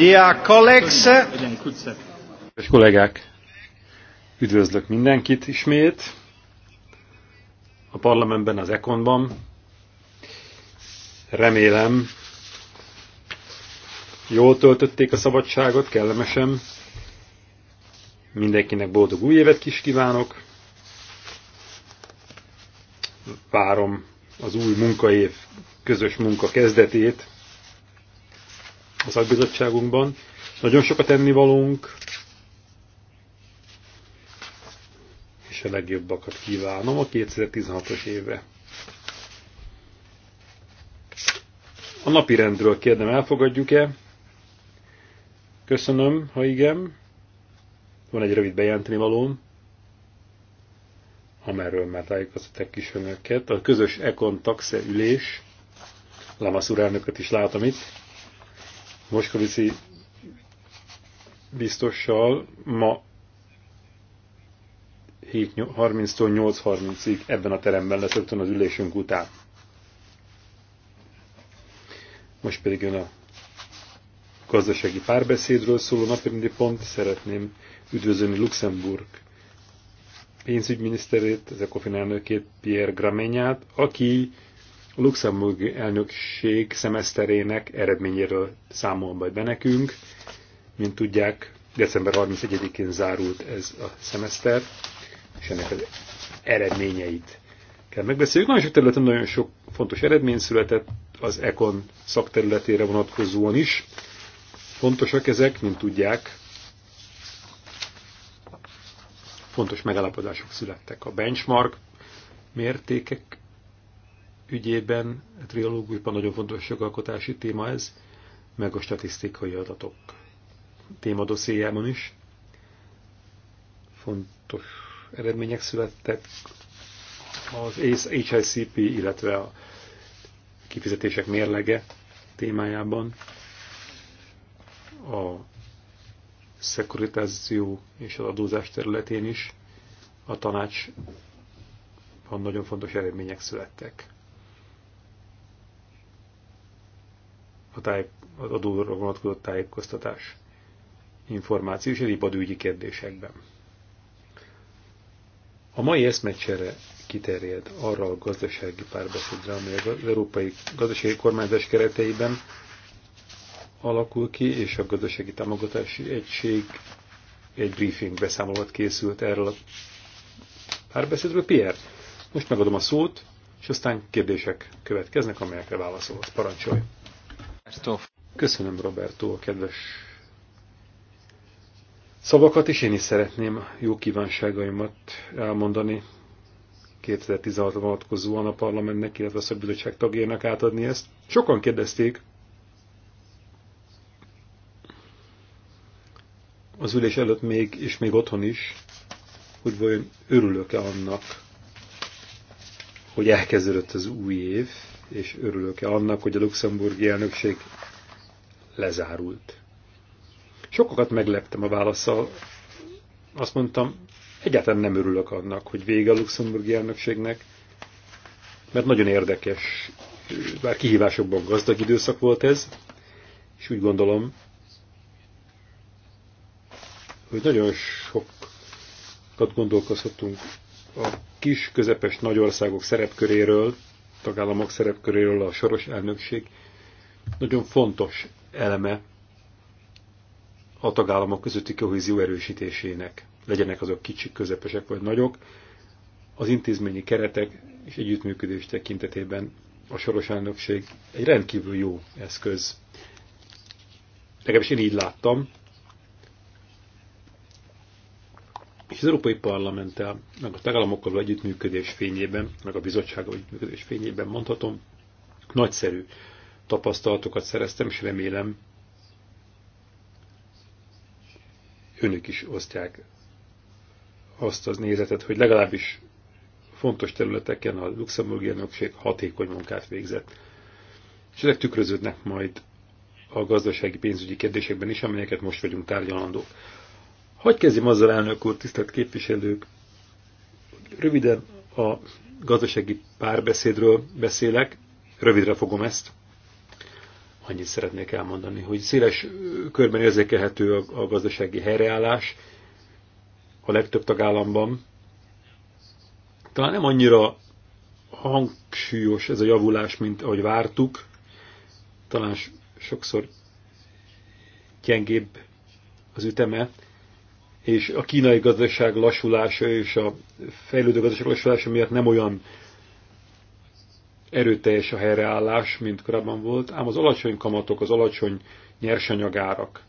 Dear kollégák, üdvözlök mindenkit ismét a parlamentben, az Ekonban. Remélem, jól töltötték a szabadságot, kellemesen. Mindenkinek boldog új évet kis kívánok. Várom az új munkaév közös munka kezdetét a szakbizottságunkban. Nagyon sokat ennivalunk, és a legjobbakat kívánom a 2016-os évre. A napi rendről kérdem, elfogadjuk-e? Köszönöm, ha igen. Van egy rövid bejelenteni valóm, amerről már tájékoztatok is önöket. A közös e ülés, Lamasz úr elnököt is látom itt, Moskovici biztossal ma 7.30-tól 8.30-ig ebben a teremben lesz rögtön az ülésünk után. Most pedig jön a gazdasági párbeszédről szóló napirendi pont. Szeretném üdvözölni Luxemburg pénzügyminiszterét, az ECOFIN elnökét, Pierre Gramenyát, aki a luxemburgi elnökség szemeszterének eredményéről számol majd be nekünk. Mint tudják, december 31-én zárult ez a szemeszter, és ennek az eredményeit kell megbeszéljük. Nagyon sok területen nagyon sok fontos eredmény született, az ECON szakterületére vonatkozóan is. Fontosak ezek, mint tudják, fontos megállapodások születtek. A benchmark mértékek ügyében a trilógusban nagyon fontos jogalkotási téma ez, meg a statisztikai adatok témadosszéjában is. Fontos eredmények születtek az HICP, illetve a kifizetések mérlege témájában a szekuritáció és az adózás területén is a tanácsban nagyon fontos eredmények születtek. a táj, az adóra vonatkozó tájékoztatás információs és ibadügyi kérdésekben. A mai eszmecsere kiterjed arra a gazdasági párbeszédre, amely az európai gazdasági kormányzás kereteiben alakul ki, és a gazdasági támogatási egység egy briefing beszámolat készült erről a párbeszédről. Pierre, most megadom a szót, és aztán kérdések következnek, amelyekre válaszolhatsz. Parancsolj! Köszönöm, Roberto, a kedves szavakat, és én is szeretném jó kívánságaimat elmondani 2016 vonatkozóan a parlamentnek, illetve a szakbizottság tagjának átadni ezt. Sokan kérdezték az ülés előtt még, és még otthon is, hogy vajon örülök-e annak, hogy elkezdődött az új év, és örülök -e annak, hogy a luxemburgi elnökség lezárult. Sokakat megleptem a válaszsal. Azt mondtam, egyáltalán nem örülök annak, hogy vége a luxemburgi elnökségnek, mert nagyon érdekes, bár kihívásokban gazdag időszak volt ez, és úgy gondolom, hogy nagyon sokat gondolkozhatunk a kis, közepes nagy országok szerepköréről, tagállamok szerepköréről a soros elnökség nagyon fontos eleme a tagállamok közötti kohézió erősítésének. Legyenek azok kicsik, közepesek vagy nagyok, az intézményi keretek és együttműködés tekintetében a soros elnökség egy rendkívül jó eszköz. Legalábbis én így láttam, az Európai Parlamenttel, meg a tagállamokkal együttműködés fényében, meg a bizottsággal együttműködés fényében mondhatom, nagyszerű tapasztalatokat szereztem, és remélem önök is osztják azt az nézetet, hogy legalábbis fontos területeken a luxemburgi elnökség hatékony munkát végzett. És ezek tükröződnek majd a gazdasági pénzügyi kérdésekben is, amelyeket most vagyunk tárgyalandók. Hogy kezdjem azzal, elnök úr, tisztelt képviselők? Röviden a gazdasági párbeszédről beszélek, rövidre fogom ezt. Annyit szeretnék elmondani, hogy széles körben érzékelhető a, gazdasági helyreállás a legtöbb tagállamban. Talán nem annyira hangsúlyos ez a javulás, mint ahogy vártuk. Talán sokszor gyengébb az üteme, és a kínai gazdaság lassulása és a fejlődő gazdaság lassulása miatt nem olyan erőteljes a helyreállás, mint korábban volt, ám az alacsony kamatok, az alacsony nyersanyagárak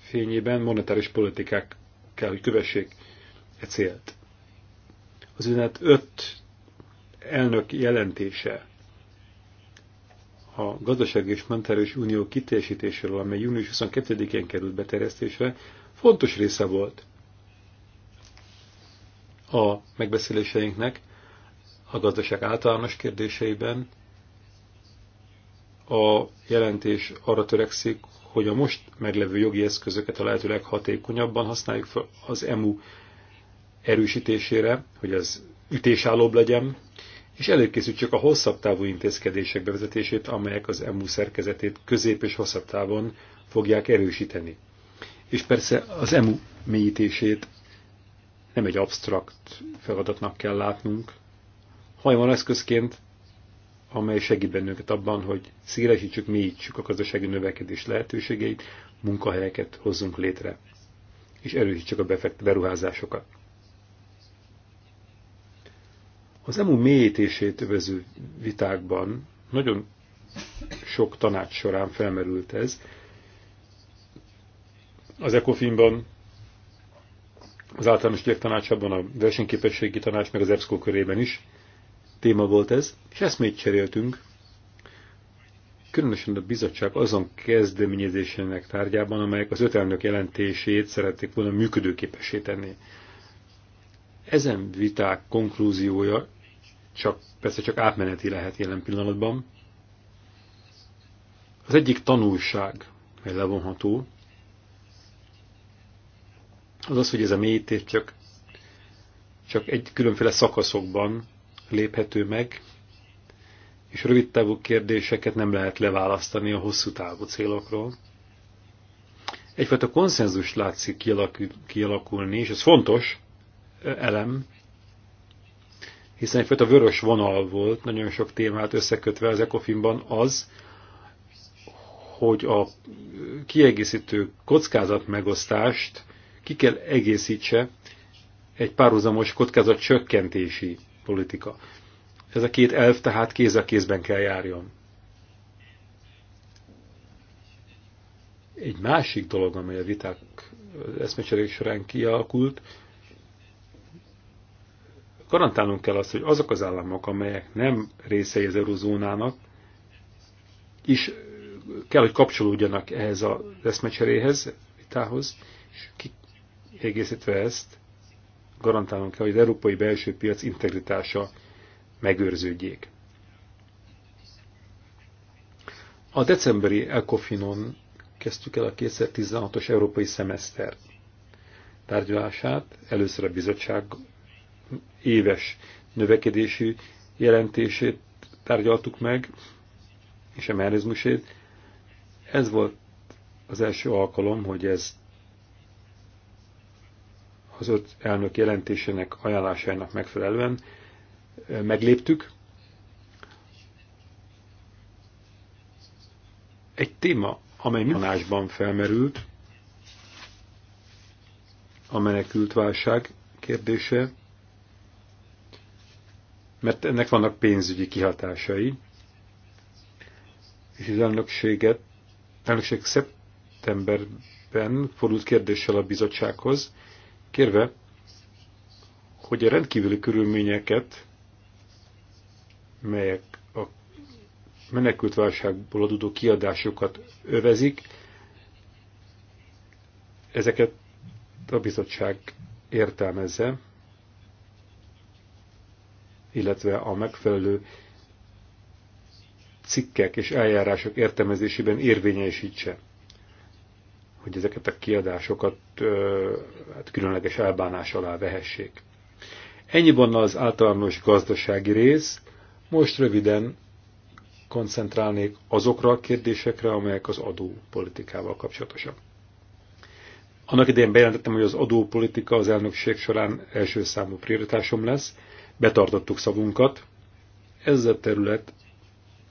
fényében monetáris politikák kell, hogy kövessék e célt. Az üzenet öt elnök jelentése a gazdasági és monetáris unió kitérsítéséről, amely június 22-én került beterjesztésre, fontos része volt a megbeszéléseinknek a gazdaság általános kérdéseiben. A jelentés arra törekszik, hogy a most meglevő jogi eszközöket a lehető leghatékonyabban használjuk fel az EMU erősítésére, hogy ez ütésállóbb legyen, és csak a hosszabb távú intézkedések bevezetését, amelyek az EMU szerkezetét közép és hosszabb távon fogják erősíteni. És persze az EMU mélyítését nem egy absztrakt feladatnak kell látnunk, hanem van eszközként, amely segít bennünket abban, hogy szélesítsük, mélyítsük a gazdasági növekedés lehetőségeit, munkahelyeket hozzunk létre, és erősítsük a beruházásokat. Az EMU mélyítését övező vitákban nagyon sok tanács során felmerült ez. Az ECOFIN-ban, az általános ügyek tanácsában, a versenyképességi tanács, meg az EBSCO körében is téma volt ez, és eszmét cseréltünk. Különösen a bizottság azon kezdeményezésének tárgyában, amelyek az ötelnök jelentését szerették volna működőképessé tenni. Ezen viták konklúziója csak, persze csak átmeneti lehet jelen pillanatban. Az egyik tanulság, mely levonható, az az, hogy ez a mélyítés csak, csak egy különféle szakaszokban léphető meg, és rövid távú kérdéseket nem lehet leválasztani a hosszú távú célokról. Egyfajta konszenzus látszik kialakulni, és ez fontos, elem, hiszen egyfajta vörös vonal volt, nagyon sok témát összekötve az ECOFIN-ban az, hogy a kiegészítő kockázatmegosztást ki kell egészítse egy párhuzamos csökkentési politika. Ez a két elv tehát kéz a kézben kell járjon. Egy másik dolog, amely a viták eszmecserék során kialakult, Garantálnunk kell azt, hogy azok az államok, amelyek nem részei az eurozónának, is kell, hogy kapcsolódjanak ehhez a leszmecseréhez, vitához, és kiegészítve ezt, garantálnunk kell, hogy az európai belső piac integritása megőrződjék. A decemberi ECOFIN-on kezdtük el a 2016-os európai szemeszter tárgyalását, először a bizottság éves növekedési jelentését tárgyaltuk meg, és a mechanizmusét. Ez volt az első alkalom, hogy ez az öt elnök jelentésének ajánlásának megfelelően megléptük. Egy téma, amely mindanásban felmerült, a menekültválság kérdése, mert ennek vannak pénzügyi kihatásai, és az elnökséget, elnökség szeptemberben fordult kérdéssel a bizottsághoz, kérve, hogy a rendkívüli körülményeket, melyek a menekültválságból adódó kiadásokat övezik, ezeket a bizottság értelmezze, illetve a megfelelő cikkek és eljárások értelmezésében érvényesítse, hogy ezeket a kiadásokat hát különleges elbánás alá vehessék. Ennyi van az általános gazdasági rész, most röviden koncentrálnék azokra a kérdésekre, amelyek az adópolitikával kapcsolatosak. Annak idején bejelentettem, hogy az adópolitika az elnökség során első számú prioritásom lesz, betartottuk szavunkat. Ez a terület,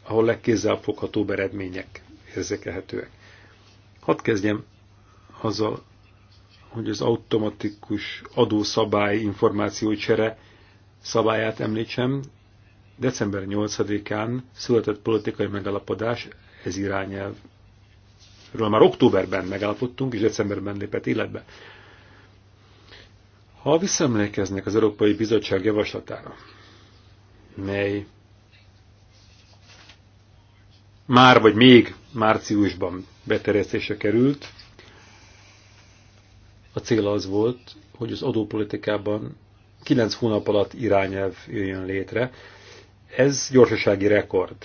ahol legkézzelfoghatóbb eredmények érzékelhetőek. Hadd kezdjem azzal, hogy az automatikus adószabály információcsere szabályát említsem. December 8-án született politikai megalapodás, ez irányelv ről már októberben megállapodtunk, és decemberben lépett életbe. Ha visszaemlékeznek az Európai Bizottság javaslatára, mely már vagy még márciusban beterjesztése került, a cél az volt, hogy az adópolitikában 9 hónap alatt irányelv jöjjön létre. Ez gyorsasági rekord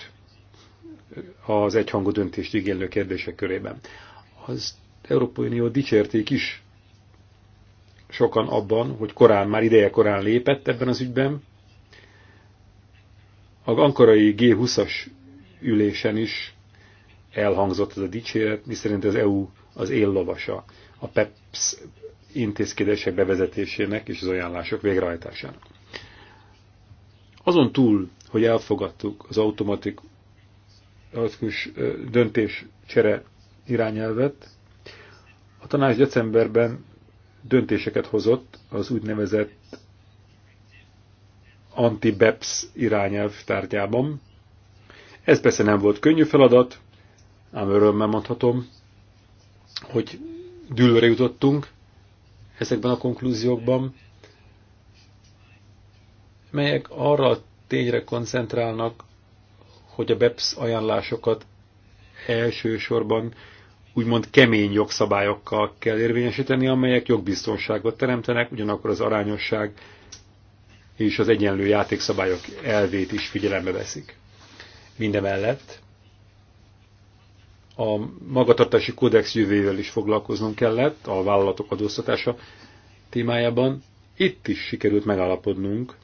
az egyhangú döntést igénylő kérdések körében. Az Európai Unió dicsérték is sokan abban, hogy korán, már ideje korán lépett ebben az ügyben. A ankarai G20-as ülésen is elhangzott ez a dicséret, miszerint az EU az éllovasa a PEPS intézkedések bevezetésének és az ajánlások végrehajtásának. Azon túl, hogy elfogadtuk az automatikus döntéscsere irányelvet, a tanács decemberben döntéseket hozott az úgynevezett anti-BEPS irányelv tárgyában. Ez persze nem volt könnyű feladat, ám örömmel mondhatom, hogy dűlőre jutottunk ezekben a konklúziókban, melyek arra a tényre koncentrálnak, hogy a BEPS ajánlásokat elsősorban úgymond kemény jogszabályokkal kell érvényesíteni, amelyek jogbiztonságot teremtenek, ugyanakkor az arányosság és az egyenlő játékszabályok elvét is figyelembe veszik. Mindemellett a magatartási kódex jövőjével is foglalkoznunk kellett, a vállalatok adóztatása témájában. Itt is sikerült megállapodnunk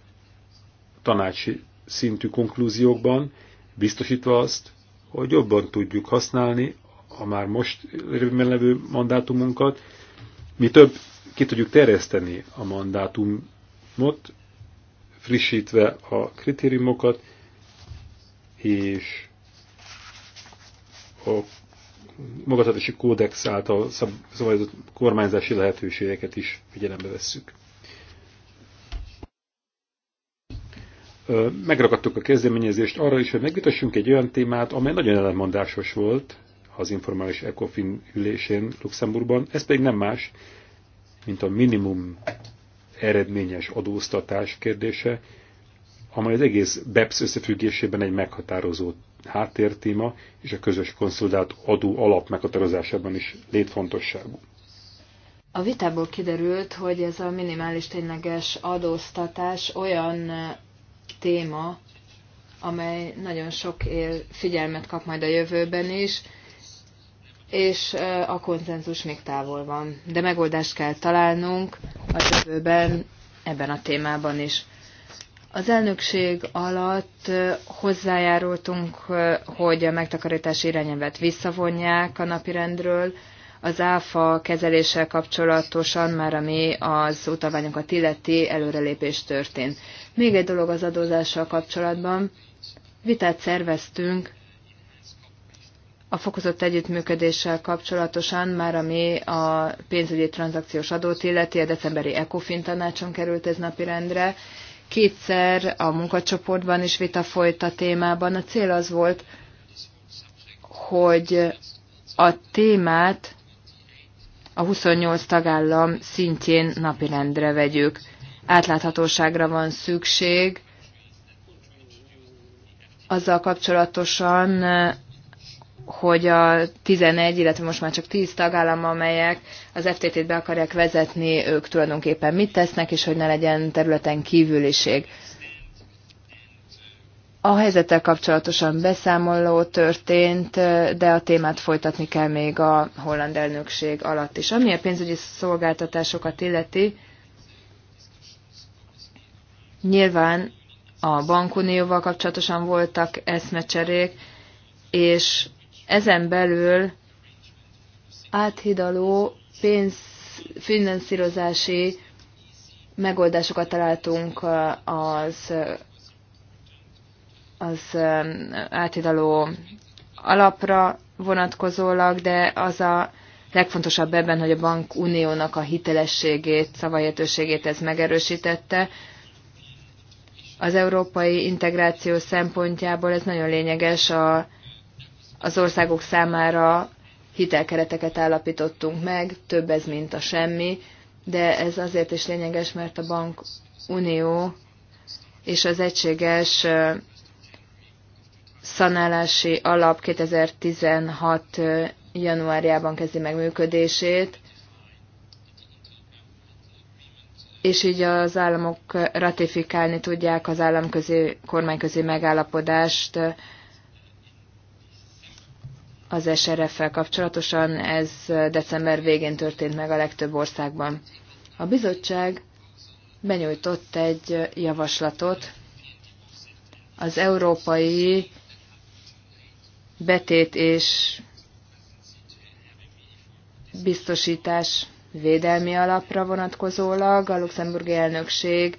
tanácsi szintű konklúziókban, biztosítva azt, hogy jobban tudjuk használni a már most rövidben levő mandátumunkat. Mi több ki tudjuk terjeszteni a mandátumot, frissítve a kritériumokat, és a magatartási kódex által szabályozott kormányzási lehetőségeket is figyelembe vesszük. Megragadtuk a kezdeményezést arra is, hogy megvitassunk egy olyan témát, amely nagyon ellenmondásos volt az informális ECOFIN ülésén Luxemburgban. Ez pedig nem más, mint a minimum eredményes adóztatás kérdése, amely az egész BEPS összefüggésében egy meghatározó háttértéma és a közös konszolidált adó alap meghatározásában is létfontosságú. A vitából kiderült, hogy ez a minimális tényleges adóztatás olyan téma, amely nagyon sok él, figyelmet kap majd a jövőben is, és a konzenzus még távol van. De megoldást kell találnunk a jövőben ebben a témában is. Az elnökség alatt hozzájárultunk, hogy a megtakarítás irányelvet visszavonják a napirendről, az áfa kezeléssel kapcsolatosan már ami az utalványokat illeti előrelépés történt. Még egy dolog az adózással kapcsolatban. Vitát szerveztünk a fokozott együttműködéssel kapcsolatosan már ami a pénzügyi tranzakciós adót illeti, a decemberi ECOFIN tanácson került ez napirendre. Kétszer a munkacsoportban is vita folyt a témában. A cél az volt, hogy a témát a 28 tagállam szintjén napirendre vegyük. Átláthatóságra van szükség, azzal kapcsolatosan, hogy a 11, illetve most már csak 10 tagállam, amelyek az FTT-t be akarják vezetni, ők tulajdonképpen mit tesznek, és hogy ne legyen területen kívüliség. A helyzettel kapcsolatosan beszámoló történt, de a témát folytatni kell még a holland elnökség alatt is. Ami a pénzügyi szolgáltatásokat illeti, nyilván a bankunióval kapcsolatosan voltak eszmecserék, és ezen belül áthidaló pénzfinanszírozási megoldásokat találtunk az, az áthidaló alapra vonatkozólag, de az a legfontosabb ebben, hogy a bank uniónak a hitelességét, szavahetőségét ez megerősítette. Az európai integráció szempontjából ez nagyon lényeges a az országok számára hitelkereteket állapítottunk meg, több ez, mint a semmi, de ez azért is lényeges, mert a bank unió és az egységes szanálási alap 2016 januárjában kezdi meg működését, és így az államok ratifikálni tudják az államközi, kormányközi megállapodást az SRF-fel kapcsolatosan, ez december végén történt meg a legtöbb országban. A bizottság benyújtott egy javaslatot az európai betét és biztosítás védelmi alapra vonatkozólag a luxemburgi elnökség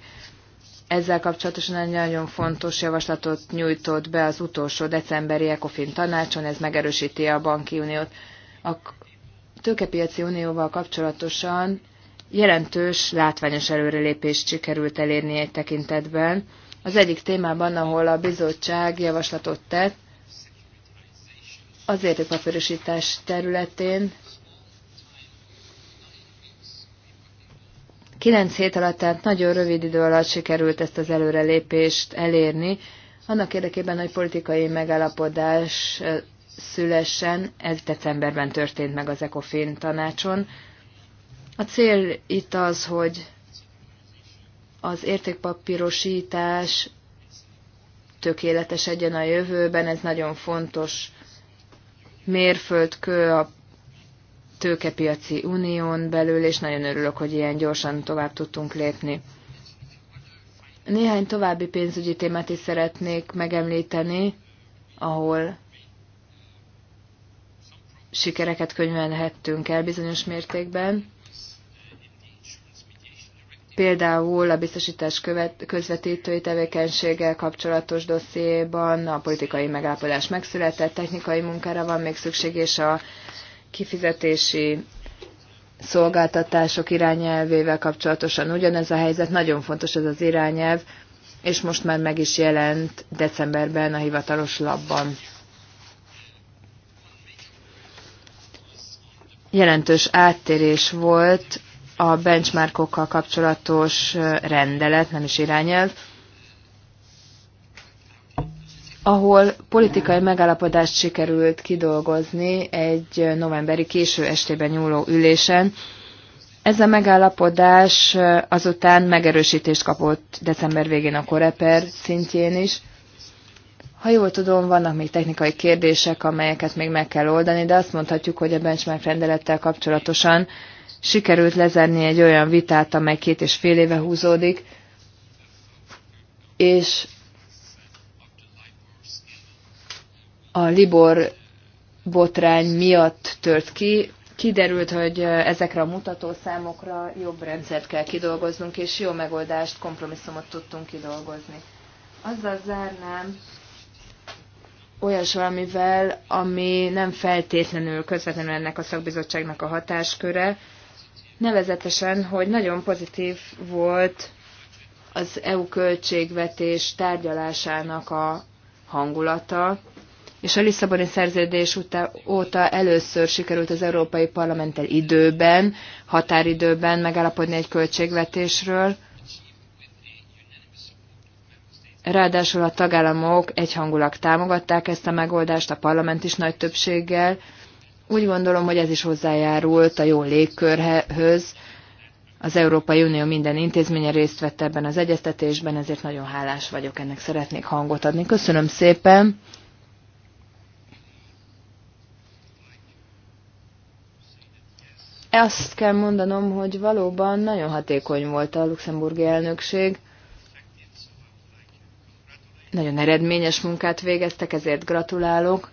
ezzel kapcsolatosan egy nagyon fontos javaslatot nyújtott be az utolsó decemberi ECOFIN tanácson, ez megerősíti a banki uniót. A tőkepiaci unióval kapcsolatosan jelentős, látványos előrelépést sikerült elérni egy tekintetben. Az egyik témában, ahol a bizottság javaslatot tett, az értékpapírosítás területén Kilenc hét alatt, tehát nagyon rövid idő alatt sikerült ezt az előrelépést elérni, annak érdekében, hogy politikai megállapodás szülessen, ez decemberben történt meg az ECOFIN tanácson. A cél itt az, hogy az értékpapírosítás egyen a jövőben, ez nagyon fontos mérföldkő a tőkepiaci unión belül, és nagyon örülök, hogy ilyen gyorsan tovább tudtunk lépni. Néhány további pénzügyi témát is szeretnék megemlíteni, ahol sikereket könyvelhettünk el bizonyos mértékben. Például a biztosítás követ, közvetítői tevékenységgel kapcsolatos dossziéban a politikai megállapodás megszületett, technikai munkára van még szükség, és a kifizetési szolgáltatások irányelvével kapcsolatosan ugyanez a helyzet, nagyon fontos ez az irányelv, és most már meg is jelent decemberben a hivatalos labban. Jelentős áttérés volt a benchmarkokkal kapcsolatos rendelet, nem is irányelv, ahol politikai megállapodást sikerült kidolgozni egy novemberi késő estében nyúló ülésen. Ez a megállapodás azután megerősítést kapott december végén a Koreper szintjén is. Ha jól tudom, vannak még technikai kérdések, amelyeket még meg kell oldani, de azt mondhatjuk, hogy a benchmark rendelettel kapcsolatosan sikerült lezerni egy olyan vitát, amely két és fél éve húzódik, és a Libor botrány miatt tört ki. Kiderült, hogy ezekre a mutatószámokra jobb rendszert kell kidolgoznunk, és jó megoldást, kompromisszumot tudtunk kidolgozni. Azzal zárnám, olyas valamivel, ami nem feltétlenül közvetlenül ennek a szakbizottságnak a hatásköre, nevezetesen, hogy nagyon pozitív volt az EU költségvetés tárgyalásának a hangulata és a Lisszaboni szerződés utá, óta először sikerült az Európai Parlamenttel időben, határidőben megállapodni egy költségvetésről. Ráadásul a tagállamok egyhangulag támogatták ezt a megoldást, a parlament is nagy többséggel. Úgy gondolom, hogy ez is hozzájárult a jó légkörhöz. Az Európai Unió minden intézménye részt vett ebben az egyeztetésben, ezért nagyon hálás vagyok, ennek szeretnék hangot adni. Köszönöm szépen! Azt kell mondanom, hogy valóban nagyon hatékony volt a luxemburgi elnökség. Nagyon eredményes munkát végeztek, ezért gratulálok.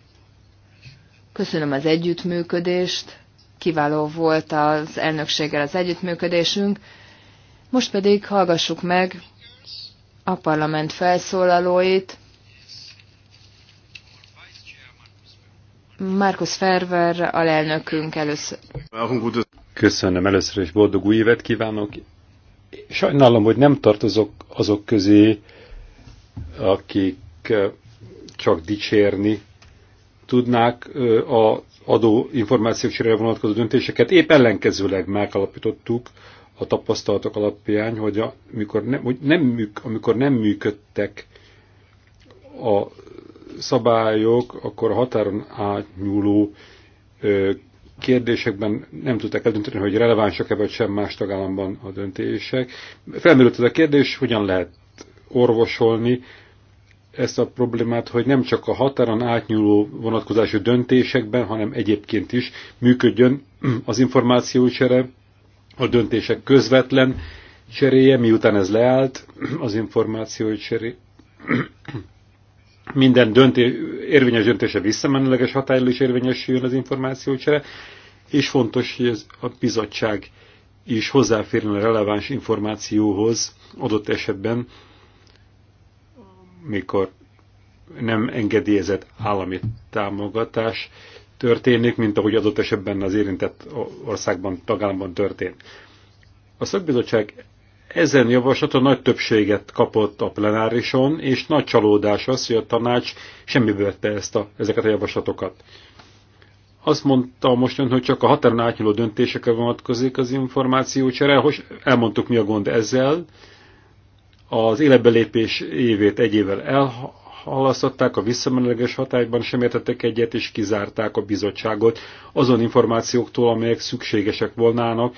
Köszönöm az együttműködést, kiváló volt az elnökséggel az együttműködésünk. Most pedig hallgassuk meg a parlament felszólalóit, Markus Ferver alelnökünk először. Köszönöm először, és boldog új évet kívánok. Sajnálom, hogy nem tartozok azok közé, akik csak dicsérni tudnák a adó információk cserére vonatkozó döntéseket. Épp ellenkezőleg megalapítottuk a tapasztalatok alapján, hogy, amikor nem, hogy nem, amikor nem működtek a szabályok akkor a határon átnyúló kérdésekben nem tudták eldönteni, hogy relevánsak-e vagy sem más tagállamban a döntések. Felmerült ez a kérdés, hogyan lehet orvosolni ezt a problémát, hogy nem csak a határon átnyúló vonatkozású döntésekben, hanem egyébként is működjön az információcsere, a döntések közvetlen cseréje, miután ez leállt, az információcsere minden dönté, érvényes döntése visszamenőleges hatályról is érvényesüljön az információcsere, és fontos, hogy ez a bizottság is hozzáférjen a releváns információhoz adott esetben, mikor nem engedélyezett állami támogatás történik, mint ahogy adott esetben az érintett országban, tagállamban történt. A szakbizottság ezen javaslat a nagy többséget kapott a plenárison, és nagy csalódás az, hogy a tanács semmiből vette ezt a, ezeket a javaslatokat. Azt mondta most ön, hogy csak a határon átnyúló döntésekre vonatkozik az információ csere, hogy elmondtuk mi a gond ezzel. Az életbelépés évét egy évvel elhalasztották, a visszamenőleges hatályban sem értettek egyet, és kizárták a bizottságot azon információktól, amelyek szükségesek volnának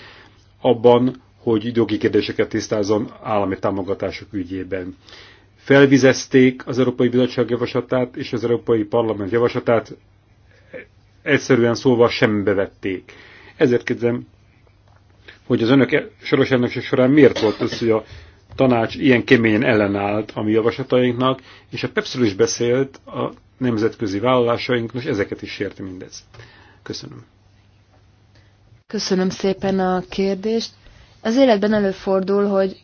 abban, hogy jogi kérdéseket tisztázzon állami támogatások ügyében. Felvizezték az Európai Bizottság javaslatát és az Európai Parlament javaslatát, egyszerűen szóval sem bevették. Ezért kérdezem, hogy az önök soros elnökség során miért volt az, hogy a tanács ilyen keményen ellenállt a mi javaslatainknak, és a Pepsi is beszélt a nemzetközi vállalásainknak, és ezeket is érti mindez. Köszönöm. Köszönöm szépen a kérdést. Az életben előfordul, hogy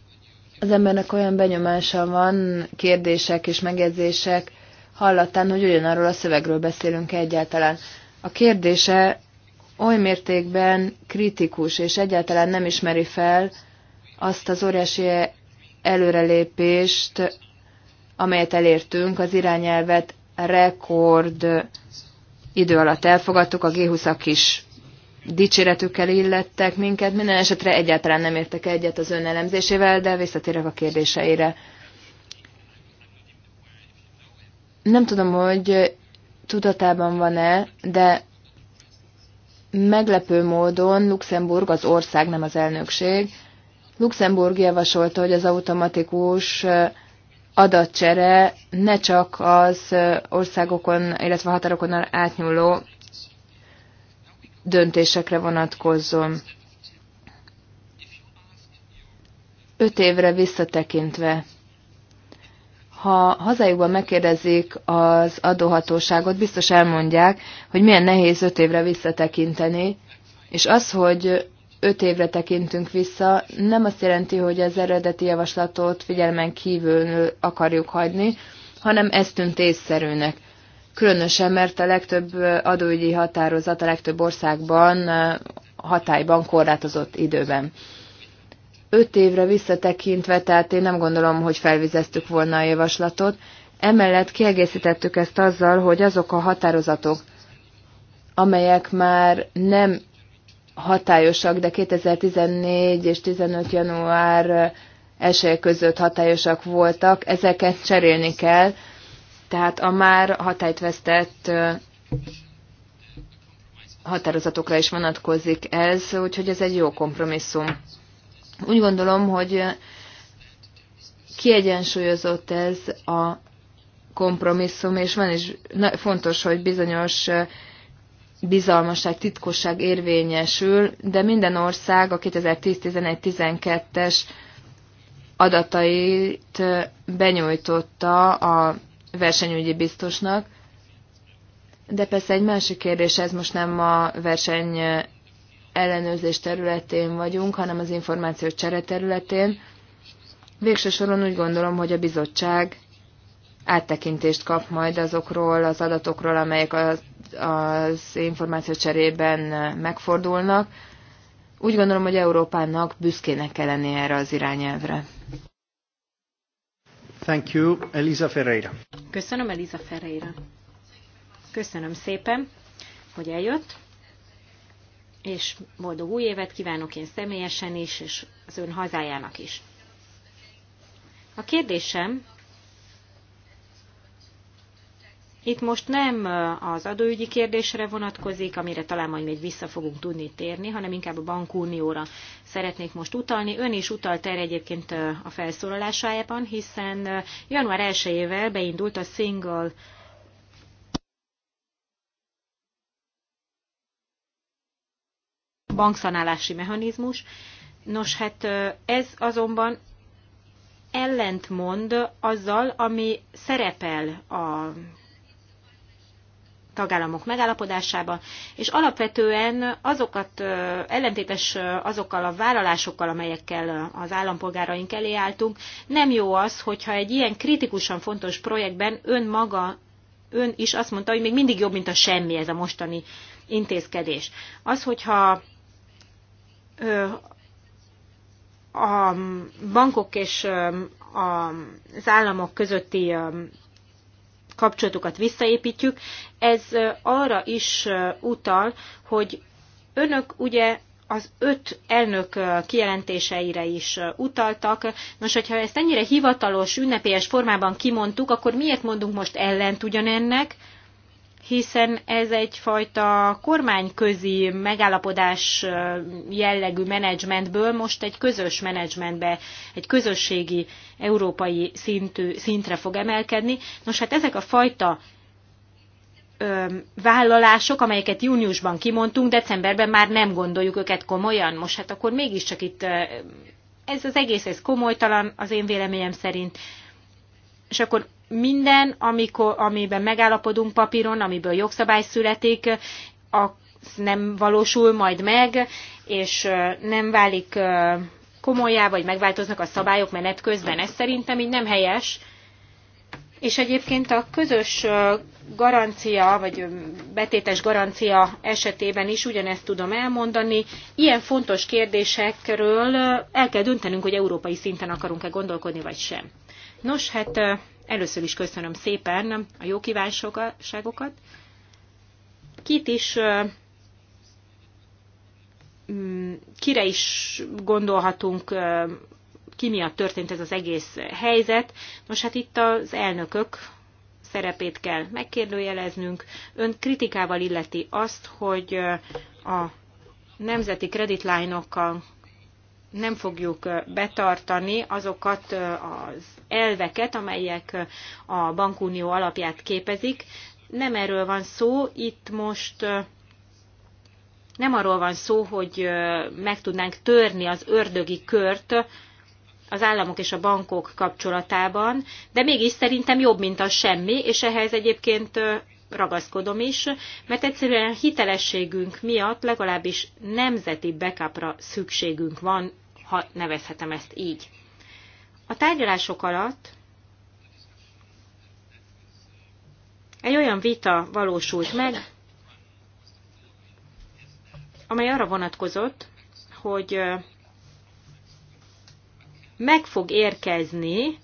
az embernek olyan benyomása van, kérdések és megjegyzések hallatán, hogy ugyanarról a szövegről beszélünk -e egyáltalán. A kérdése oly mértékben kritikus, és egyáltalán nem ismeri fel azt az óriási előrelépést, amelyet elértünk, az irányelvet rekord idő alatt elfogadtuk, a G20-ak is dicséretükkel illettek minket, minden esetre egyáltalán nem értek egyet az ön elemzésével, de visszatérek a kérdéseire. Nem tudom, hogy tudatában van-e, de meglepő módon Luxemburg az ország, nem az elnökség. Luxemburg javasolta, hogy az automatikus adatcsere ne csak az országokon, illetve határokon átnyúló döntésekre vonatkozzon. Öt évre visszatekintve, ha hazájukban megkérdezik az adóhatóságot, biztos elmondják, hogy milyen nehéz öt évre visszatekinteni, és az, hogy öt évre tekintünk vissza, nem azt jelenti, hogy az eredeti javaslatot figyelmen kívül akarjuk hagyni, hanem ez tűnt észszerűnek. Különösen, mert a legtöbb adóügyi határozat a legtöbb országban hatályban korlátozott időben. Öt évre visszatekintve, tehát én nem gondolom, hogy felvizeztük volna a javaslatot. Emellett kiegészítettük ezt azzal, hogy azok a határozatok, amelyek már nem hatályosak, de 2014 és 15 január 1 között hatályosak voltak, ezeket cserélni kell, tehát a már hatályt vesztett határozatokra is vonatkozik ez, úgyhogy ez egy jó kompromisszum. Úgy gondolom, hogy kiegyensúlyozott ez a kompromisszum, és van is fontos, hogy bizonyos bizalmaság, titkosság érvényesül, de minden ország a 2010-11-12-es adatait benyújtotta a versenyügyi biztosnak. De persze egy másik kérdés, ez most nem a verseny ellenőrzés területén vagyunk, hanem az információ csere területén. Végső soron úgy gondolom, hogy a bizottság áttekintést kap majd azokról az adatokról, amelyek az, az információ cserében megfordulnak. Úgy gondolom, hogy Európának büszkének kell lennie erre az irányelvre. Thank you, Elisa Ferreira. Köszönöm, Elisa Ferreira. Köszönöm szépen, hogy eljött, és boldog új évet kívánok én személyesen is, és az ön hazájának is. A kérdésem itt most nem az adóügyi kérdésre vonatkozik, amire talán majd még vissza fogunk tudni térni, hanem inkább a bankunióra szeretnék most utalni. Ön is utalt erre egyébként a felszólalásájában, hiszen január 1-ével beindult a single bankszanálási mechanizmus. Nos, hát ez azonban ellentmond azzal, ami szerepel a tagállamok megállapodásába, és alapvetően azokat ellentétes azokkal a vállalásokkal, amelyekkel az állampolgáraink elé álltunk, nem jó az, hogyha egy ilyen kritikusan fontos projektben ön maga, ön is azt mondta, hogy még mindig jobb, mint a semmi ez a mostani intézkedés. Az, hogyha a bankok és az államok közötti kapcsolatokat visszaépítjük. Ez arra is utal, hogy önök ugye az öt elnök kijelentéseire is utaltak. Nos, hogyha ezt ennyire hivatalos, ünnepélyes formában kimondtuk, akkor miért mondunk most ellent ugyanennek? hiszen ez egyfajta kormányközi megállapodás jellegű menedzsmentből most egy közös menedzsmentbe, egy közösségi európai szintű, szintre fog emelkedni. Nos, hát ezek a fajta vállalások, amelyeket júniusban kimondtunk, decemberben már nem gondoljuk őket komolyan. Most hát akkor mégiscsak itt ez az egész, ez komolytalan az én véleményem szerint. És akkor minden, amikor, amiben megállapodunk papíron, amiből jogszabály születik, az nem valósul majd meg, és nem válik komolyá, vagy megváltoznak a szabályok menet közben. Ez szerintem így nem helyes. És egyébként a közös garancia, vagy betétes garancia esetében is ugyanezt tudom elmondani. Ilyen fontos kérdésekről el kell döntenünk, hogy európai szinten akarunk-e gondolkodni, vagy sem. Nos, hát Először is köszönöm szépen a jó kívánságokat. Kit is, mm, kire is gondolhatunk, ki miatt történt ez az egész helyzet. Nos, hát itt az elnökök szerepét kell megkérdőjeleznünk. Ön kritikával illeti azt, hogy a nemzeti kreditlányokkal nem fogjuk betartani azokat az elveket, amelyek a bankunió alapját képezik. Nem erről van szó, itt most nem arról van szó, hogy meg tudnánk törni az ördögi kört az államok és a bankok kapcsolatában, de mégis szerintem jobb, mint a semmi, és ehhez egyébként ragaszkodom is, mert egyszerűen hitelességünk miatt legalábbis nemzeti backupra szükségünk van, ha nevezhetem ezt így. A tárgyalások alatt egy olyan vita valósult meg, amely arra vonatkozott, hogy meg fog érkezni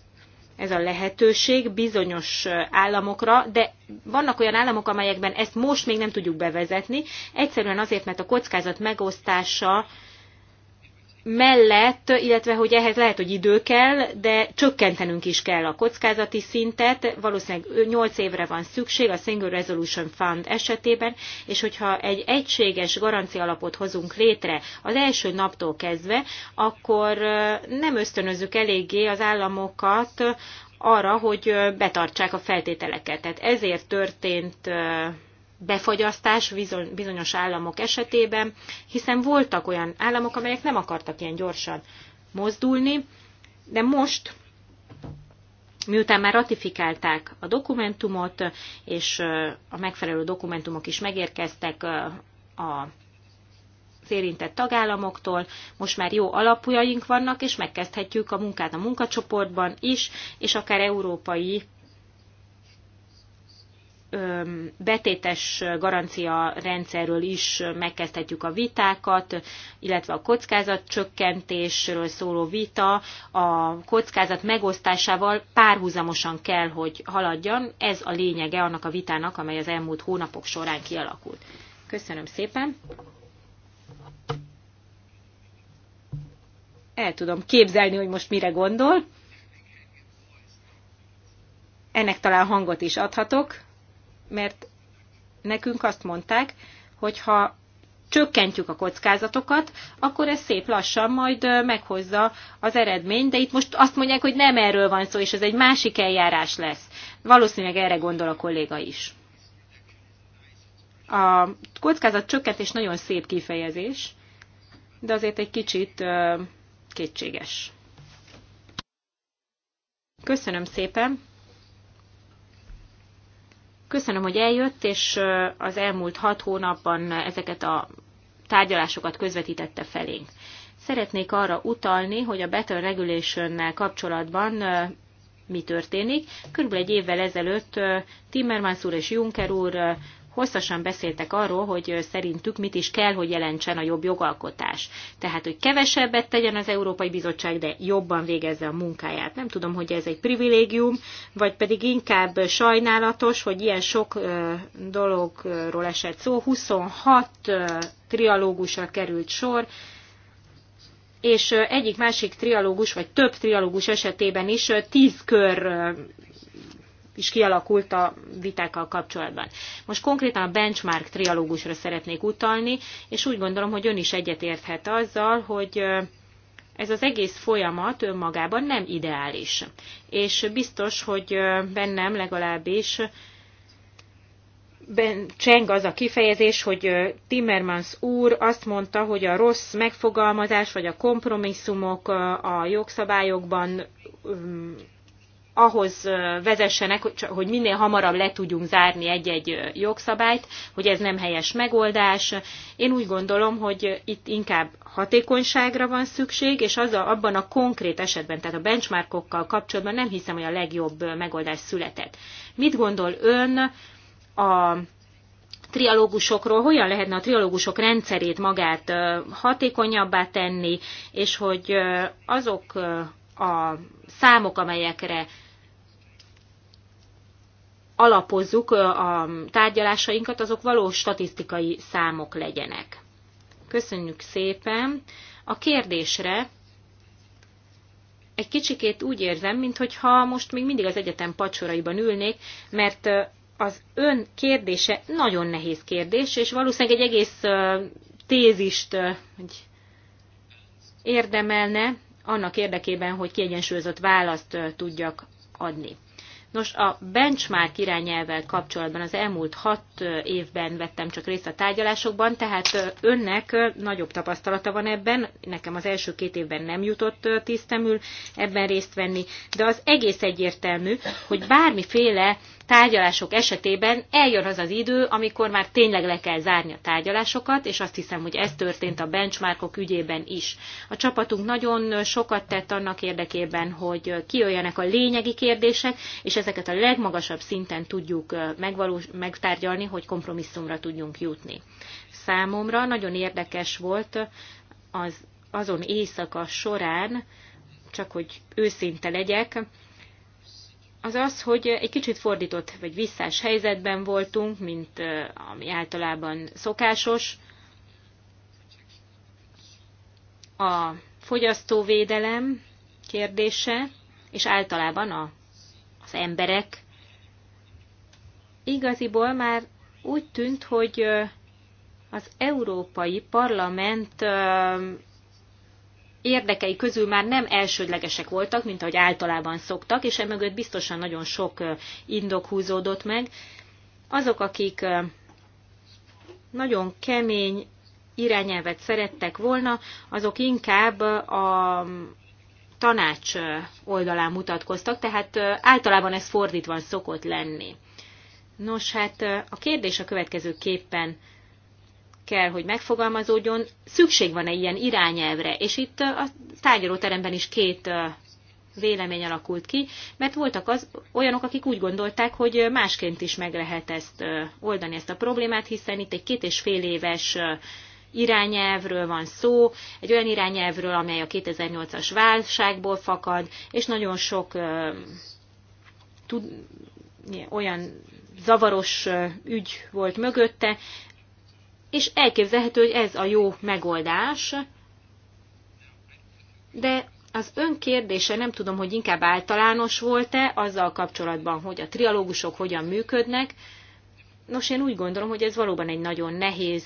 ez a lehetőség bizonyos államokra, de vannak olyan államok, amelyekben ezt most még nem tudjuk bevezetni, egyszerűen azért, mert a kockázat megosztása mellett, illetve hogy ehhez lehet, hogy idő kell, de csökkentenünk is kell a kockázati szintet, valószínűleg 8 évre van szükség a Single Resolution Fund esetében, és hogyha egy egységes garancia alapot hozunk létre az első naptól kezdve, akkor nem ösztönözzük eléggé az államokat arra, hogy betartsák a feltételeket. Tehát ezért történt befagyasztás bizonyos államok esetében, hiszen voltak olyan államok, amelyek nem akartak ilyen gyorsan mozdulni, de most, miután már ratifikálták a dokumentumot, és a megfelelő dokumentumok is megérkeztek a az érintett tagállamoktól, most már jó alapjaink vannak, és megkezdhetjük a munkát a munkacsoportban is, és akár európai betétes garancia rendszerről is megkezdhetjük a vitákat, illetve a csökkentésről szóló vita a kockázat megosztásával párhuzamosan kell, hogy haladjon. Ez a lényege annak a vitának, amely az elmúlt hónapok során kialakult. Köszönöm szépen! El tudom képzelni, hogy most mire gondol. Ennek talán hangot is adhatok mert nekünk azt mondták, hogy ha csökkentjük a kockázatokat, akkor ez szép lassan majd meghozza az eredményt, de itt most azt mondják, hogy nem erről van szó, és ez egy másik eljárás lesz. Valószínűleg erre gondol a kolléga is. A kockázat csökkentés nagyon szép kifejezés, de azért egy kicsit kétséges. Köszönöm szépen! Köszönöm, hogy eljött, és az elmúlt hat hónapban ezeket a tárgyalásokat közvetítette felénk. Szeretnék arra utalni, hogy a Better Regulation-nel kapcsolatban mi történik. Körülbelül egy évvel ezelőtt Timmermans úr és Juncker úr hosszasan beszéltek arról, hogy szerintük mit is kell, hogy jelentsen a jobb jogalkotás. Tehát, hogy kevesebbet tegyen az Európai Bizottság, de jobban végezze a munkáját. Nem tudom, hogy ez egy privilégium, vagy pedig inkább sajnálatos, hogy ilyen sok dologról esett szó. 26 trialógusra került sor, és egyik-másik trialógus, vagy több trialógus esetében is tíz kör is kialakult a vitákkal kapcsolatban. Most konkrétan a benchmark trialógusra szeretnék utalni, és úgy gondolom, hogy ön is egyetérthet azzal, hogy ez az egész folyamat önmagában nem ideális. És biztos, hogy bennem legalábbis ben, cseng az a kifejezés, hogy Timmermans úr azt mondta, hogy a rossz megfogalmazás vagy a kompromisszumok a jogszabályokban ahhoz vezessenek, hogy minél hamarabb le tudjunk zárni egy-egy jogszabályt, hogy ez nem helyes megoldás. Én úgy gondolom, hogy itt inkább hatékonyságra van szükség, és az a, abban a konkrét esetben, tehát a benchmarkokkal kapcsolatban nem hiszem, hogy a legjobb megoldás született. Mit gondol ön a trialógusokról, hogyan lehetne a trialógusok rendszerét magát hatékonyabbá tenni, és hogy azok a számok, amelyekre alapozzuk a tárgyalásainkat, azok valós statisztikai számok legyenek. Köszönjük szépen. A kérdésre egy kicsikét úgy érzem, mintha most még mindig az egyetem pacsoraiban ülnék, mert az ön kérdése nagyon nehéz kérdés, és valószínűleg egy egész tézist érdemelne annak érdekében, hogy kiegyensúlyozott választ tudjak adni. Nos, a benchmark irányelvel kapcsolatban az elmúlt hat évben vettem csak részt a tárgyalásokban, tehát önnek nagyobb tapasztalata van ebben, nekem az első két évben nem jutott tisztemül ebben részt venni, de az egész egyértelmű, hogy bármiféle tárgyalások esetében eljön az az idő, amikor már tényleg le kell zárni a tárgyalásokat, és azt hiszem, hogy ez történt a benchmarkok ügyében is. A csapatunk nagyon sokat tett annak érdekében, hogy kijöjjenek a lényegi kérdések, és ezeket a legmagasabb szinten tudjuk megvalós, megtárgyalni, hogy kompromisszumra tudjunk jutni. Számomra nagyon érdekes volt az azon éjszaka során, csak hogy őszinte legyek, az az, hogy egy kicsit fordított vagy visszás helyzetben voltunk, mint ami általában szokásos. A fogyasztóvédelem kérdése, és általában a, az emberek igaziból már úgy tűnt, hogy az Európai Parlament érdekei közül már nem elsődlegesek voltak, mint ahogy általában szoktak, és emögött biztosan nagyon sok indok húzódott meg. Azok, akik nagyon kemény irányelvet szerettek volna, azok inkább a tanács oldalán mutatkoztak, tehát általában ez fordítva szokott lenni. Nos, hát a kérdés a következőképpen kell, hogy megfogalmazódjon, szükség van-e ilyen irányelvre. És itt a tárgyalóteremben is két vélemény alakult ki, mert voltak az, olyanok, akik úgy gondolták, hogy másként is meg lehet ezt oldani ezt a problémát, hiszen itt egy két és fél éves irányelvről van szó, egy olyan irányelvről, amely a 2008-as válságból fakad, és nagyon sok tud, olyan zavaros ügy volt mögötte, és elképzelhető, hogy ez a jó megoldás, de az ön kérdése nem tudom, hogy inkább általános volt-e azzal kapcsolatban, hogy a trialógusok hogyan működnek. Nos, én úgy gondolom, hogy ez valóban egy nagyon nehéz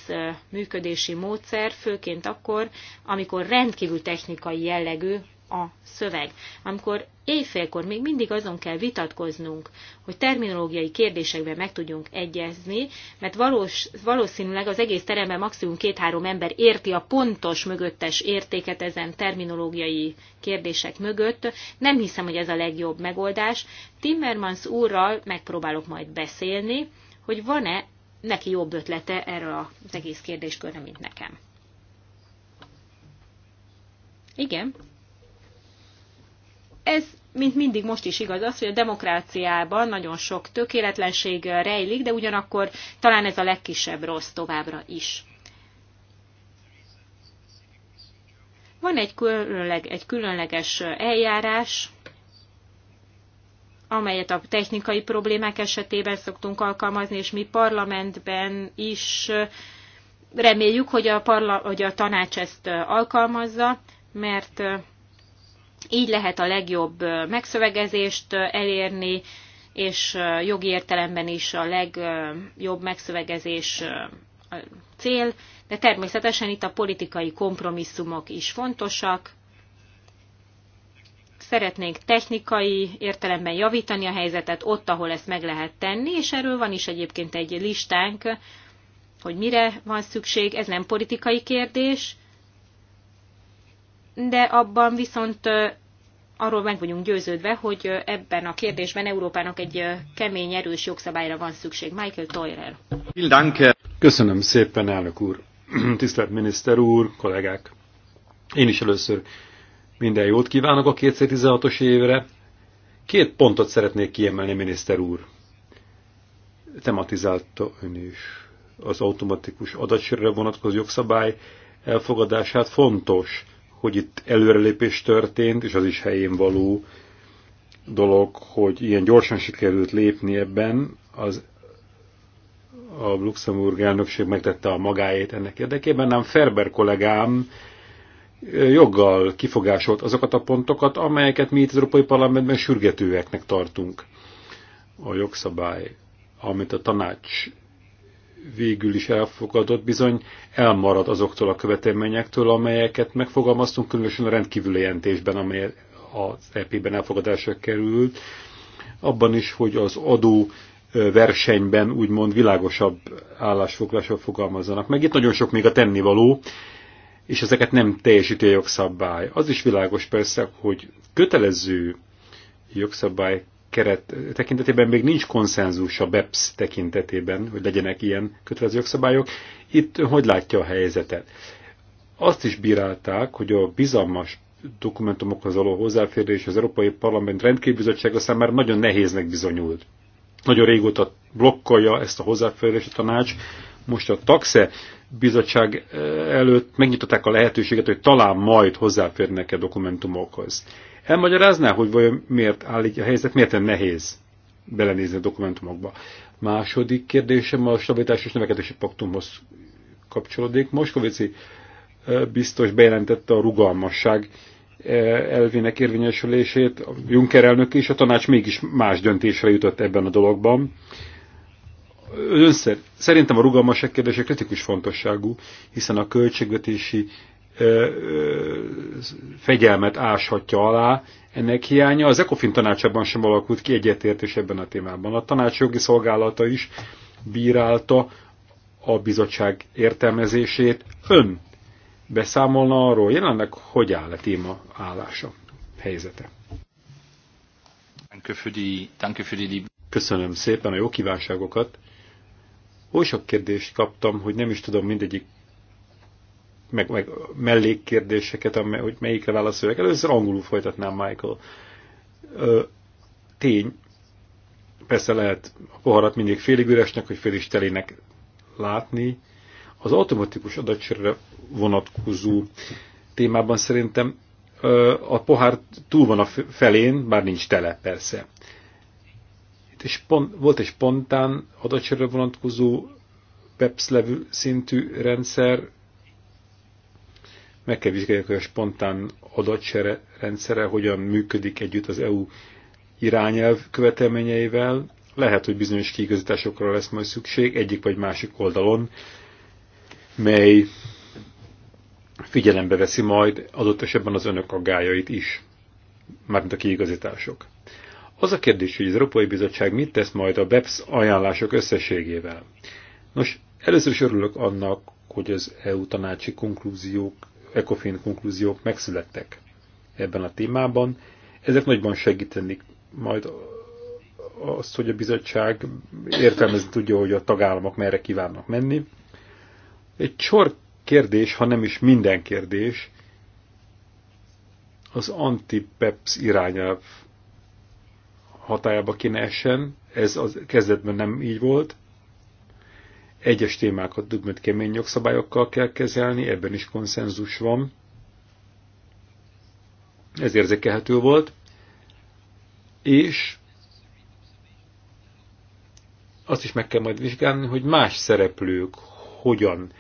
működési módszer, főként akkor, amikor rendkívül technikai jellegű a szöveg. Amikor éjfélkor még mindig azon kell vitatkoznunk, hogy terminológiai kérdésekben meg tudjunk egyezni, mert valós, valószínűleg az egész teremben maximum két-három ember érti a pontos mögöttes értéket ezen terminológiai kérdések mögött. Nem hiszem, hogy ez a legjobb megoldás. Timmermans úrral megpróbálok majd beszélni, hogy van-e neki jobb ötlete erről az egész kérdéskörre, mint nekem. Igen ez, mint mindig most is igaz az, hogy a demokráciában nagyon sok tökéletlenség rejlik, de ugyanakkor talán ez a legkisebb rossz továbbra is. Van egy, különleg, egy különleges eljárás, amelyet a technikai problémák esetében szoktunk alkalmazni, és mi parlamentben is reméljük, hogy a, parla, hogy a tanács ezt alkalmazza, mert így lehet a legjobb megszövegezést elérni, és jogi értelemben is a legjobb megszövegezés a cél, de természetesen itt a politikai kompromisszumok is fontosak. Szeretnénk technikai értelemben javítani a helyzetet ott, ahol ezt meg lehet tenni, és erről van is egyébként egy listánk, hogy mire van szükség. Ez nem politikai kérdés, de abban viszont arról meg vagyunk győződve, hogy ebben a kérdésben Európának egy kemény, erős jogszabályra van szükség. Michael Toyer. Köszönöm szépen, elnök úr, tisztelt miniszter úr, kollégák. Én is először minden jót kívánok a 2016-os évre. Két pontot szeretnék kiemelni, miniszter úr. Tematizálta ön is az automatikus adatserre vonatkozó jogszabály elfogadását fontos hogy itt előrelépés történt, és az is helyén való dolog, hogy ilyen gyorsan sikerült lépni ebben, az a Luxemburg elnökség megtette a magáét ennek érdekében, nem Ferber kollégám joggal kifogásolt azokat a pontokat, amelyeket mi itt az Európai Parlamentben sürgetőeknek tartunk. A jogszabály, amit a tanács végül is elfogadott, bizony elmarad azoktól a követelményektől, amelyeket megfogalmaztunk, különösen a rendkívüli jelentésben, amely az EP-ben elfogadásra került, abban is, hogy az adó versenyben úgymond világosabb állásfoglásra fogalmazzanak meg. Itt nagyon sok még a tennivaló, és ezeket nem teljesíti a jogszabály. Az is világos persze, hogy kötelező jogszabály keret tekintetében még nincs konszenzus a BEPS tekintetében, hogy legyenek ilyen kötelező jogszabályok. Itt hogy látja a helyzetet? Azt is bírálták, hogy a bizalmas dokumentumokhoz való hozzáférés az Európai Parlament rendkívbizottsága számára nagyon nehéznek bizonyult. Nagyon régóta blokkolja ezt a hozzáférés a tanács. Most a taxe bizottság eh, előtt megnyitották a lehetőséget, hogy talán majd hozzáférnek-e dokumentumokhoz. Elmagyarázná, hogy vajon miért állítja a helyzet, miért nem nehéz belenézni a dokumentumokba. Második kérdésem a stabilitás és növekedési paktumhoz kapcsolódik. Moskovici biztos bejelentette a rugalmasság elvének érvényesülését. A Juncker elnök és a tanács mégis más döntésre jutott ebben a dologban. Önszer, szerintem a rugalmasság kérdése kritikus fontosságú, hiszen a költségvetési fegyelmet áshatja alá ennek hiánya. Az ECOFIN tanácsában sem alakult ki egyetértés ebben a témában. A tanács jogi szolgálata is bírálta a bizottság értelmezését. Ön beszámolna arról, jelenleg hogy áll a téma állása, helyzete? Köszönöm szépen a jó kívánságokat. Oly sok kérdést kaptam, hogy nem is tudom mindegyik meg, meg mellékkérdéseket, hogy melyikre válaszoljak. Először angolul folytatnám, Michael. Ö, tény, persze lehet a poharat mindig félig üresnek, hogy félig telének látni. Az automatikus adatcsere vonatkozó témában szerintem a pohár túl van a felén, bár nincs tele, persze. Itt is pont, volt egy spontán adatcsere vonatkozó webszlevű szintű rendszer, meg kell vizsgálni, hogy a spontán adatsere rendszere hogyan működik együtt az EU irányelv követelményeivel. Lehet, hogy bizonyos kiigazításokra lesz majd szükség egyik vagy másik oldalon, mely figyelembe veszi majd adott esetben az önök aggájait is, mármint a kiigazítások. Az a kérdés, hogy az Európai Bizottság mit tesz majd a BEPS ajánlások összességével. Nos, először is örülök annak, hogy az EU tanácsi konklúziók ECOFIN konklúziók megszülettek ebben a témában. Ezek nagyban segítenik majd azt, hogy a bizottság értelmezni tudja, hogy a tagállamok merre kívánnak menni. Egy sor kérdés, ha nem is minden kérdés, az anti-PEPS irányelv hatájába kéne essen. Ez az kezdetben nem így volt, egyes témákat dugmet kemény jogszabályokkal kell kezelni, ebben is konszenzus van. Ez érzékelhető volt. És azt is meg kell majd vizsgálni, hogy más szereplők hogyan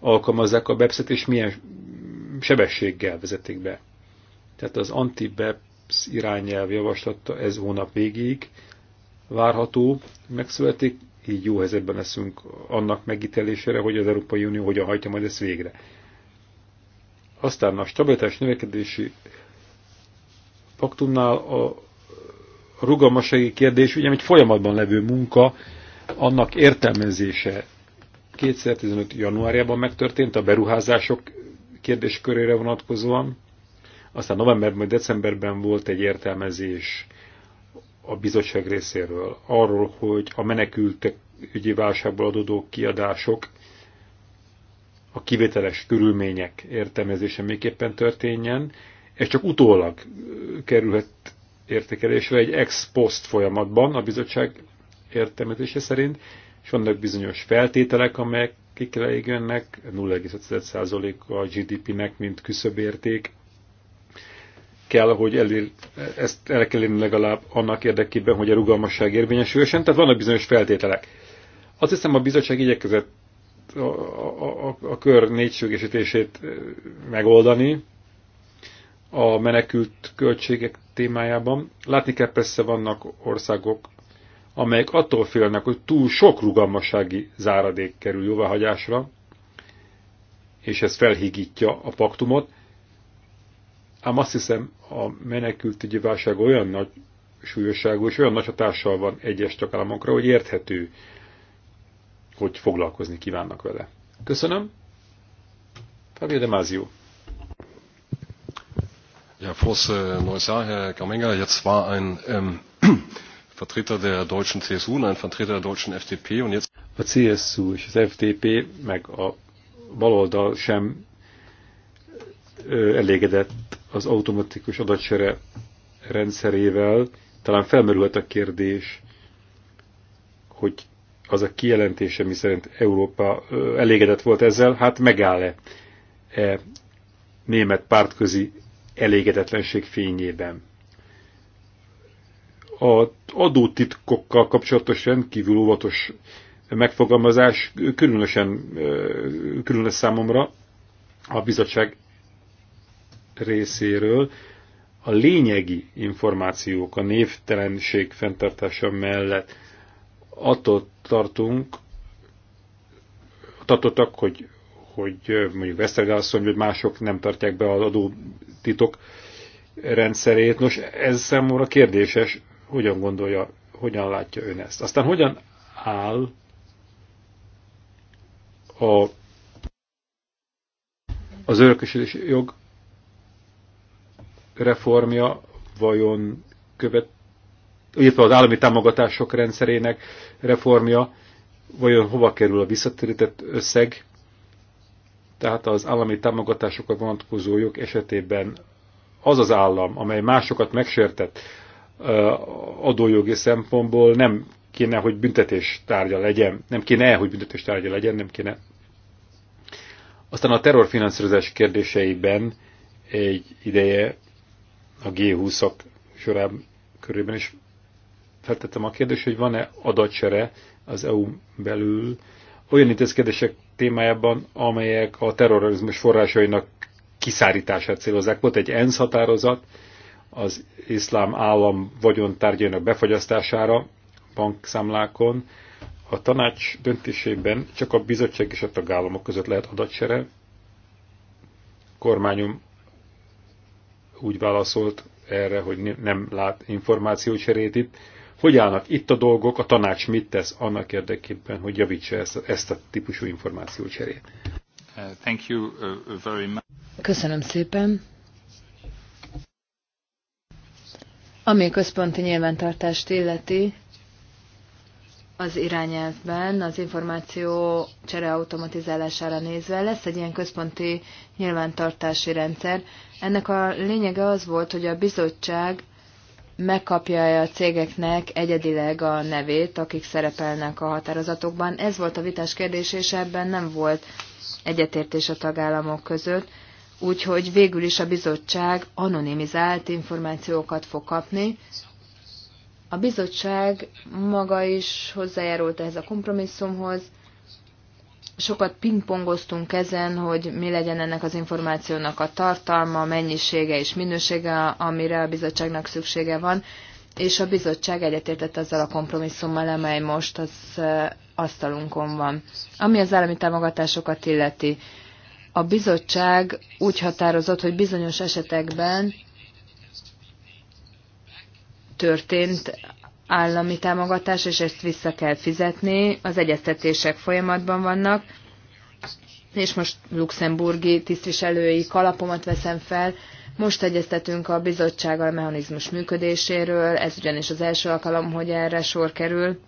alkalmazzák a BEPS-et, és milyen sebességgel vezetik be. Tehát az anti-BEPS irányelv javaslata ez hónap végig várható, megszületik, így jó helyzetben leszünk annak megítélésére, hogy az Európai Unió hogyan hajtja majd ezt végre. Aztán a stabilitás növekedési paktumnál a rugalmasági kérdés, ugye egy folyamatban levő munka, annak értelmezése 2015. januárjában megtörtént a beruházások kérdéskörére vonatkozóan, aztán novemberben, decemberben volt egy értelmezés a bizottság részéről arról, hogy a menekültek ügyi válságból adódó kiadások a kivételes körülmények értelmezése mégképpen történjen. Ez csak utólag kerülhet értékelésre egy ex post folyamatban a bizottság értelmezése szerint, és vannak bizonyos feltételek, amelyek kikleig jönnek, 0,5% a GDP-nek, mint küszöbérték, kell, hogy elér, ezt el kell érni legalább annak érdekében, hogy a rugalmasság érvényesüljön, tehát vannak bizonyos feltételek. Azt hiszem a bizottság igyekezett a, a, a, a kör négységesítését megoldani a menekült költségek témájában. Látni kell persze vannak országok, amelyek attól félnek, hogy túl sok rugalmassági záradék kerül jóváhagyásra, és ez felhigítja a paktumot, Ám azt hiszem, a menekültügyi válság olyan nagy súlyosságú és olyan nagy hatással van egyes tagállamokra, hogy érthető, hogy foglalkozni kívánnak vele. Köszönöm. Fabio De Mázio. Ja, frohes äh, neues Jahr, Herr Gamenga. Jetzt war ein ähm, Vertreter der deutschen CSU und ein Vertreter der deutschen FDP und jetzt... A CSU és az FDP meg a baloldal sem ö, äh, elégedett az automatikus adatsere rendszerével talán felmerülhet a kérdés, hogy az a kijelentése, mi szerint Európa elégedett volt ezzel, hát megáll-e e német pártközi elégedetlenség fényében. A adótitkokkal kapcsolatos rendkívül óvatos megfogalmazás különösen, különös számomra a bizottság részéről a lényegi információk, a névtelenség fenntartása mellett attól tartunk, tartottak, hogy, hogy mondjuk Vesztergálasszony, vagy mások nem tartják be az titok rendszerét. Nos, ez számomra kérdéses, hogyan gondolja, hogyan látja ön ezt. Aztán hogyan áll a, az örökösödési jog reformja vajon követ, illetve az állami támogatások rendszerének reformja, vajon hova kerül a visszatérített összeg, tehát az állami támogatásokat vonatkozó jog esetében az az állam, amely másokat megsértett adójogi szempontból nem kéne, hogy büntetés tárgya legyen, nem kéne el, hogy büntetés tárgya legyen, nem kéne. Aztán a terrorfinanszírozás kérdéseiben egy ideje a G20-ak sorában körében is feltettem a kérdést, hogy van-e adatsere az EU belül olyan intézkedések témájában, amelyek a terrorizmus forrásainak kiszárítását célozzák. Volt egy ENSZ határozat az iszlám állam vagyontárgyainak befagyasztására bankszámlákon. A tanács döntésében csak a bizottság és a tagállamok között lehet adatsere. kormányom úgy válaszolt erre, hogy nem lát információcserét itt. Hogy állnak itt a dolgok, a tanács mit tesz annak érdekében, hogy javítsa ezt, a, ezt a típusú információcserét? Uh, thank you uh, uh, very much. Köszönöm szépen. Ami a központi nyilvántartást illeti, az irányelvben az információ csere automatizálására nézve lesz egy ilyen központi nyilvántartási rendszer, ennek a lényege az volt, hogy a bizottság megkapja-e a cégeknek egyedileg a nevét, akik szerepelnek a határozatokban. Ez volt a vitás kérdés, és ebben nem volt egyetértés a tagállamok között, úgyhogy végül is a bizottság anonimizált információkat fog kapni. A bizottság maga is hozzájárult ehhez a kompromisszumhoz, sokat pingpongoztunk ezen, hogy mi legyen ennek az információnak a tartalma, mennyisége és minősége, amire a bizottságnak szüksége van, és a bizottság egyetértett azzal a kompromisszummal, amely most az eh, asztalunkon van. Ami az állami támogatásokat illeti, a bizottság úgy határozott, hogy bizonyos esetekben történt állami támogatás, és ezt vissza kell fizetni. Az egyeztetések folyamatban vannak, és most luxemburgi tisztviselői kalapomat veszem fel. Most egyeztetünk a bizottsággal a mechanizmus működéséről, ez ugyanis az első alkalom, hogy erre sor kerül.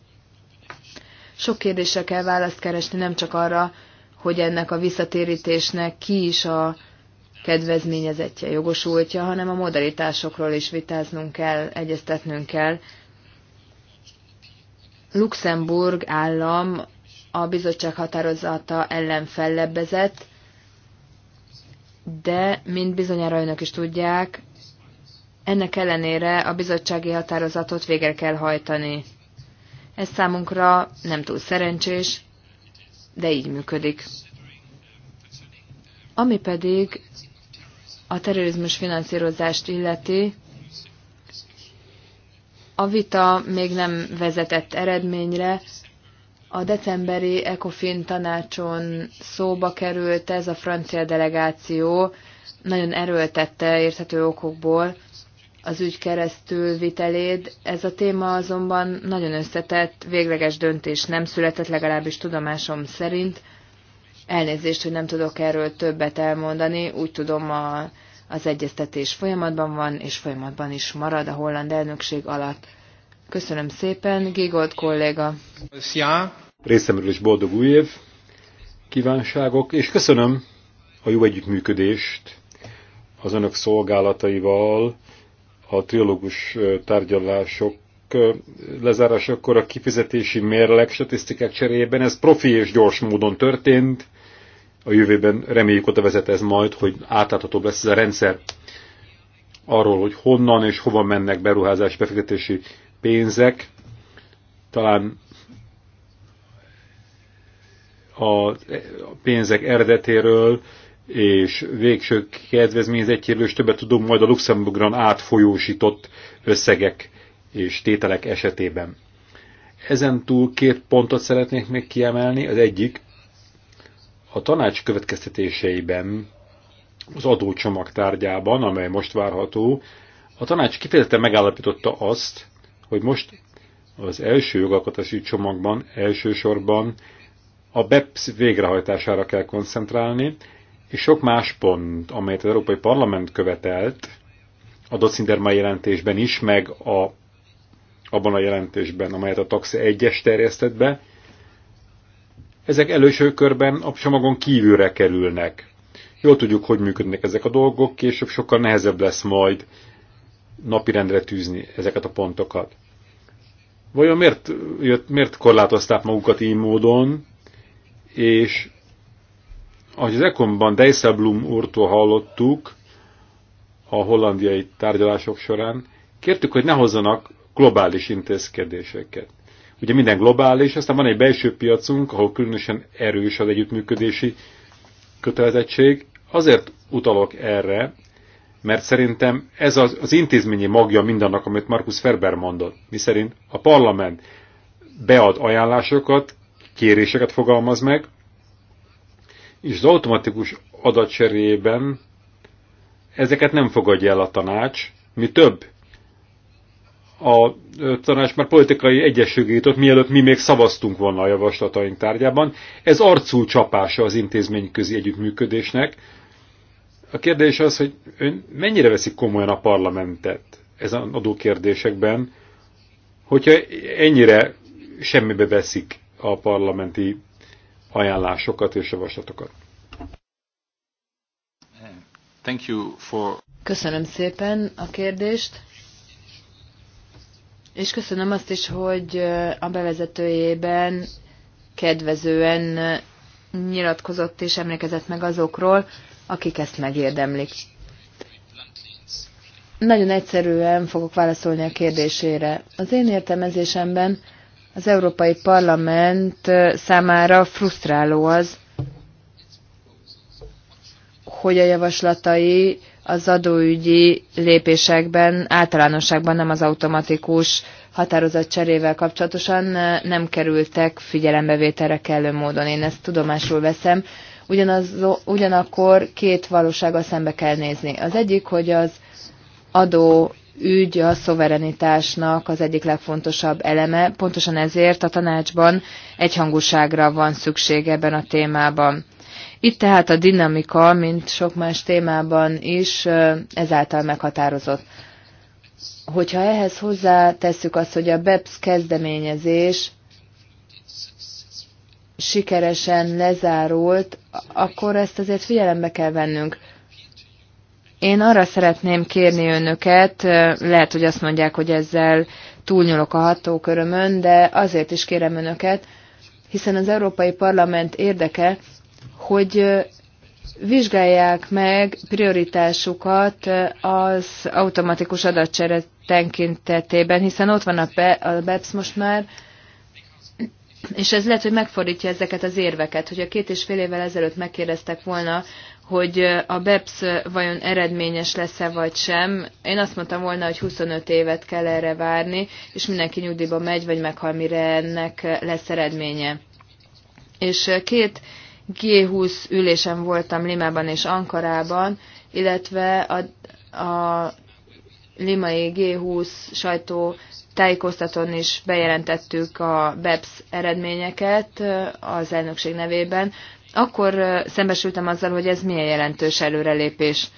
Sok kérdésre kell választ keresni, nem csak arra, hogy ennek a visszatérítésnek ki is a kedvezményezettje, jogosultja, hanem a modalitásokról is vitáznunk kell, egyeztetnünk kell. Luxemburg állam a bizottság határozata ellen fellebbezett, de, mint bizonyára önök is tudják, ennek ellenére a bizottsági határozatot végre kell hajtani. Ez számunkra nem túl szerencsés, de így működik. Ami pedig a terrorizmus finanszírozást illeti, a vita még nem vezetett eredményre. A decemberi ECOFIN tanácson szóba került ez a francia delegáció, nagyon erőltette érthető okokból az ügy keresztül viteléd. Ez a téma azonban nagyon összetett, végleges döntés nem született, legalábbis tudomásom szerint. Elnézést, hogy nem tudok erről többet elmondani, úgy tudom a az egyeztetés folyamatban van, és folyamatban is marad a holland elnökség alatt. Köszönöm szépen, Gigold kolléga. Szia! Részemről is boldog új év, kívánságok, és köszönöm a jó együttműködést az önök szolgálataival, a triológus tárgyalások lezárásakor a kifizetési mérleg statisztikák cserében. Ez profi és gyors módon történt a jövőben reméljük oda vezet ez majd, hogy átláthatóbb lesz ez a rendszer arról, hogy honnan és hova mennek beruházás, befektetési pénzek. Talán a pénzek eredetéről és végső kedvezményezettjéről is többet tudunk majd a Luxemburgon átfolyósított összegek és tételek esetében. Ezen túl két pontot szeretnék még kiemelni. Az egyik a tanács következtetéseiben az adócsomag tárgyában, amely most várható, a tanács kifejezetten megállapította azt, hogy most az első jogalkotási csomagban elsősorban a BEPS végrehajtására kell koncentrálni, és sok más pont, amelyet az Európai Parlament követelt, a Docindermai jelentésben is, meg a, abban a jelentésben, amelyet a taxi 1-es terjesztett be, ezek előső körben a csomagon kívülre kerülnek. Jól tudjuk, hogy működnek ezek a dolgok, később sokkal nehezebb lesz majd napirendre tűzni ezeket a pontokat. Vajon miért, jött, miért korlátozták magukat így módon, és ahogy az Ekonban Dijsselbloem úrtól hallottuk a hollandiai tárgyalások során, kértük, hogy ne hozzanak globális intézkedéseket. Ugye minden globális, aztán van egy belső piacunk, ahol különösen erős az együttműködési kötelezettség. Azért utalok erre, mert szerintem ez az, az intézményi magja mindannak, amit Markus Ferber mondott, miszerint a parlament bead ajánlásokat, kéréseket fogalmaz meg, és az automatikus adatcserében ezeket nem fogadja el a tanács, mi több, a tanács már politikai egyességét jutott, mielőtt mi még szavaztunk volna a javaslataink tárgyában. Ez arcú csapása az intézményközi együttműködésnek. A kérdés az, hogy ön mennyire veszik komolyan a parlamentet ezen adókérdésekben, hogyha ennyire semmibe veszik a parlamenti ajánlásokat és javaslatokat. Thank you for... Köszönöm szépen a kérdést és köszönöm azt is, hogy a bevezetőjében kedvezően nyilatkozott és emlékezett meg azokról, akik ezt megérdemlik. Nagyon egyszerűen fogok válaszolni a kérdésére. Az én értelmezésemben az Európai Parlament számára frusztráló az, hogy a javaslatai az adóügyi lépésekben általánosságban nem az automatikus határozat cserével kapcsolatosan nem kerültek figyelembevételre kellő módon. Én ezt tudomásul veszem. Ugyanaz, ugyanakkor két valósággal szembe kell nézni. Az egyik, hogy az adó ügy a szoverenitásnak az egyik legfontosabb eleme, pontosan ezért a tanácsban egyhangúságra van szükség ebben a témában. Itt tehát a dinamika, mint sok más témában is, ezáltal meghatározott. Hogyha ehhez hozzá tesszük azt, hogy a BEPS kezdeményezés sikeresen lezárult, akkor ezt azért figyelembe kell vennünk. Én arra szeretném kérni önöket, lehet, hogy azt mondják, hogy ezzel túlnyúlok a hatókörömön, de azért is kérem önöket, hiszen az Európai Parlament érdeke, hogy vizsgálják meg prioritásukat az automatikus adatcsere tekintetében, hiszen ott van a, Be a BEPS most már, és ez lehet, hogy megfordítja ezeket az érveket. a két és fél évvel ezelőtt megkérdeztek volna, hogy a BEPS vajon eredményes lesz-e vagy sem, én azt mondtam volna, hogy 25 évet kell erre várni, és mindenki nyugdíjba megy, vagy meghal, mire ennek lesz eredménye. És két G20 ülésen voltam Limában és Ankarában, illetve a, a limai G20 sajtó tájékoztatón is bejelentettük a BEPS eredményeket az elnökség nevében, akkor szembesültem azzal, hogy ez milyen jelentős előrelépés.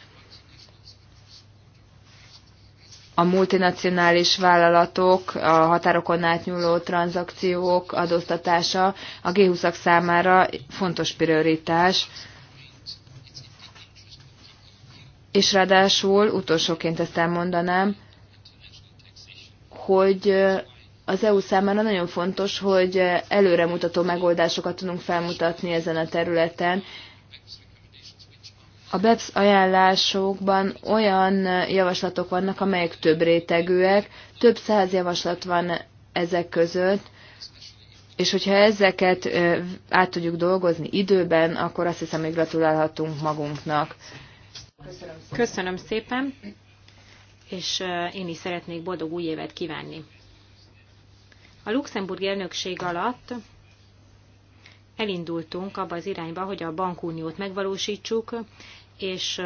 a multinacionális vállalatok, a határokon átnyúló tranzakciók adóztatása a g 20 számára fontos prioritás. És ráadásul, utolsóként ezt elmondanám, hogy az EU számára nagyon fontos, hogy előremutató megoldásokat tudunk felmutatni ezen a területen, a BEPS ajánlásokban olyan javaslatok vannak, amelyek több rétegűek, több száz javaslat van ezek között, és hogyha ezeket át tudjuk dolgozni időben, akkor azt hiszem, hogy gratulálhatunk magunknak. Köszönöm szépen. és én is szeretnék boldog új évet kívánni. A Luxemburg elnökség alatt elindultunk abba az irányba, hogy a bankuniót megvalósítsuk, és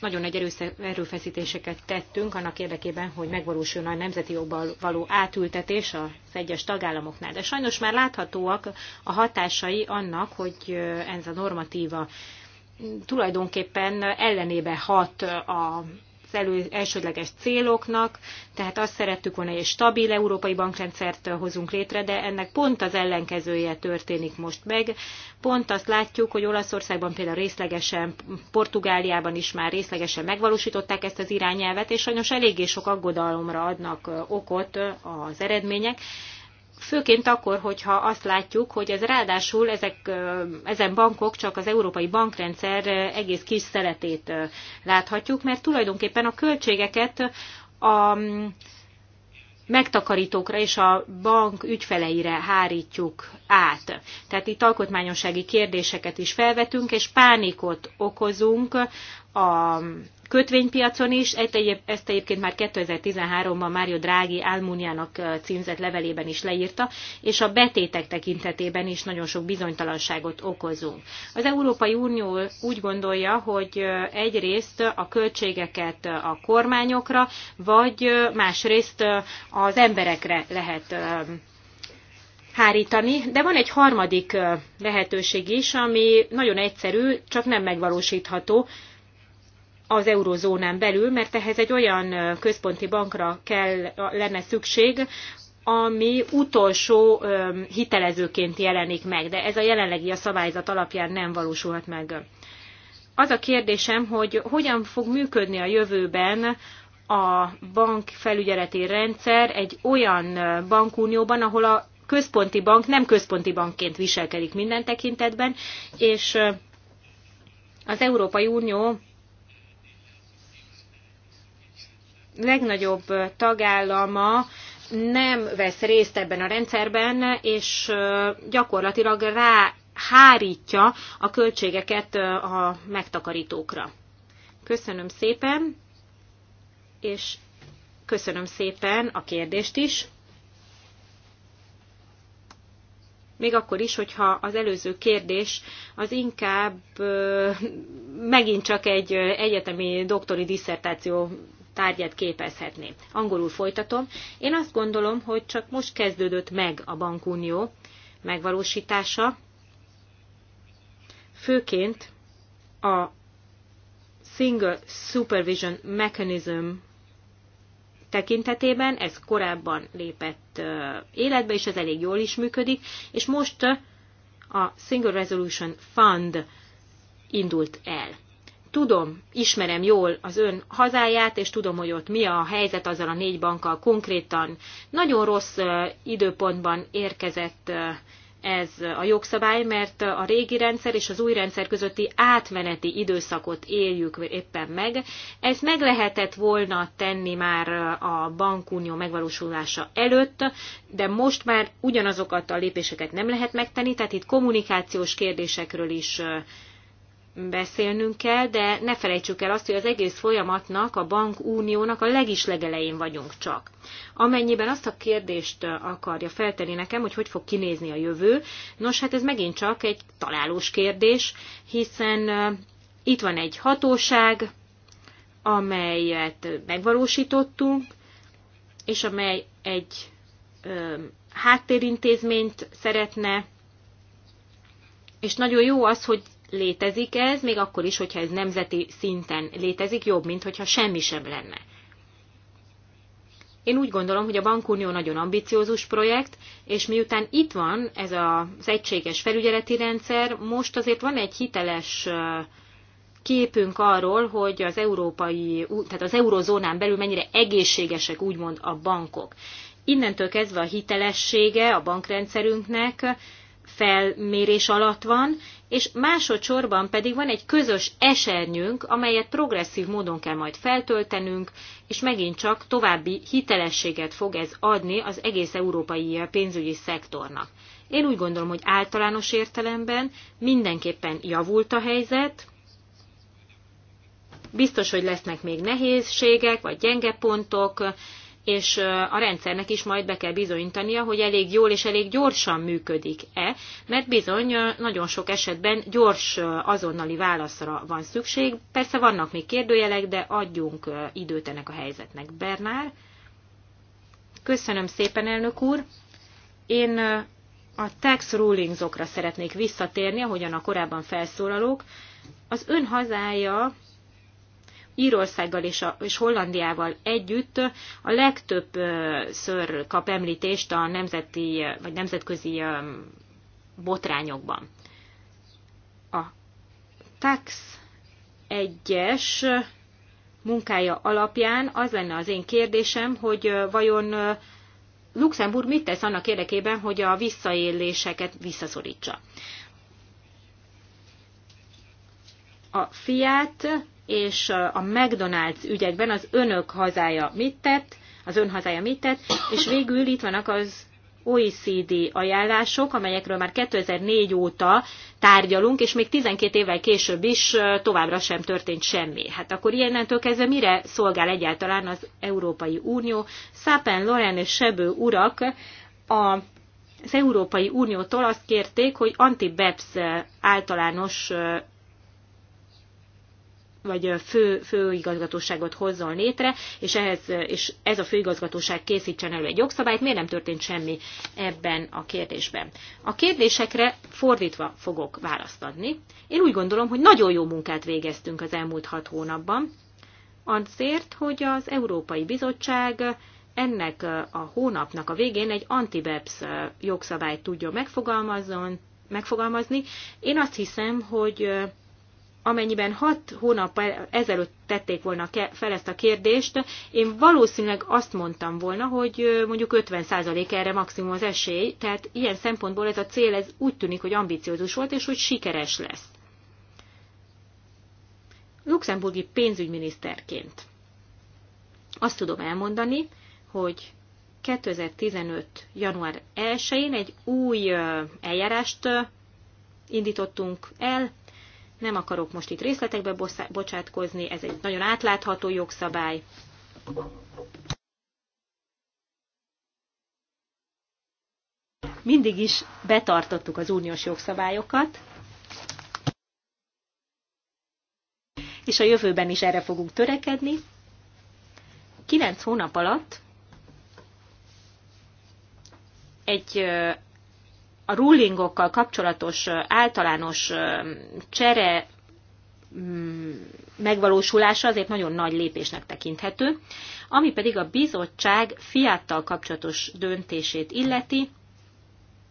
nagyon nagy erőfeszítéseket tettünk annak érdekében, hogy megvalósuljon a nemzeti jogban való átültetés az egyes tagállamoknál. De sajnos már láthatóak a hatásai annak, hogy ez a normatíva tulajdonképpen ellenébe hat a az elő, elsődleges céloknak, tehát azt szerettük volna, hogy egy stabil európai bankrendszert hozunk létre, de ennek pont az ellenkezője történik most meg. Pont azt látjuk, hogy Olaszországban például részlegesen, Portugáliában is már részlegesen megvalósították ezt az irányelvet, és sajnos eléggé sok aggodalomra adnak okot az eredmények, főként akkor, hogyha azt látjuk, hogy ez ráadásul ezek, ezen bankok csak az európai bankrendszer egész kis szeletét láthatjuk, mert tulajdonképpen a költségeket a megtakarítókra és a bank ügyfeleire hárítjuk át. Tehát itt alkotmányossági kérdéseket is felvetünk, és pánikot okozunk a kötvénypiacon is, ezt, egyébként már 2013-ban Mário Drági Almuniának címzett levelében is leírta, és a betétek tekintetében is nagyon sok bizonytalanságot okozunk. Az Európai Unió úgy gondolja, hogy egyrészt a költségeket a kormányokra, vagy másrészt az emberekre lehet hárítani, de van egy harmadik lehetőség is, ami nagyon egyszerű, csak nem megvalósítható, az eurozónán belül, mert ehhez egy olyan központi bankra kell, lenne szükség, ami utolsó hitelezőként jelenik meg, de ez a jelenlegi a szabályzat alapján nem valósulhat meg. Az a kérdésem, hogy hogyan fog működni a jövőben a bank felügyeleti rendszer egy olyan bankunióban, ahol a központi bank nem központi bankként viselkedik minden tekintetben, és az Európai Unió legnagyobb tagállama nem vesz részt ebben a rendszerben, és gyakorlatilag rá hárítja a költségeket a megtakarítókra. Köszönöm szépen, és köszönöm szépen a kérdést is. még akkor is, hogyha az előző kérdés az inkább megint csak egy egyetemi doktori diszertáció tárgyát képezhetné. Angolul folytatom. Én azt gondolom, hogy csak most kezdődött meg a bankunió megvalósítása, főként a Single Supervision Mechanism tekintetében, ez korábban lépett életbe, és ez elég jól is működik, és most a Single Resolution Fund indult el tudom, ismerem jól az ön hazáját, és tudom, hogy ott mi a helyzet azzal a négy bankkal konkrétan. Nagyon rossz időpontban érkezett ez a jogszabály, mert a régi rendszer és az új rendszer közötti átmeneti időszakot éljük éppen meg. Ez meg lehetett volna tenni már a bankunió megvalósulása előtt, de most már ugyanazokat a lépéseket nem lehet megtenni, tehát itt kommunikációs kérdésekről is beszélnünk kell, de ne felejtsük el azt, hogy az egész folyamatnak, a bankuniónak a legis legelején vagyunk csak. Amennyiben azt a kérdést akarja feltenni nekem, hogy hogy fog kinézni a jövő, nos hát ez megint csak egy találós kérdés, hiszen itt van egy hatóság, amelyet megvalósítottunk, és amely egy ö, háttérintézményt szeretne és nagyon jó az, hogy létezik ez, még akkor is, hogyha ez nemzeti szinten létezik, jobb, mint hogyha semmi sem lenne. Én úgy gondolom, hogy a Bankunió nagyon ambiciózus projekt, és miután itt van ez az egységes felügyeleti rendszer, most azért van egy hiteles képünk arról, hogy az európai, tehát az eurozónán belül mennyire egészségesek úgymond a bankok. Innentől kezdve a hitelessége a bankrendszerünknek felmérés alatt van, és másodszorban pedig van egy közös esernyünk, amelyet progresszív módon kell majd feltöltenünk, és megint csak további hitelességet fog ez adni az egész európai pénzügyi szektornak. Én úgy gondolom, hogy általános értelemben mindenképpen javult a helyzet, biztos, hogy lesznek még nehézségek, vagy gyenge pontok, és a rendszernek is majd be kell bizonyítania, hogy elég jól és elég gyorsan működik-e, mert bizony nagyon sok esetben gyors azonnali válaszra van szükség. Persze vannak még kérdőjelek, de adjunk időt ennek a helyzetnek. Bernár, köszönöm szépen, elnök úr. Én a tax rulingsokra szeretnék visszatérni, ahogyan a korábban felszólalók. Az ön hazája Írországgal és, a, és Hollandiával együtt a ször kap említést a nemzeti vagy nemzetközi botrányokban. A TAX egyes munkája alapján az lenne az én kérdésem, hogy vajon Luxemburg mit tesz annak érdekében, hogy a visszaéléseket visszaszorítsa. A fiát és a McDonald's ügyekben az önök hazája mit tett, az ön hazája mit tett, és végül itt vannak az OECD ajánlások, amelyekről már 2004 óta tárgyalunk, és még 12 évvel később is továbbra sem történt semmi. Hát akkor ilyennentől kezdve mire szolgál egyáltalán az Európai Unió? Szápen, Loren és Sebő urak a az Európai Uniótól azt kérték, hogy anti-BEPS általános vagy fő, főigazgatóságot hozzon létre, és, ehhez, és ez a főigazgatóság készítsen elő egy jogszabályt, miért nem történt semmi ebben a kérdésben. A kérdésekre fordítva fogok választ adni. Én úgy gondolom, hogy nagyon jó munkát végeztünk az elmúlt hat hónapban, azért, hogy az Európai Bizottság ennek a hónapnak a végén egy anti-BEPS jogszabályt tudja megfogalmazni. Én azt hiszem, hogy amennyiben hat hónap ezelőtt tették volna fel ezt a kérdést, én valószínűleg azt mondtam volna, hogy mondjuk 50% erre maximum az esély, tehát ilyen szempontból ez a cél ez úgy tűnik, hogy ambiciózus volt, és hogy sikeres lesz. Luxemburgi pénzügyminiszterként azt tudom elmondani, hogy 2015. január 1-én egy új eljárást indítottunk el, nem akarok most itt részletekbe bocsátkozni, ez egy nagyon átlátható jogszabály. Mindig is betartottuk az uniós jogszabályokat, és a jövőben is erre fogunk törekedni. Kilenc hónap alatt egy a rulingokkal kapcsolatos általános csere mm, megvalósulása azért nagyon nagy lépésnek tekinthető, ami pedig a bizottság fiattal kapcsolatos döntését illeti.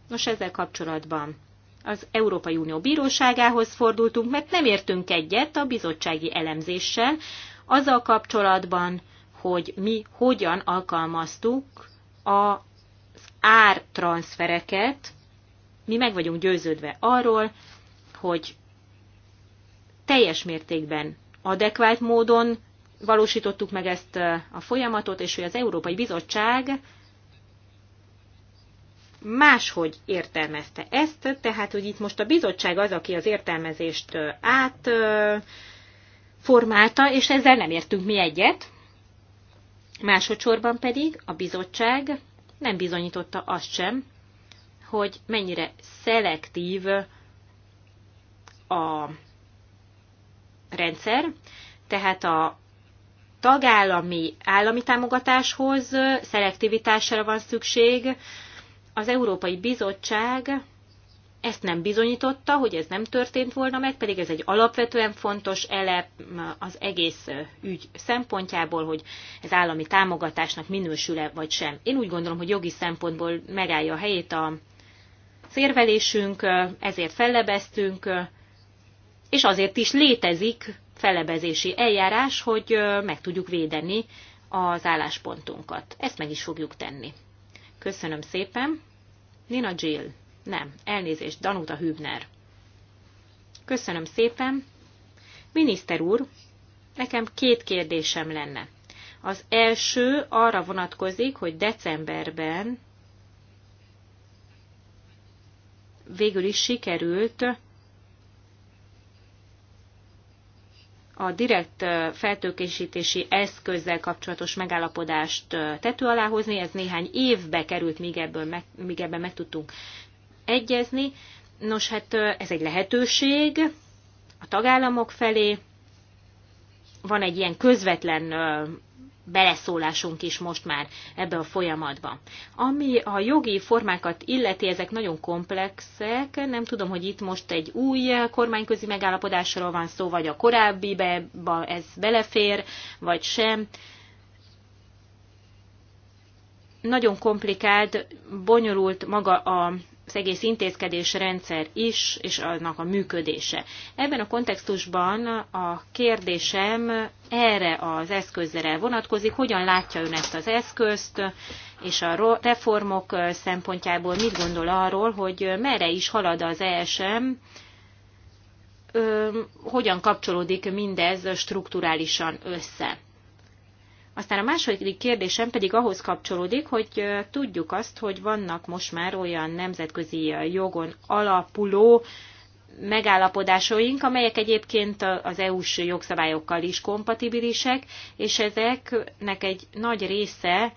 Nos, ezzel kapcsolatban az Európai Unió bíróságához fordultunk, mert nem értünk egyet a bizottsági elemzéssel, azzal kapcsolatban, hogy mi hogyan alkalmaztuk az ártranszfereket mi meg vagyunk győződve arról, hogy teljes mértékben adekvált módon valósítottuk meg ezt a folyamatot, és hogy az Európai Bizottság máshogy értelmezte ezt, tehát hogy itt most a bizottság az, aki az értelmezést átformálta, és ezzel nem értünk mi egyet. Másodszorban pedig a bizottság nem bizonyította azt sem, hogy mennyire szelektív a rendszer, tehát a tagállami állami támogatáshoz szelektivitásra van szükség. Az Európai Bizottság ezt nem bizonyította, hogy ez nem történt volna meg, pedig ez egy alapvetően fontos elep az egész ügy szempontjából, hogy ez állami támogatásnak minősül-e vagy sem. Én úgy gondolom, hogy jogi szempontból megállja a helyét a az érvelésünk, ezért fellebeztünk, és azért is létezik fellebezési eljárás, hogy meg tudjuk védeni az álláspontunkat. Ezt meg is fogjuk tenni. Köszönöm szépen. Nina Jill. Nem, elnézést, Danuta Hübner. Köszönöm szépen. Miniszter úr, nekem két kérdésem lenne. Az első arra vonatkozik, hogy decemberben végül is sikerült a direkt feltőkésítési eszközzel kapcsolatos megállapodást tető alá hozni. Ez néhány évbe került, míg, ebből meg, míg ebben meg tudtunk egyezni. Nos, hát ez egy lehetőség a tagállamok felé. Van egy ilyen közvetlen beleszólásunk is most már ebbe a folyamatba. Ami a jogi formákat illeti, ezek nagyon komplexek. Nem tudom, hogy itt most egy új kormányközi megállapodásról van szó, vagy a korábbi be ez belefér, vagy sem. Nagyon komplikált, bonyolult maga a az egész intézkedésrendszer is, és annak a működése. Ebben a kontextusban a kérdésem erre az eszközre vonatkozik, hogyan látja ön ezt az eszközt, és a reformok szempontjából mit gondol arról, hogy merre is halad az ESM, hogyan kapcsolódik mindez strukturálisan össze. Aztán a második kérdésem pedig ahhoz kapcsolódik, hogy tudjuk azt, hogy vannak most már olyan nemzetközi jogon alapuló megállapodásaink, amelyek egyébként az EU-s jogszabályokkal is kompatibilisek, és ezeknek egy nagy része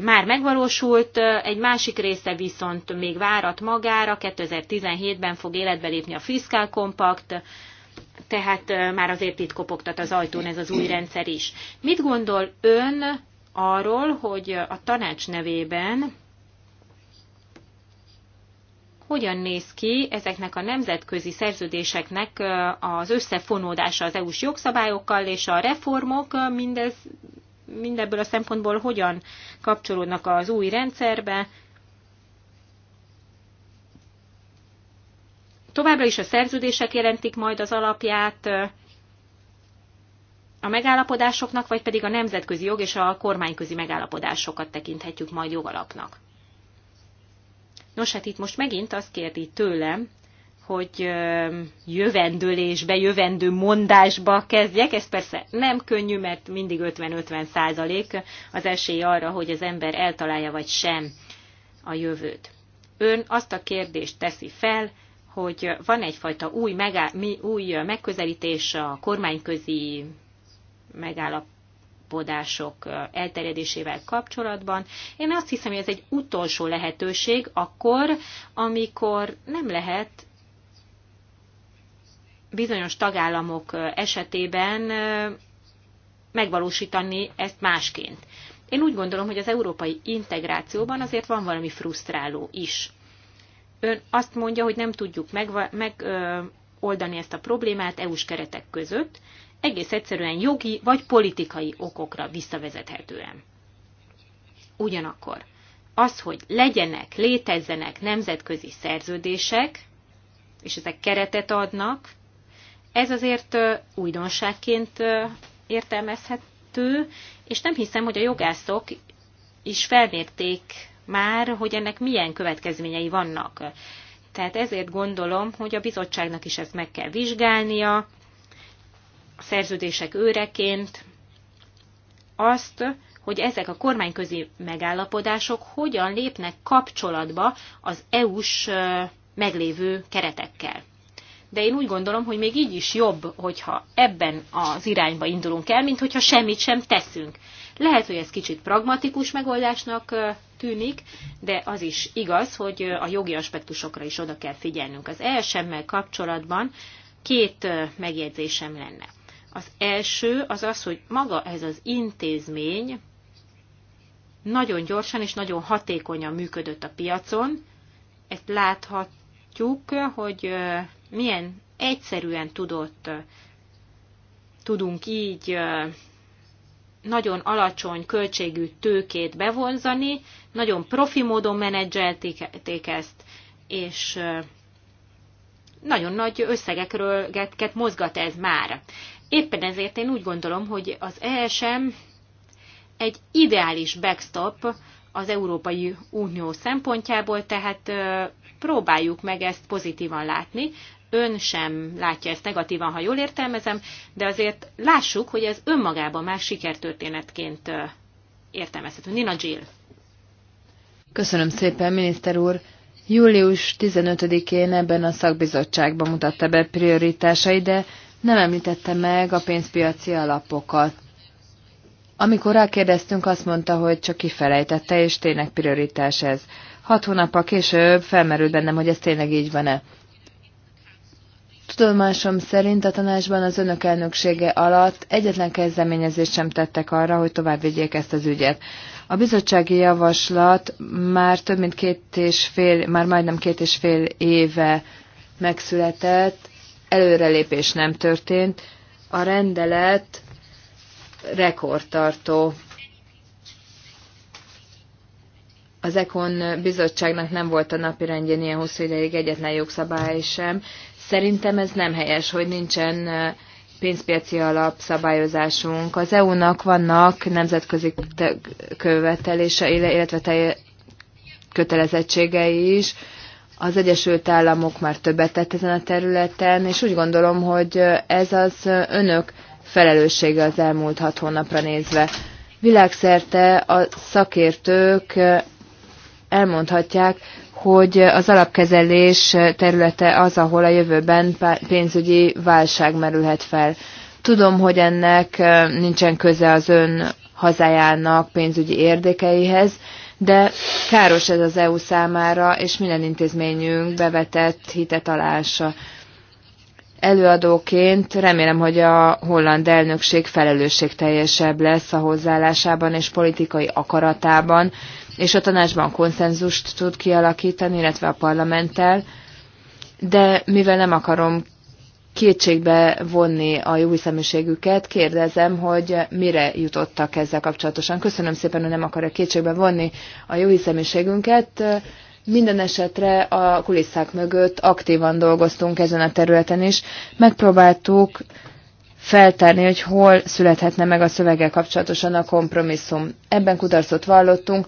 már megvalósult, egy másik része viszont még várat magára, 2017-ben fog életbe lépni a Fiscal Compact, tehát már azért itt kopogtat az ajtón ez az új rendszer is. Mit gondol ön arról, hogy a tanács nevében hogyan néz ki ezeknek a nemzetközi szerződéseknek az összefonódása az EU-s jogszabályokkal, és a reformok mindez, mindebből a szempontból hogyan kapcsolódnak az új rendszerbe, Továbbra is a szerződések jelentik majd az alapját a megállapodásoknak, vagy pedig a nemzetközi jog és a kormányközi megállapodásokat tekinthetjük majd jogalapnak. Nos, hát itt most megint azt kérdi tőlem, hogy jövendőlésbe, jövendő mondásba kezdjek. Ez persze nem könnyű, mert mindig 50-50 százalék az esély arra, hogy az ember eltalálja vagy sem a jövőt. Ön azt a kérdést teszi fel, hogy van egyfajta új, megá, mi, új megközelítés a kormányközi megállapodások elterjedésével kapcsolatban. Én azt hiszem, hogy ez egy utolsó lehetőség akkor, amikor nem lehet bizonyos tagállamok esetében megvalósítani ezt másként. Én úgy gondolom, hogy az európai integrációban azért van valami frusztráló is. Ön azt mondja, hogy nem tudjuk megoldani meg, ezt a problémát EU-s keretek között, egész egyszerűen jogi vagy politikai okokra visszavezethetően. Ugyanakkor az, hogy legyenek, létezzenek nemzetközi szerződések, és ezek keretet adnak, ez azért újdonságként értelmezhető, és nem hiszem, hogy a jogászok is felmérték már, hogy ennek milyen következményei vannak. Tehát ezért gondolom, hogy a bizottságnak is ezt meg kell vizsgálnia, a szerződések őreként, azt, hogy ezek a kormányközi megállapodások hogyan lépnek kapcsolatba az EU-s meglévő keretekkel. De én úgy gondolom, hogy még így is jobb, hogyha ebben az irányba indulunk el, mint hogyha semmit sem teszünk. Lehet, hogy ez kicsit pragmatikus megoldásnak tűnik, de az is igaz, hogy a jogi aspektusokra is oda kell figyelnünk. Az ESM-mel kapcsolatban két megjegyzésem lenne. Az első az az, hogy maga ez az intézmény nagyon gyorsan és nagyon hatékonyan működött a piacon. Ezt láthatjuk, hogy milyen egyszerűen tudott, tudunk így nagyon alacsony költségű tőkét bevonzani, nagyon profi módon menedzselték ezt, és nagyon nagy összegekről mozgat ez már. Éppen ezért én úgy gondolom, hogy az ESM egy ideális backstop az Európai Unió szempontjából, tehát próbáljuk meg ezt pozitívan látni ön sem látja ezt negatívan, ha jól értelmezem, de azért lássuk, hogy ez önmagában már sikertörténetként értelmezhető. Nina Jill. Köszönöm szépen, miniszter úr. Július 15-én ebben a szakbizottságban mutatta be prioritásai, de nem említette meg a pénzpiaci alapokat. Amikor rákérdeztünk, azt mondta, hogy csak kifelejtette, és tényleg prioritás ez. Hat hónappal később felmerült bennem, hogy ez tényleg így van-e. Tudomásom szerint a tanácsban az önök elnöksége alatt egyetlen kezdeményezést sem tettek arra, hogy tovább vigyék ezt az ügyet. A bizottsági javaslat már több mint két és fél, már majdnem két és fél éve megszületett, előrelépés nem történt. A rendelet rekordtartó. Az Ekon bizottságnak nem volt a rendjén ilyen hosszú ideig egyetlen jogszabály sem, Szerintem ez nem helyes, hogy nincsen pénzpiaci alapszabályozásunk. Az EU-nak vannak nemzetközi követelése, illetve kötelezettségei is. Az Egyesült Államok már többet tett ezen a területen, és úgy gondolom, hogy ez az önök felelőssége az elmúlt hat hónapra nézve. Világszerte a szakértők elmondhatják, hogy az alapkezelés területe az, ahol a jövőben pénzügyi válság merülhet fel. Tudom, hogy ennek nincsen köze az ön hazájának pénzügyi érdekeihez, de káros ez az EU számára, és minden intézményünk bevetett hitetalása. Előadóként remélem, hogy a holland elnökség felelősségteljesebb lesz a hozzáállásában és politikai akaratában, és a tanácsban konszenzust tud kialakítani, illetve a parlamenttel, de mivel nem akarom kétségbe vonni a jó hiszeműségüket, kérdezem, hogy mire jutottak ezzel kapcsolatosan. Köszönöm szépen, hogy nem akarja kétségbe vonni a jó hiszeműségünket. Minden esetre a kulisszák mögött aktívan dolgoztunk ezen a területen is. Megpróbáltuk feltárni, hogy hol születhetne meg a szöveggel kapcsolatosan a kompromisszum. Ebben kudarcot vallottunk,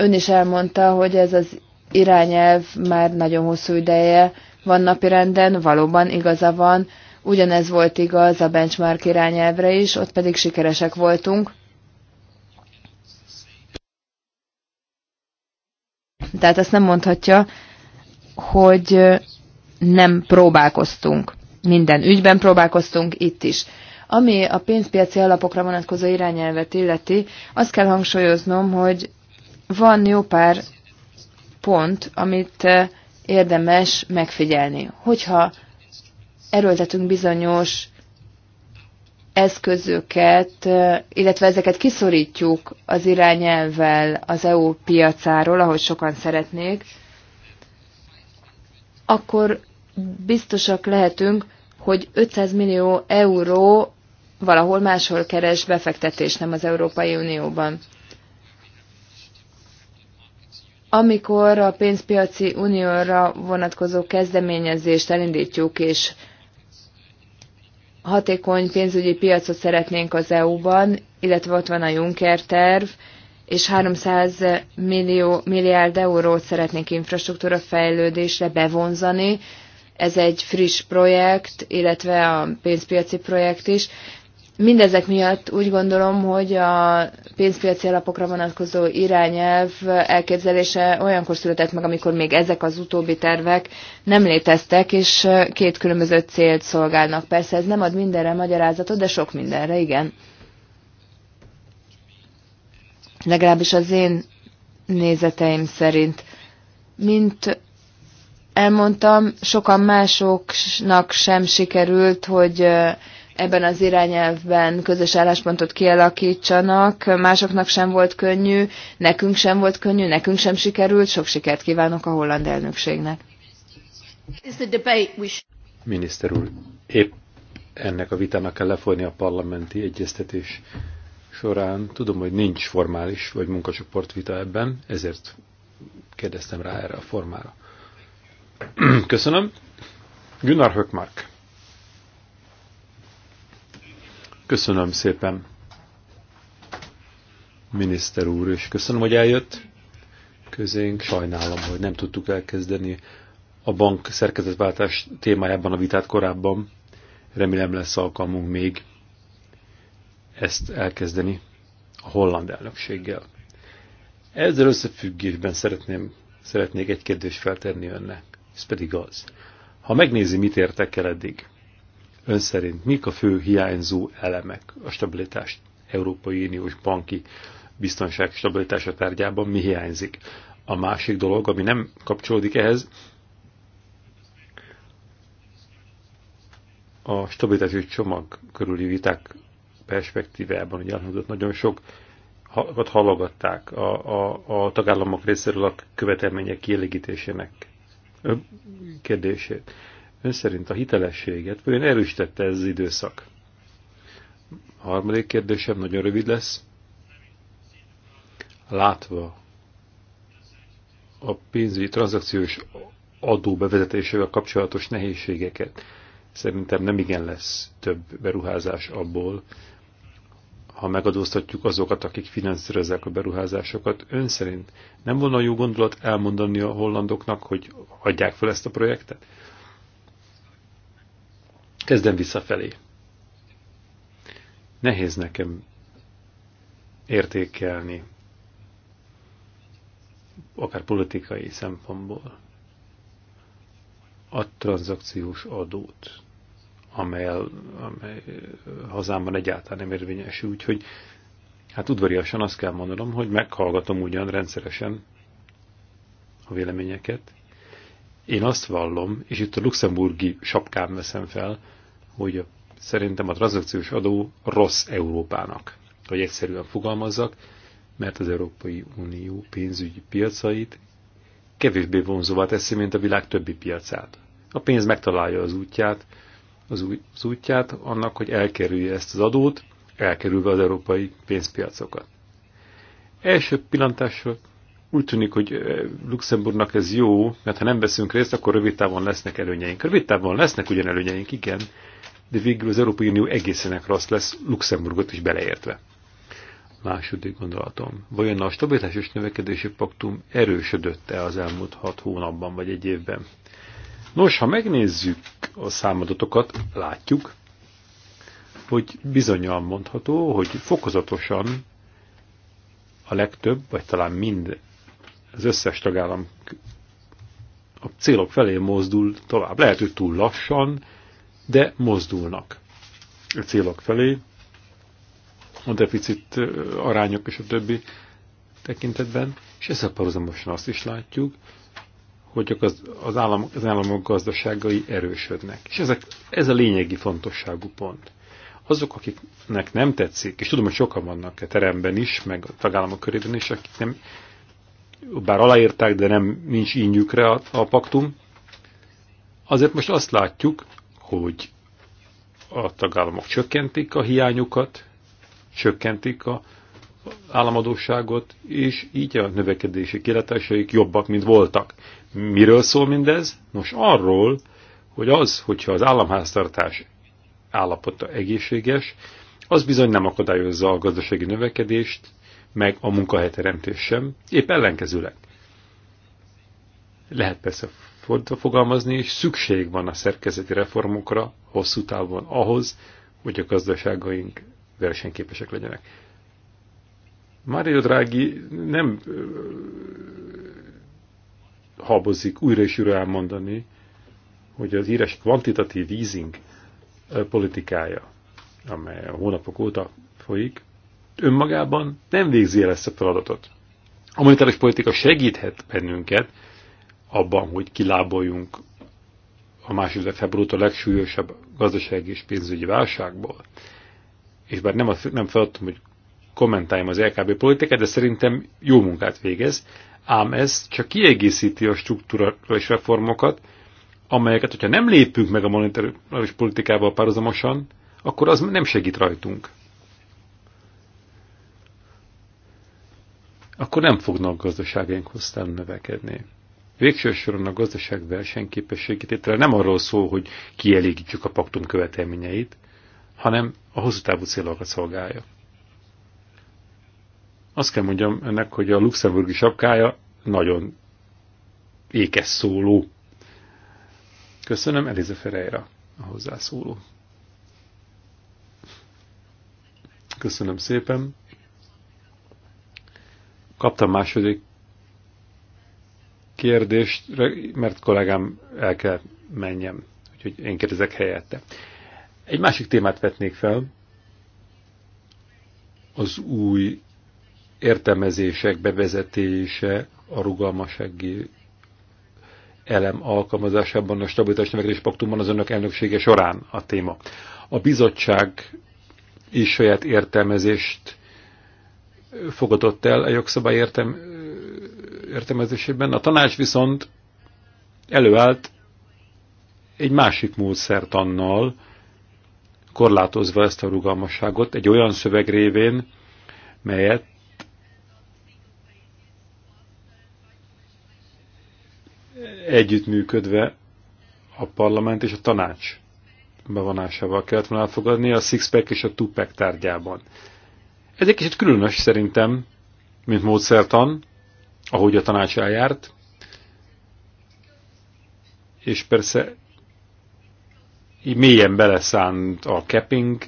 Ön is elmondta, hogy ez az irányelv már nagyon hosszú ideje van napirenden, valóban igaza van, ugyanez volt igaz a benchmark irányelvre is, ott pedig sikeresek voltunk. Tehát azt nem mondhatja, hogy nem próbálkoztunk. Minden ügyben próbálkoztunk itt is. Ami a pénzpiaci alapokra vonatkozó irányelvet illeti, azt kell hangsúlyoznom, hogy van jó pár pont, amit eh, érdemes megfigyelni. Hogyha erőltetünk bizonyos eszközöket, eh, illetve ezeket kiszorítjuk az irányelvvel az EU piacáról, ahogy sokan szeretnék, akkor biztosak lehetünk, hogy 500 millió euró valahol máshol keres befektetés, nem az Európai Unióban. Amikor a pénzpiaci unióra vonatkozó kezdeményezést elindítjuk, és hatékony pénzügyi piacot szeretnénk az EU-ban, illetve ott van a Juncker terv, és 300 millió, milliárd eurót szeretnénk infrastruktúra fejlődésre bevonzani. Ez egy friss projekt, illetve a pénzpiaci projekt is. Mindezek miatt úgy gondolom, hogy a pénzpiaci alapokra vonatkozó irányelv elképzelése olyankor született meg, amikor még ezek az utóbbi tervek nem léteztek, és két különböző célt szolgálnak. Persze ez nem ad mindenre magyarázatot, de sok mindenre, igen. Legalábbis az én nézeteim szerint. Mint elmondtam, sokan másoknak sem sikerült, hogy ebben az irányelvben közös álláspontot kialakítsanak. Másoknak sem volt könnyű, nekünk sem volt könnyű, nekünk sem sikerült. Sok sikert kívánok a holland elnökségnek. Miniszter úr, épp ennek a vitának kell lefolyni a parlamenti egyeztetés során. Tudom, hogy nincs formális vagy munkacsoport vita ebben, ezért kérdeztem rá erre a formára. Köszönöm. Gunnar Höckmark. Köszönöm szépen, miniszter úr, és köszönöm, hogy eljött közénk. Sajnálom, hogy nem tudtuk elkezdeni a bank szerkezetváltás témájában a vitát korábban. Remélem lesz alkalmunk még ezt elkezdeni a holland elnökséggel. Ezzel összefüggésben szeretném, szeretnék egy kérdést feltenni önnek. Ez pedig az. Ha megnézi, mit értek el eddig, Ön szerint mik a fő hiányzó elemek a stabilitást Európai Uniós banki biztonság stabilitása tárgyában mi hiányzik? A másik dolog, ami nem kapcsolódik ehhez, a stabilitási csomag körüli viták perspektívában ugye elhangzott nagyon sok hallogatták a, a, a tagállamok részéről a követelmények kielégítésének kérdését. Ön szerint a hitelességet vajon erősítette ez az időszak? A harmadik kérdésem nagyon rövid lesz. Látva a pénzügyi tranzakciós adó bevezetésével kapcsolatos nehézségeket, szerintem nem igen lesz több beruházás abból, ha megadóztatjuk azokat, akik finanszírozzák a beruházásokat. Ön szerint nem volna jó gondolat elmondani a hollandoknak, hogy adják fel ezt a projektet? Kezdem visszafelé. Nehéz nekem értékelni, akár politikai szempontból, a tranzakciós adót, amely, amely hazámban egyáltalán nem érvényesül, úgyhogy hát udvariasan azt kell mondanom, hogy meghallgatom ugyan rendszeresen a véleményeket. Én azt vallom, és itt a luxemburgi sapkám veszem fel, hogy szerintem a tranzakciós adó rossz Európának, hogy egyszerűen fogalmazzak, mert az Európai Unió pénzügyi piacait kevésbé vonzóvá teszi, mint a világ többi piacát. A pénz megtalálja az útját, az, új, az útját annak, hogy elkerülje ezt az adót, elkerülve az európai pénzpiacokat. Első pillantásra úgy tűnik, hogy eh, Luxemburgnak ez jó, mert ha nem veszünk részt, akkor rövid távon lesznek előnyeink. Rövid távon lesznek ugyan előnyeink, igen, de végül az Európai Unió egészenek rossz lesz, Luxemburgot is beleértve. Második gondolatom. Vajon a stabilitás és növekedési paktum erősödött-e az elmúlt hat hónapban vagy egy évben? Nos, ha megnézzük a számadatokat, látjuk, hogy bizonyal mondható, hogy fokozatosan a legtöbb, vagy talán mind az összes tagállam a célok felé mozdul tovább. Lehet, hogy túl lassan, de mozdulnak a célok felé, a deficit arányok és a többi tekintetben, és a párhuzamosan azt is látjuk, hogy az, az, állam, az államok gazdaságai erősödnek. És ezek, ez a lényegi fontosságú pont. Azok, akiknek nem tetszik, és tudom, hogy sokan vannak a teremben is, meg a tagállamok körében is, akik nem, bár aláírták, de nem nincs ínyükre a, a paktum, azért most azt látjuk, hogy a tagállamok csökkentik a hiányukat, csökkentik a államadóságot, és így a növekedési kilátásaik jobbak, mint voltak. Miről szól mindez? Nos, arról, hogy az, hogyha az államháztartás állapota egészséges, az bizony nem akadályozza a gazdasági növekedést, meg a munkahelyteremtés sem, épp ellenkezőleg. Lehet persze fordítva fogalmazni, és szükség van a szerkezeti reformokra hosszú távon ahhoz, hogy a gazdaságaink versenyképesek legyenek. Mário Draghi nem habozik újra és újra elmondani, hogy az híres kvantitatív easing politikája, amely a hónapok óta folyik, önmagában nem végzi el ezt a feladatot. A monetáris politika segíthet bennünket, abban, hogy kiláboljunk a második februártól legsúlyosabb gazdasági és pénzügyi válságból. És bár nem, a, nem feladtam, hogy kommentáljam az LKB politikát, de szerintem jó munkát végez, ám ez csak kiegészíti a struktúrális reformokat, amelyeket, hogyha nem lépünk meg a monetáris politikával párhuzamosan, akkor az nem segít rajtunk. Akkor nem fognak gazdaságénk hoztán növekedni. Végső soron a gazdaság versenyképességítétele nem arról szól, hogy kielégítsük a paktum követelményeit, hanem a hosszú távú célokat szolgálja. Azt kell mondjam ennek, hogy a luxemburgi sapkája nagyon ékes szóló. Köszönöm Eliza Ferreira a hozzászóló. Köszönöm szépen. Kaptam második kérdést, mert kollégám el kell menjem, úgyhogy én kérdezek helyette. Egy másik témát vetnék fel, az új értelmezések bevezetése a rugalmasági elem alkalmazásában, a stabilitás növekedés paktumban az önök elnöksége során a téma. A bizottság is saját értelmezést fogadott el a jogszabály értem értelmezésében. A tanács viszont előállt egy másik módszert annal, korlátozva ezt a rugalmasságot egy olyan szöveg révén, melyet együttműködve a parlament és a tanács bevonásával kellett volna elfogadni a Sixpack és a Tupac tárgyában. Ez egy kicsit különös szerintem, mint módszertan, ahogy a tanács eljárt, és persze mélyen beleszánt a capping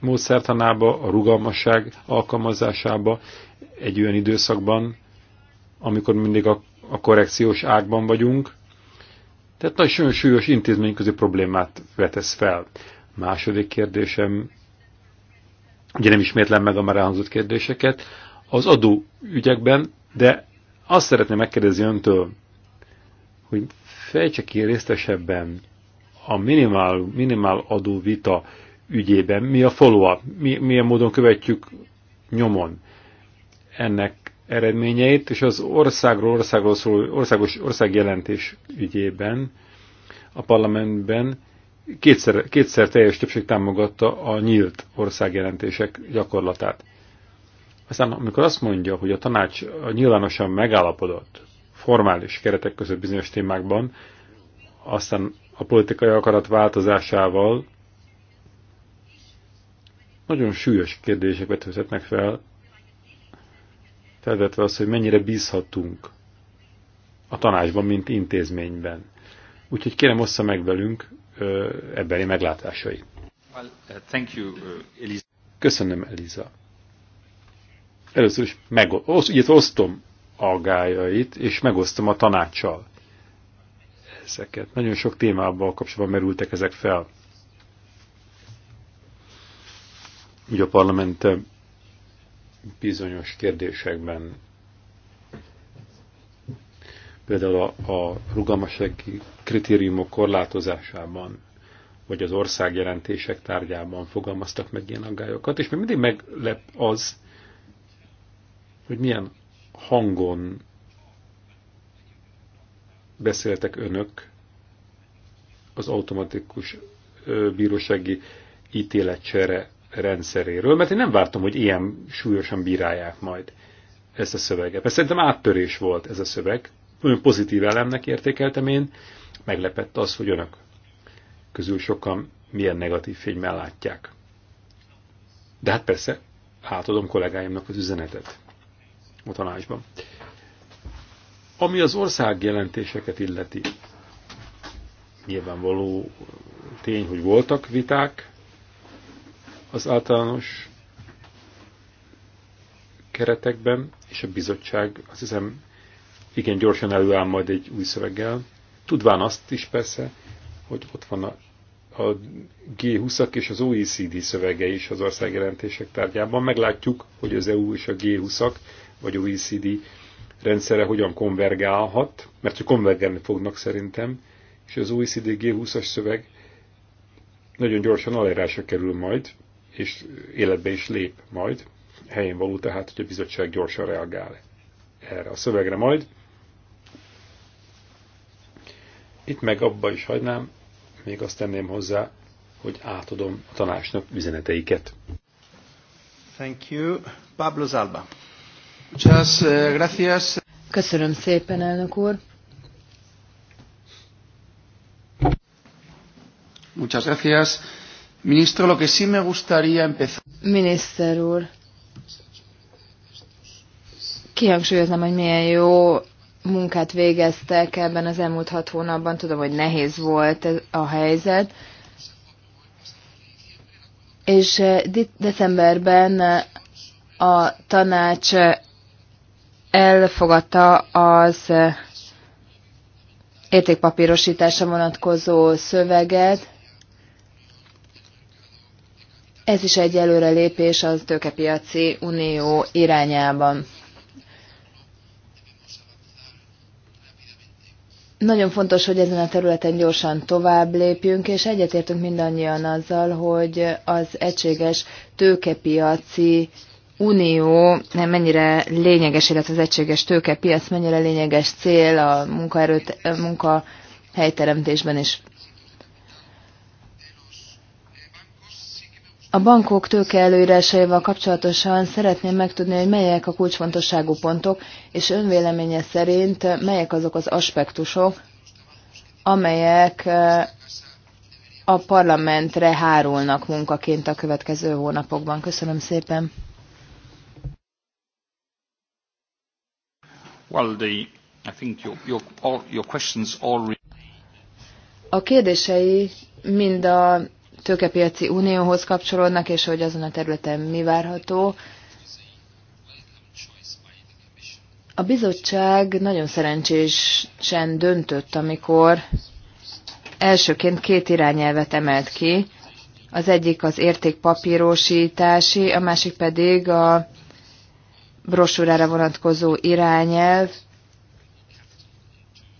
módszertanába, a rugalmasság alkalmazásába egy olyan időszakban, amikor mindig a, a korrekciós ágban vagyunk. Tehát nagyon súlyos intézményközi problémát vetesz fel. Második kérdésem, ugye nem ismétlem meg a már elhangzott kérdéseket, az adó ügyekben, de azt szeretném megkérdezni öntől, hogy fejtse ki részesebben a minimál, minimál adó vita ügyében, mi a follow-up, mi, milyen módon követjük nyomon ennek eredményeit, és az országról, országról szóló, országos országjelentés ügyében a parlamentben kétszer, kétszer teljes többség támogatta a nyílt országjelentések gyakorlatát. Aztán amikor azt mondja, hogy a tanács nyilvánosan megállapodott formális keretek között bizonyos témákban, aztán a politikai akarat változásával nagyon súlyos kérdések vetőzhetnek fel, felvetve az, hogy mennyire bízhatunk a tanácsban, mint intézményben. Úgyhogy kérem, ossza meg velünk ebbeli meglátásait. Uh, uh, Köszönöm, Eliza. Először is meg, osz, ugye, osztom aggájait, és megosztom a tanácssal ezeket. Nagyon sok témával kapcsolatban merültek ezek fel. Ugye a parlament bizonyos kérdésekben például a, a rugalmassági kritériumok korlátozásában, vagy az országjelentések tárgyában fogalmaztak meg ilyen aggályokat, és még mindig meglep az, hogy milyen hangon beszéltek önök az automatikus bírósági ítéletcsere rendszeréről, mert én nem vártam, hogy ilyen súlyosan bírálják majd ezt a szöveget. Mert szerintem áttörés volt ez a szöveg, nagyon pozitív elemnek értékeltem én, meglepett az, hogy önök közül sokan milyen negatív fényben látják. De hát persze, átadom kollégáimnak az üzenetet a tanácsban. Ami az ország jelentéseket illeti, nyilvánvaló tény, hogy voltak viták az általános keretekben, és a bizottság azt hiszem igen gyorsan előáll majd egy új szöveggel, tudván azt is persze, hogy ott van a, a G20-ak és az OECD szövege is az országjelentések tárgyában. Meglátjuk, hogy az EU és a G20-ak vagy OECD rendszere hogyan konvergálhat, mert hogy konvergálni fognak szerintem, és az OECD G20-as szöveg nagyon gyorsan aláírásra kerül majd, és életbe is lép majd. Helyén való tehát, hogy a bizottság gyorsan reagál erre a szövegre majd. Itt meg abba is hagynám, még azt tenném hozzá, hogy átadom a tanácsnak üzeneteiket. Thank you. Pablo Zalba. Eh, Köszönöm szépen, elnök úr. Muchas gracias. Ministro, lo que sí me gustaría empezar... Miniszter úr, kihangsúlyoznám, hogy milyen jó munkát végeztek ebben az elmúlt hat hónapban. Tudom, hogy nehéz volt a helyzet. És eh, de- decemberben a tanács elfogadta az értékpapírosításra vonatkozó szöveget. Ez is egy előrelépés az tőkepiaci unió irányában. Nagyon fontos, hogy ezen a területen gyorsan tovább lépjünk, és egyetértünk mindannyian azzal, hogy az egységes tőkepiaci Unió mennyire lényeges, illetve az egységes tőkepiac mennyire lényeges cél a munkaerőt, helyteremtésben is. A bankok tőke előírásaival kapcsolatosan szeretném megtudni, hogy melyek a kulcsfontosságú pontok, és önvéleménye szerint melyek azok az aspektusok, amelyek a parlamentre hárulnak munkaként a következő hónapokban. Köszönöm szépen! Well, the, I think your, your, all, your questions all... A kérdései mind a tőkepiaci unióhoz kapcsolódnak, és hogy azon a területen mi várható. A bizottság nagyon szerencsésen döntött, amikor elsőként két irányelvet emelt ki. Az egyik az értékpapírosítási, a másik pedig a brosúrára vonatkozó irányelv,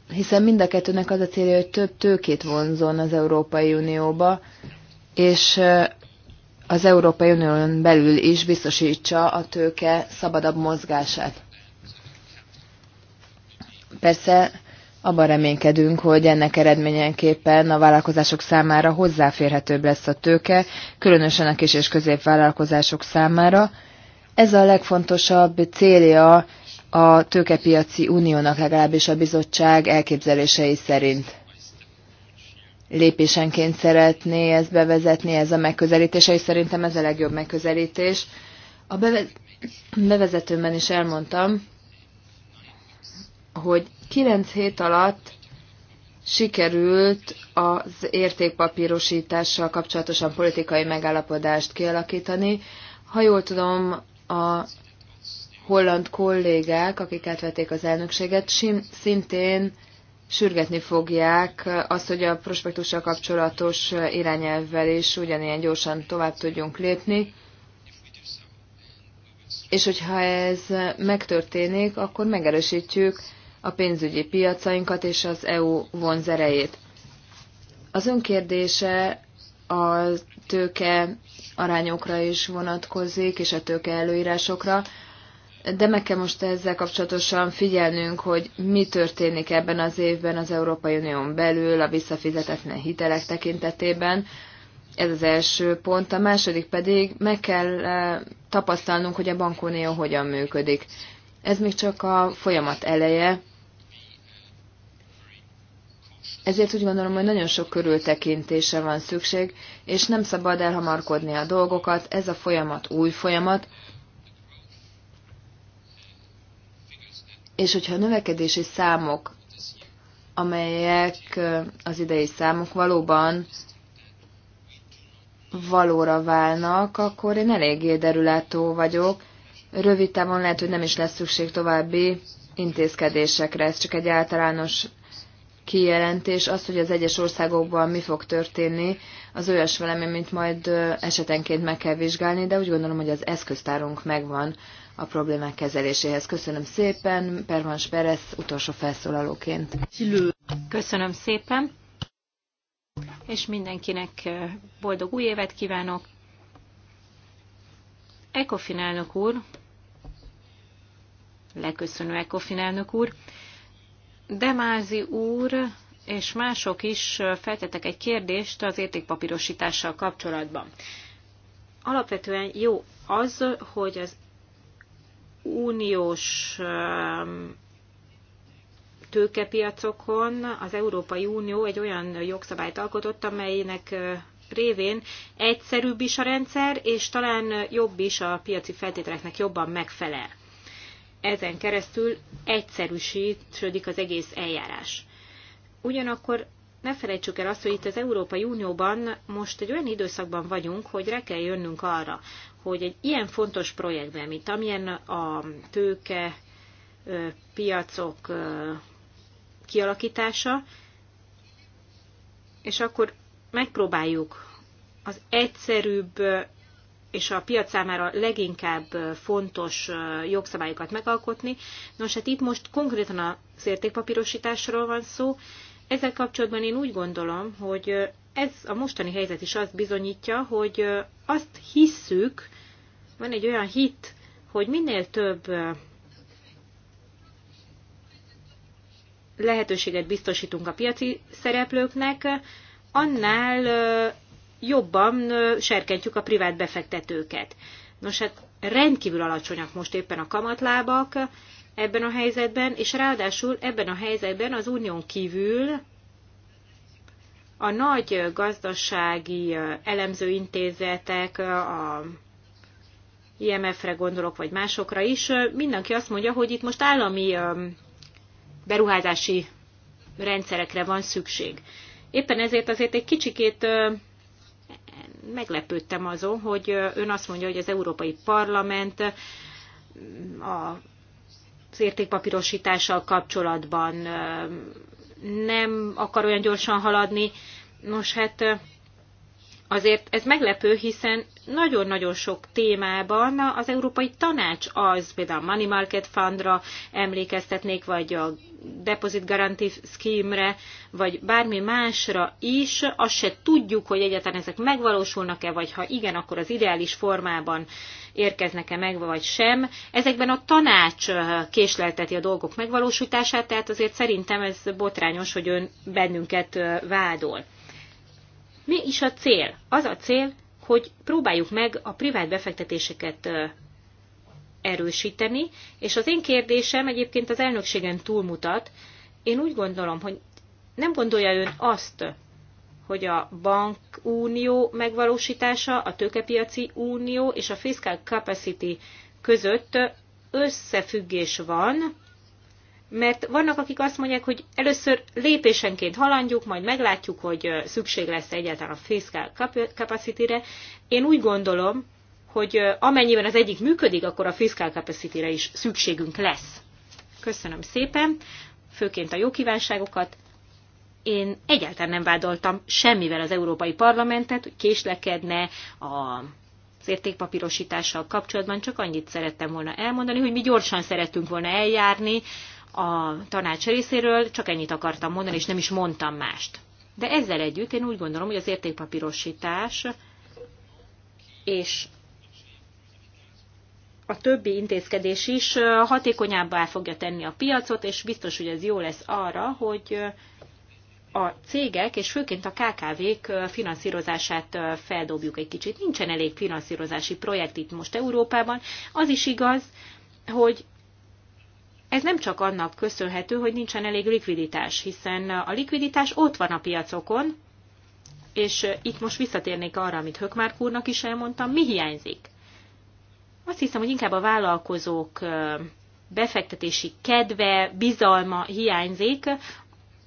hiszen mind a kettőnek az a célja, hogy több tőkét vonzon az Európai Unióba, és az Európai Unión belül is biztosítsa a tőke szabadabb mozgását. Persze abban reménykedünk, hogy ennek eredményeképpen a vállalkozások számára hozzáférhetőbb lesz a tőke, különösen a kis és középvállalkozások számára, ez a legfontosabb célja a tőkepiaci uniónak, legalábbis a bizottság elképzelései szerint. Lépésenként szeretné ezt bevezetni, ez a megközelítése, és szerintem ez a legjobb megközelítés. A bevezetőmben is elmondtam, hogy 9 hét alatt sikerült az értékpapírosítással kapcsolatosan politikai megállapodást kialakítani. Ha jól tudom, a holland kollégák, akik átvették az elnökséget, szintén sürgetni fogják azt, hogy a prospektussal kapcsolatos irányelvvel is ugyanilyen gyorsan tovább tudjunk lépni. És hogyha ez megtörténik, akkor megerősítjük a pénzügyi piacainkat és az EU vonzerejét. Az önkérdése a tőke arányokra is vonatkozik, és a tőke előírásokra. De meg kell most ezzel kapcsolatosan figyelnünk, hogy mi történik ebben az évben az Európai Unión belül a visszafizetetlen hitelek tekintetében. Ez az első pont. A második pedig meg kell eh, tapasztalnunk, hogy a bankunió hogyan működik. Ez még csak a folyamat eleje, ezért úgy gondolom, hogy nagyon sok körültekintése van szükség, és nem szabad elhamarkodni a dolgokat, ez a folyamat új folyamat, és hogyha a növekedési számok, amelyek az idei számok valóban valóra válnak, akkor én eléggé derülátó vagyok. Rövid távon lehet, hogy nem is lesz szükség további intézkedésekre, ez csak egy általános kijelentés, az, hogy az egyes országokban mi fog történni, az olyas velem, mint majd esetenként meg kell vizsgálni, de úgy gondolom, hogy az eszköztárunk megvan a problémák kezeléséhez. Köszönöm szépen, Pervans Perez utolsó felszólalóként. Köszönöm szépen, és mindenkinek boldog új évet kívánok. Ekofin elnök úr, leköszönő Ekofin elnök úr, Demázi úr és mások is feltettek egy kérdést az értékpapírosítással kapcsolatban. Alapvetően jó az, hogy az uniós um, tőkepiacokon az Európai Unió egy olyan jogszabályt alkotott, amelynek uh, révén egyszerűbb is a rendszer, és talán jobb is a piaci feltételeknek jobban megfelel ezen keresztül egyszerűsítődik az egész eljárás. Ugyanakkor ne felejtsük el azt, hogy itt az Európai Unióban most egy olyan időszakban vagyunk, hogy re kell jönnünk arra, hogy egy ilyen fontos projektben, mint amilyen a tőke piacok kialakítása, és akkor megpróbáljuk az egyszerűbb és a piac számára leginkább fontos jogszabályokat megalkotni. Nos, hát itt most konkrétan az értékpapírosításról van szó. Ezzel kapcsolatban én úgy gondolom, hogy ez a mostani helyzet is azt bizonyítja, hogy azt hisszük, van egy olyan hit, hogy minél több lehetőséget biztosítunk a piaci szereplőknek, annál jobban serkentjük a privát befektetőket. Nos, hát rendkívül alacsonyak most éppen a kamatlábak ebben a helyzetben, és ráadásul ebben a helyzetben az unión kívül a nagy gazdasági elemzőintézetek, a IMF-re gondolok, vagy másokra is, mindenki azt mondja, hogy itt most állami beruházási rendszerekre van szükség. Éppen ezért azért egy kicsikét meglepődtem azon, hogy ön azt mondja, hogy az Európai Parlament a az értékpapírosítással kapcsolatban nem akar olyan gyorsan haladni. Nos, hát azért ez meglepő, hiszen nagyon-nagyon sok témában az Európai Tanács az, például a Money Market Fundra emlékeztetnék, vagy a Deposit Guarantee Scheme-re, vagy bármi másra is, azt se tudjuk, hogy egyáltalán ezek megvalósulnak-e, vagy ha igen, akkor az ideális formában érkeznek-e meg, vagy sem. Ezekben a tanács késlelteti a dolgok megvalósítását, tehát azért szerintem ez botrányos, hogy ön bennünket vádol. Mi is a cél? Az a cél, hogy próbáljuk meg a privát befektetéseket erősíteni, és az én kérdésem egyébként az elnökségen túlmutat. Én úgy gondolom, hogy nem gondolja ön azt, hogy a bankunió megvalósítása, a tőkepiaci unió és a fiscal capacity között összefüggés van, mert vannak, akik azt mondják, hogy először lépésenként halandjuk, majd meglátjuk, hogy szükség lesz egyáltalán a fiscal capacity-re. Én úgy gondolom, hogy amennyiben az egyik működik, akkor a fiscal capacity-re is szükségünk lesz. Köszönöm szépen, főként a jó kívánságokat. Én egyáltalán nem vádoltam semmivel az Európai Parlamentet, hogy késlekedne a az értékpapírosítással kapcsolatban csak annyit szerettem volna elmondani, hogy mi gyorsan szerettünk volna eljárni, a tanács részéről, csak ennyit akartam mondani, és nem is mondtam mást. De ezzel együtt én úgy gondolom, hogy az értékpapírosítás és a többi intézkedés is hatékonyabbá fogja tenni a piacot, és biztos, hogy ez jó lesz arra, hogy a cégek, és főként a KKV-k finanszírozását feldobjuk egy kicsit. Nincsen elég finanszírozási projekt itt most Európában. Az is igaz, hogy ez nem csak annak köszönhető, hogy nincsen elég likviditás, hiszen a likviditás ott van a piacokon, és itt most visszatérnék arra, amit Hökmárk úrnak is elmondtam, mi hiányzik. Azt hiszem, hogy inkább a vállalkozók befektetési kedve, bizalma hiányzik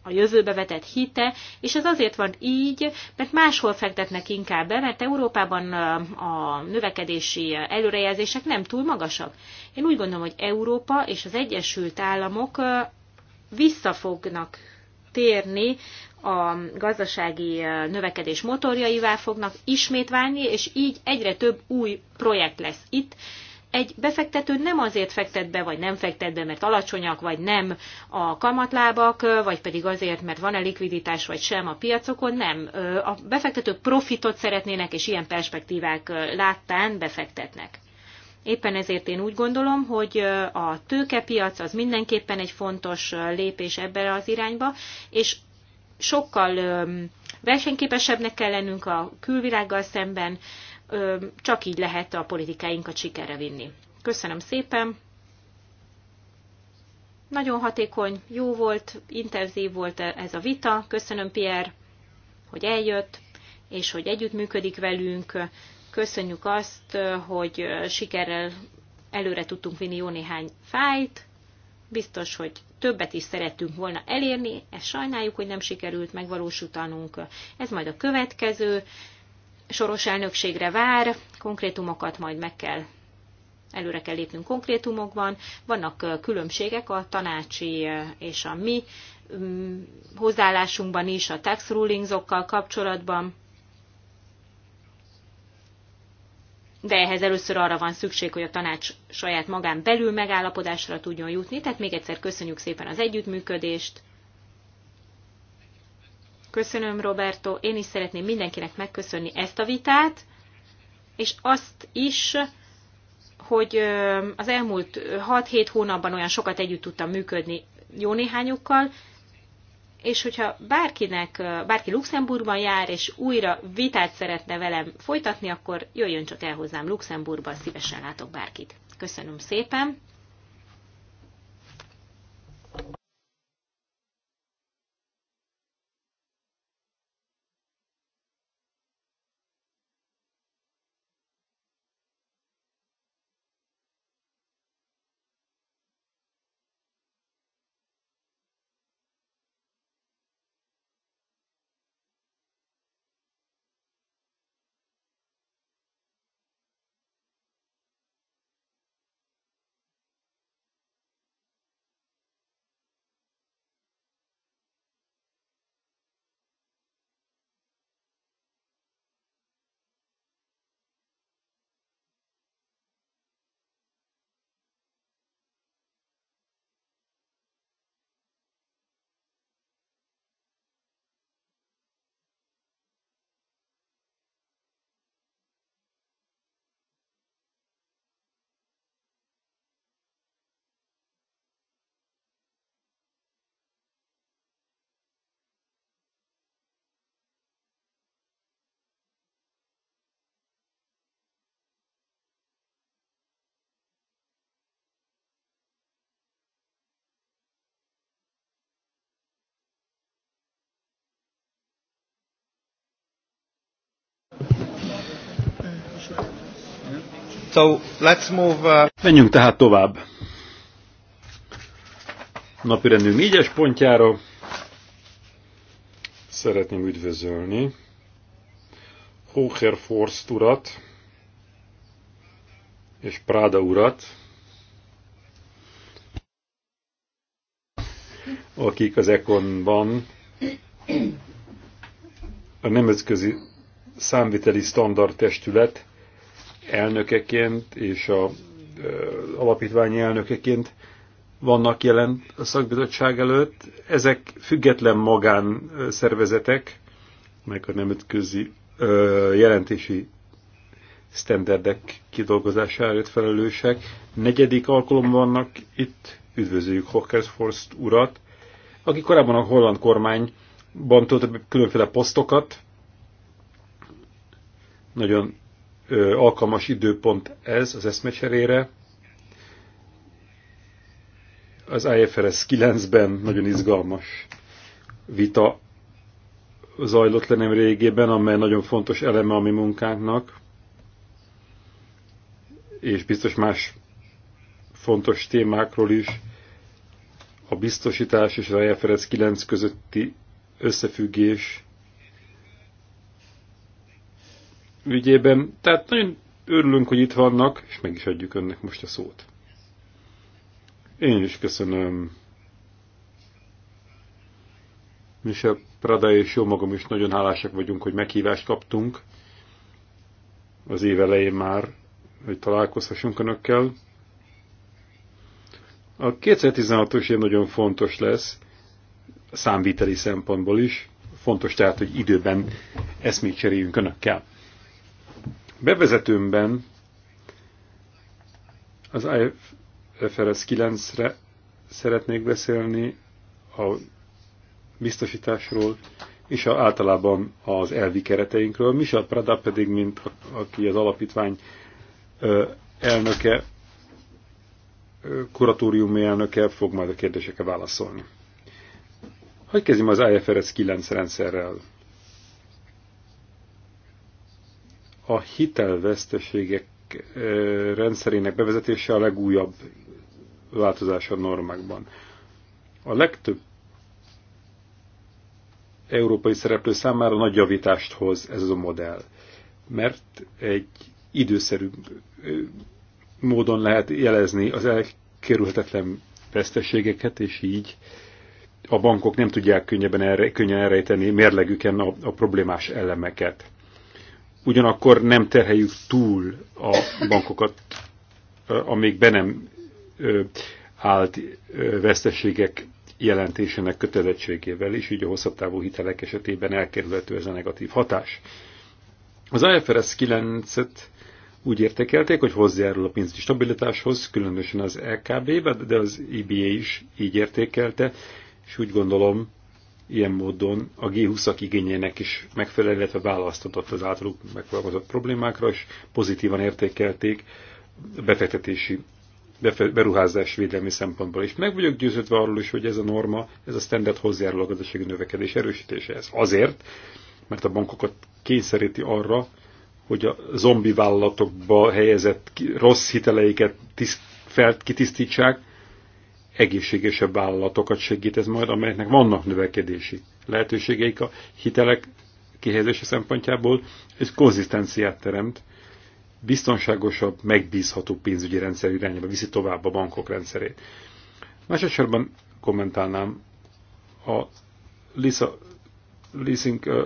a jövőbe vetett hite, és ez azért van így, mert máshol fektetnek inkább be, mert Európában a növekedési előrejelzések nem túl magasak. Én úgy gondolom, hogy Európa és az Egyesült Államok vissza fognak térni a gazdasági növekedés motorjaivá fognak ismét válni, és így egyre több új projekt lesz itt, egy befektető nem azért fektet be, vagy nem fektet be, mert alacsonyak, vagy nem a kamatlábak, vagy pedig azért, mert van-e likviditás, vagy sem a piacokon, nem. A befektetők profitot szeretnének, és ilyen perspektívák láttán befektetnek. Éppen ezért én úgy gondolom, hogy a tőkepiac az mindenképpen egy fontos lépés ebben az irányba, és sokkal versenyképesebbnek kell lennünk a külvilággal szemben, csak így lehet a politikáinkat sikerre vinni. Köszönöm szépen! Nagyon hatékony, jó volt, intenzív volt e- ez a vita. Köszönöm, Pierre, hogy eljött, és hogy együttműködik velünk. Köszönjük azt, hogy sikerrel előre tudtunk vinni jó néhány fájt. Biztos, hogy többet is szerettünk volna elérni, ezt sajnáljuk, hogy nem sikerült megvalósítanunk. Ez majd a következő soros elnökségre vár, konkrétumokat majd meg kell előre kell lépnünk konkrétumokban, vannak különbségek a tanácsi és a mi hozzáállásunkban is, a tax rulingsokkal kapcsolatban. De ehhez először arra van szükség, hogy a tanács saját magán belül megállapodásra tudjon jutni. Tehát még egyszer köszönjük szépen az együttműködést, Köszönöm, Roberto. Én is szeretném mindenkinek megköszönni ezt a vitát, és azt is, hogy az elmúlt 6-7 hónapban olyan sokat együtt tudtam működni jó néhányukkal, és hogyha bárkinek, bárki Luxemburgban jár, és újra vitát szeretne velem folytatni, akkor jöjjön csak el hozzám Luxemburgba, szívesen látok bárkit. Köszönöm szépen! So, let's move, uh... Menjünk tehát tovább. Napirendünk négyes pontjára szeretném üdvözölni Hocher Forst urat és Prada urat, akik az Econban a Nemzetközi Számviteli Standard Testület elnökeként és a alapítványi elnökeként vannak jelent a szakbizottság előtt. Ezek független szervezetek, meg a nemzetközi jelentési sztenderdek kidolgozására felelősek. Negyedik alkalom vannak itt, üdvözöljük Hockersforst urat, aki korábban a holland kormányban töltött különféle posztokat. Nagyon alkalmas időpont ez az eszmecserére. Az IFRS 9-ben nagyon izgalmas vita zajlott le nem régében, amely nagyon fontos eleme a mi munkánknak, és biztos más fontos témákról is, a biztosítás és az IFRS 9 közötti összefüggés ügyében. Tehát nagyon örülünk, hogy itt vannak, és meg is adjuk önnek most a szót. Én is köszönöm. se Prada és jó magam is nagyon hálásak vagyunk, hogy meghívást kaptunk az év elején már, hogy találkozhassunk önökkel. A 2016-os év nagyon fontos lesz, számviteli szempontból is. Fontos tehát, hogy időben eszmét cseréljünk önökkel. Bevezetőmben az IFRS 9-re szeretnék beszélni, a biztosításról, és a, általában az elvi kereteinkről. Misa Prada pedig, mint a, aki az alapítvány ö, elnöke, kuratóriumi elnöke fog majd a kérdésekre válaszolni. Hogy kezdjem az IFRS 9 rendszerrel? a hitelveszteségek rendszerének bevezetése a legújabb változás a normákban. A legtöbb európai szereplő számára nagy javítást hoz ez a modell, mert egy időszerű módon lehet jelezni az elkerülhetetlen veszteségeket, és így a bankok nem tudják könnyebben elre, könnyen elrejteni mérlegüken a, a problémás elemeket ugyanakkor nem terheljük túl a bankokat, amíg be nem állt veszteségek jelentésének kötelezettségével is, így a hosszabb távú hitelek esetében elkerülhető ez a negatív hatás. Az IFRS 9-et úgy értékelték, hogy hozzájárul a pénzügyi stabilitáshoz, különösen az LKB-be, e de az IBA is így értékelte, és úgy gondolom, ilyen módon a G20-ak igényének is megfelelő, illetve választ adott az általuk megfogalmazott problémákra, és pozitívan értékelték a befektetési beruházás védelmi szempontból. is. meg vagyok győződve arról is, hogy ez a norma, ez a standard hozzájárul a gazdasági növekedés erősítéséhez. Azért, mert a bankokat kényszeríti arra, hogy a zombi vállalatokba helyezett rossz hiteleiket tiszt, felt, kitisztítsák, egészségesebb vállalatokat segít ez majd, amelyeknek vannak növekedési lehetőségeik a hitelek kihelyezése szempontjából, ez konzisztenciát teremt, biztonságosabb, megbízható pénzügyi rendszer irányába viszi tovább a bankok rendszerét. Másodszorban kommentálnám a Lisa leasing uh,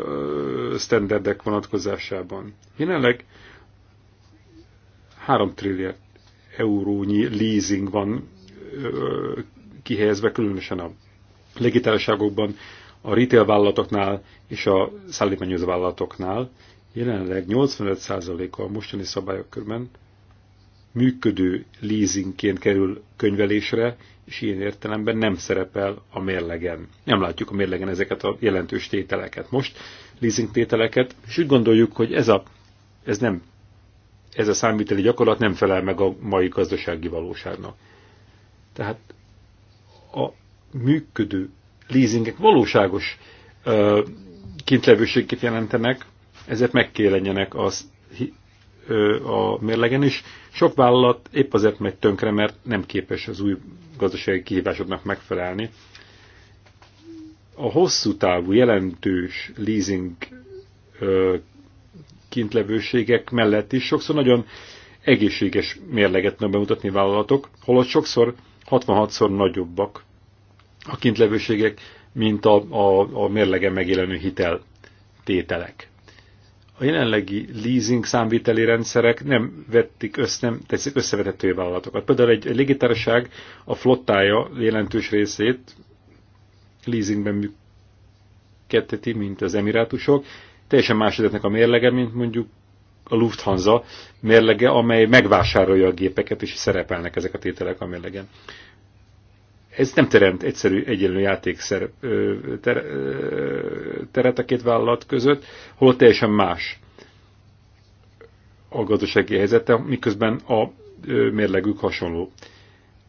standardek vonatkozásában. Jelenleg 3 trillió eurónyi leasing van kihelyezve, különösen a légitársaságokban, a retail vállalatoknál és a szállítmányozó vállalatoknál. Jelenleg 85%-a a mostani szabályok körben működő leasingként kerül könyvelésre, és ilyen értelemben nem szerepel a mérlegen. Nem látjuk a mérlegen ezeket a jelentős tételeket most, leasing tételeket, és úgy gondoljuk, hogy ez a, ez nem, ez a számíteli gyakorlat nem felel meg a mai gazdasági valóságnak. Tehát a működő leasingek valóságos ö, kintlevőségét jelentenek, ezért megkélenjenek az, ö, a mérlegen is. Sok vállalat épp azért megy tönkre, mert nem képes az új gazdasági kihívásoknak megfelelni. A hosszú távú jelentős leasing ö, kintlevőségek mellett is sokszor nagyon egészséges mérleget nem bemutatni vállalatok, holott sokszor 66-szor nagyobbak a kintlevőségek, mint a, a, a mérlegen megjelenő hitel tételek. A jelenlegi leasing számviteli rendszerek nem vették össze, nem tetszik összevetető vállalatokat. Például egy, egy légitársaság a flottája jelentős részét leasingben működteti, mint az emirátusok, teljesen más a mérlege, mint mondjuk a Lufthansa mérlege, amely megvásárolja a gépeket, és szerepelnek ezek a tételek a mérlegen. Ez nem teremt egyszerű egyenlő játékszer ter, teret a két vállalat között, hol teljesen más a gazdasági helyzete, miközben a mérlegük hasonló.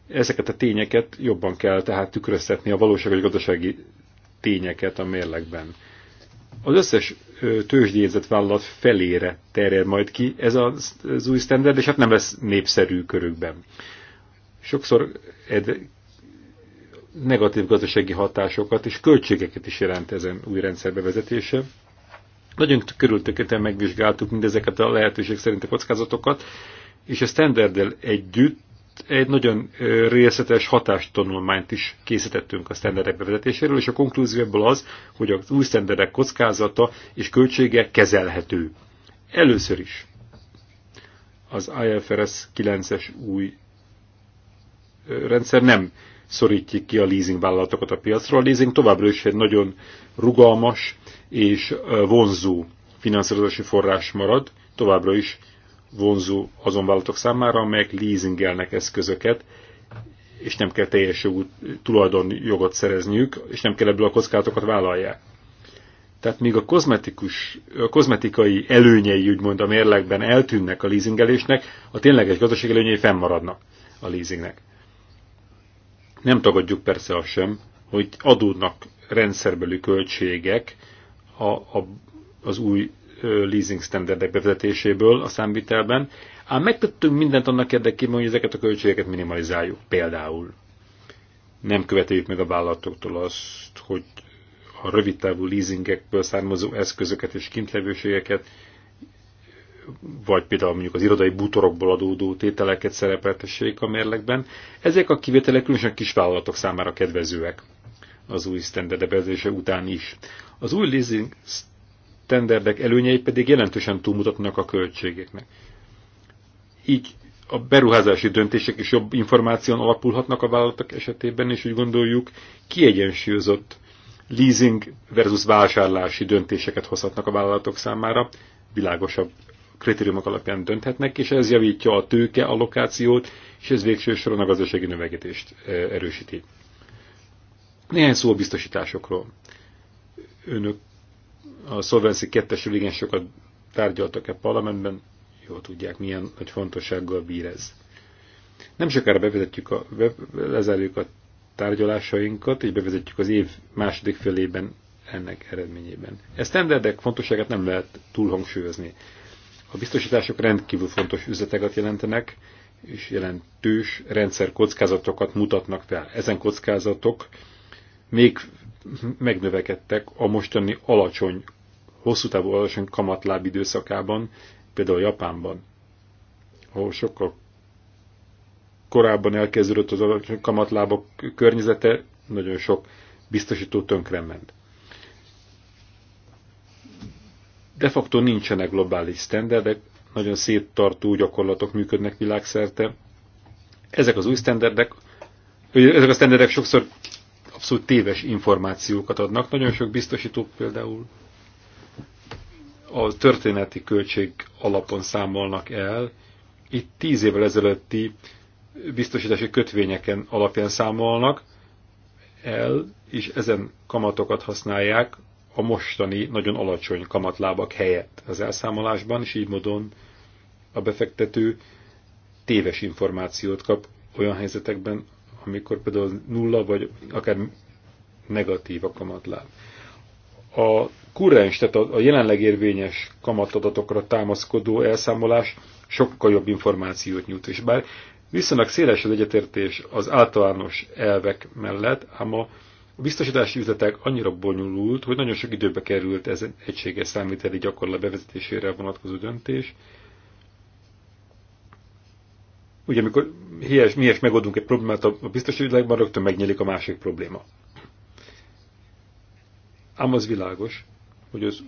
Ezeket a tényeket jobban kell tehát tükröztetni a valóságos gazdasági tényeket a mérlegben az összes tőzsdézett vállalat felére terjed majd ki ez az, az új standard, és hát nem lesz népszerű körükben. Sokszor ed, negatív gazdasági hatásokat és költségeket is jelent ezen új rendszer bevezetése. Nagyon körültöketen megvizsgáltuk mindezeket a lehetőség szerint a kockázatokat, és a standarddel együtt egy nagyon részletes hatástanulmányt is készítettünk a sztenderek bevezetéséről, és a konklúzió ebből az, hogy az új sztenderek kockázata és költsége kezelhető. Először is az IFRS 9-es új rendszer nem szorítja ki a leasing vállalatokat a piacról. A leasing továbbra is egy nagyon rugalmas és vonzó finanszírozási forrás marad, továbbra is vonzó azon vállalatok számára, amelyek leasingelnek eszközöket, és nem kell teljes jogú tulajdonjogot szerezniük, és nem kell ebből a kockátokat vállalják. Tehát míg a, kozmetikus, a kozmetikai előnyei, úgymond a mérlegben eltűnnek a leasingelésnek, a tényleges gazdaság előnyei fennmaradnak a leasingnek. Nem tagadjuk persze azt sem, hogy adódnak rendszerbeli költségek a, a, az új leasing standardek bevezetéséből a számvitelben, ám megtettünk mindent annak érdekében, hogy ezeket a költségeket minimalizáljuk. Például nem követeljük meg a vállalatoktól azt, hogy a rövidtávú leasingekből származó eszközöket és kintlevőségeket, vagy például mondjuk az irodai bútorokból adódó tételeket szerepeltessék a mérlekben. Ezek a kivételek különösen vállalatok számára kedvezőek az új standardebezése után is. Az új leasing tenderdek előnyei pedig jelentősen túlmutatnak a költségeknek. Így a beruházási döntések is jobb információn alapulhatnak a vállalatok esetében, és úgy gondoljuk, kiegyensúlyozott leasing versus vásárlási döntéseket hozhatnak a vállalatok számára, világosabb kritériumok alapján dönthetnek, és ez javítja a tőke allokációt, és ez végső soron a gazdasági növekedést e, erősíti. Néhány szó a biztosításokról. Önök a Solvency 2-esről igen sokat tárgyaltak-e parlamentben, jól tudják, milyen nagy fontossággal bír ez. Nem sokára bevezetjük a, lezárjuk a tárgyalásainkat, és bevezetjük az év második felében ennek eredményében. nem standardek fontosságát nem lehet túlhangsúlyozni. A biztosítások rendkívül fontos üzleteket jelentenek, és jelentős rendszer kockázatokat mutatnak fel. Ezen kockázatok még megnövekedtek a mostani alacsony, hosszú távú alacsony kamatláb időszakában, például Japánban, ahol sokkal korábban elkezdődött az alacsony kamatlábok környezete, nagyon sok biztosító ment. De facto nincsenek globális standardek, nagyon széttartó gyakorlatok működnek világszerte. Ezek az új standardek, ezek a standardek sokszor abszolút téves információkat adnak. Nagyon sok biztosító például a történeti költség alapon számolnak el. Itt tíz évvel ezelőtti biztosítási kötvényeken alapján számolnak el, és ezen kamatokat használják a mostani nagyon alacsony kamatlábak helyett az elszámolásban, és így módon a befektető téves információt kap olyan helyzetekben, amikor például nulla vagy akár negatív a kamatláb. A kurrens, tehát a jelenleg érvényes kamatadatokra támaszkodó elszámolás sokkal jobb információt nyújt, és bár viszonylag széles az egyetértés az általános elvek mellett, ám a biztosítási üzletek annyira bonyolult, hogy nagyon sok időbe került ez egységes számíteli gyakorlat bevezetésére vonatkozó döntés, Ugye amikor hies, mihes megoldunk egy problémát a biztos világban, rögtön megnyílik a másik probléma. Ám az világos, hogy az,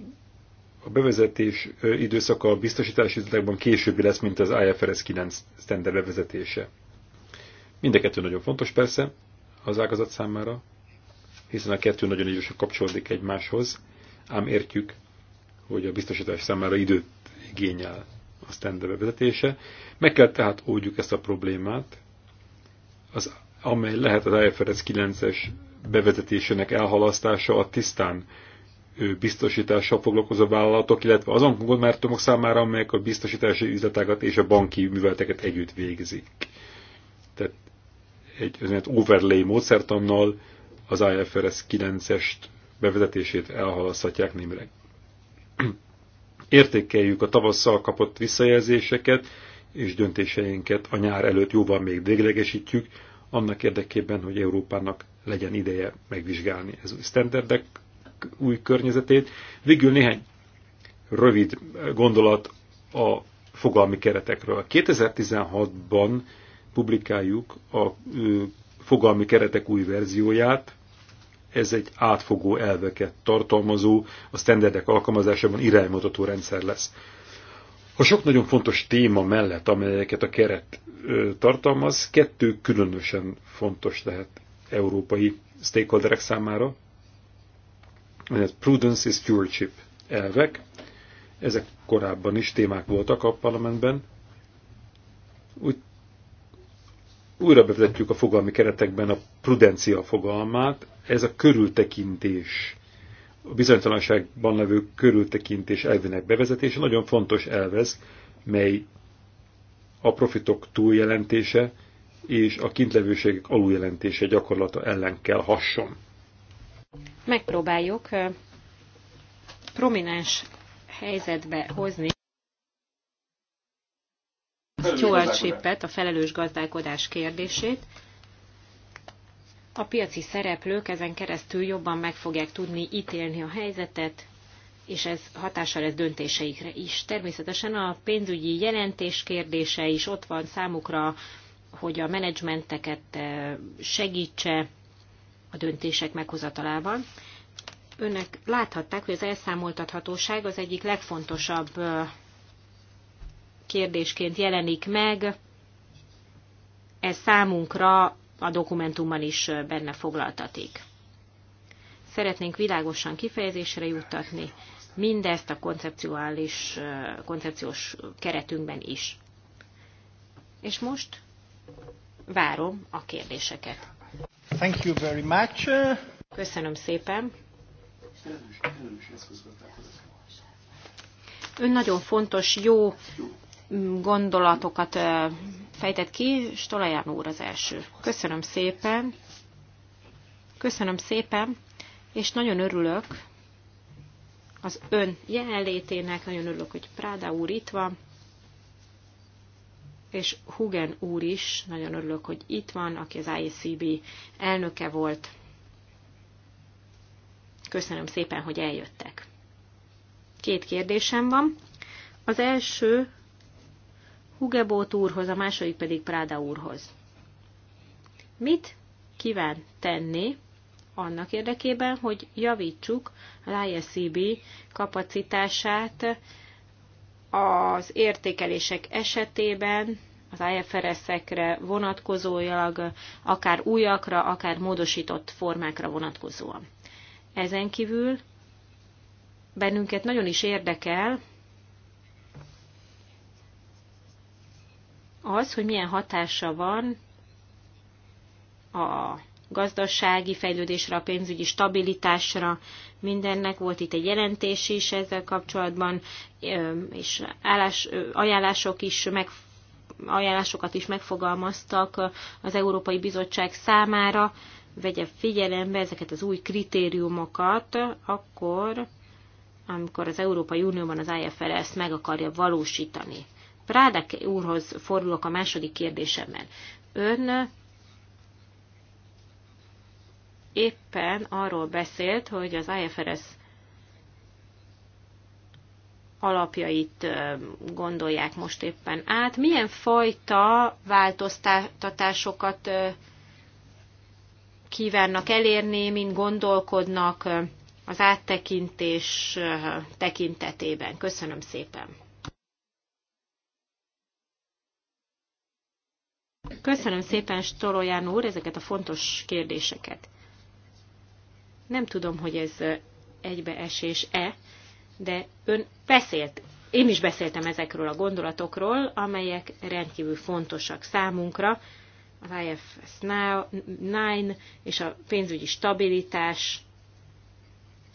a bevezetés időszaka a biztosítási üzletekben későbbi lesz, mint az IFRS 9 standard bevezetése. Mind a kettő nagyon fontos persze az ágazat számára, hiszen a kettő nagyon erősen kapcsolódik egymáshoz, ám értjük, hogy a biztosítás számára időt igényel a standard bevezetése. Meg kell tehát oldjuk ezt a problémát, az, amely lehet az IFRS 9-es bevezetésének elhalasztása a tisztán biztosítással foglalkozó vállalatok, illetve azon gondolmártomok számára, amelyek a biztosítási üzletágat és a banki műveleteket együtt végzik. Tehát egy olyan overlay módszertannal az IFRS 9-est bevezetését elhalaszthatják némileg. Értékeljük a tavasszal kapott visszajelzéseket, és döntéseinket a nyár előtt jóval még véglegesítjük, annak érdekében, hogy Európának legyen ideje megvizsgálni ez új standardek új környezetét. Végül néhány rövid gondolat a fogalmi keretekről. 2016-ban publikáljuk a fogalmi keretek új verzióját, ez egy átfogó elveket tartalmazó, a standardek alkalmazásában iránymutató rendszer lesz. A sok nagyon fontos téma mellett, amelyeket a keret tartalmaz, kettő különösen fontos lehet európai stakeholderek számára. Ez prudence és stewardship elvek. Ezek korábban is témák voltak a parlamentben. Úgy újra bevezetjük a fogalmi keretekben a prudencia fogalmát, ez a körültekintés, a bizonytalanságban levő körültekintés elvének bevezetése nagyon fontos elvez, mely a profitok túljelentése és a kintlevőségek aluljelentése gyakorlata ellen kell hasson. Megpróbáljuk prominens helyzetbe hozni stewardshipet, a felelős gazdálkodás kérdését. A piaci szereplők ezen keresztül jobban meg fogják tudni ítélni a helyzetet, és ez hatással lesz döntéseikre is. Természetesen a pénzügyi jelentés kérdése is ott van számukra, hogy a menedzsmenteket eh, segítse a döntések meghozatalában. Önök láthatták, hogy az elszámoltathatóság az egyik legfontosabb eh, kérdésként jelenik meg, ez számunkra a dokumentumban is benne foglaltatik. Szeretnénk világosan kifejezésre juttatni mindezt a koncepcionális, koncepciós keretünkben is. És most várom a kérdéseket. Thank you very much. Köszönöm szépen. Ön nagyon fontos, jó gondolatokat fejtett ki, Stolaján úr az első. Köszönöm szépen, köszönöm szépen, és nagyon örülök az ön jelenlétének, nagyon örülök, hogy Práda úr itt van, és Hugen úr is, nagyon örülök, hogy itt van, aki az IACB elnöke volt. Köszönöm szépen, hogy eljöttek. Két kérdésem van. Az első Hugebót úrhoz, a második pedig Práda úrhoz. Mit kíván tenni annak érdekében, hogy javítsuk a ISCB kapacitását az értékelések esetében, az IFRS-ekre vonatkozólag, akár újakra, akár módosított formákra vonatkozóan. Ezen kívül bennünket nagyon is érdekel az, hogy milyen hatása van a gazdasági fejlődésre, a pénzügyi stabilitásra, mindennek. Volt itt egy jelentés is ezzel kapcsolatban, és állás, ajánlások is meg, ajánlásokat is megfogalmaztak az Európai Bizottság számára. Vegye figyelembe ezeket az új kritériumokat, akkor, amikor az Európai Unióban az IFRS meg akarja valósítani. Prádek úrhoz fordulok a második kérdésemmel. Ön éppen arról beszélt, hogy az IFRS alapjait gondolják most éppen át. Milyen fajta változtatásokat kívánnak elérni, mint gondolkodnak az áttekintés tekintetében? Köszönöm szépen! Köszönöm szépen, Stoloján úr, ezeket a fontos kérdéseket. Nem tudom, hogy ez egybeesés-e, de ön beszélt, én is beszéltem ezekről a gondolatokról, amelyek rendkívül fontosak számunkra, az IFS 9 és a pénzügyi stabilitás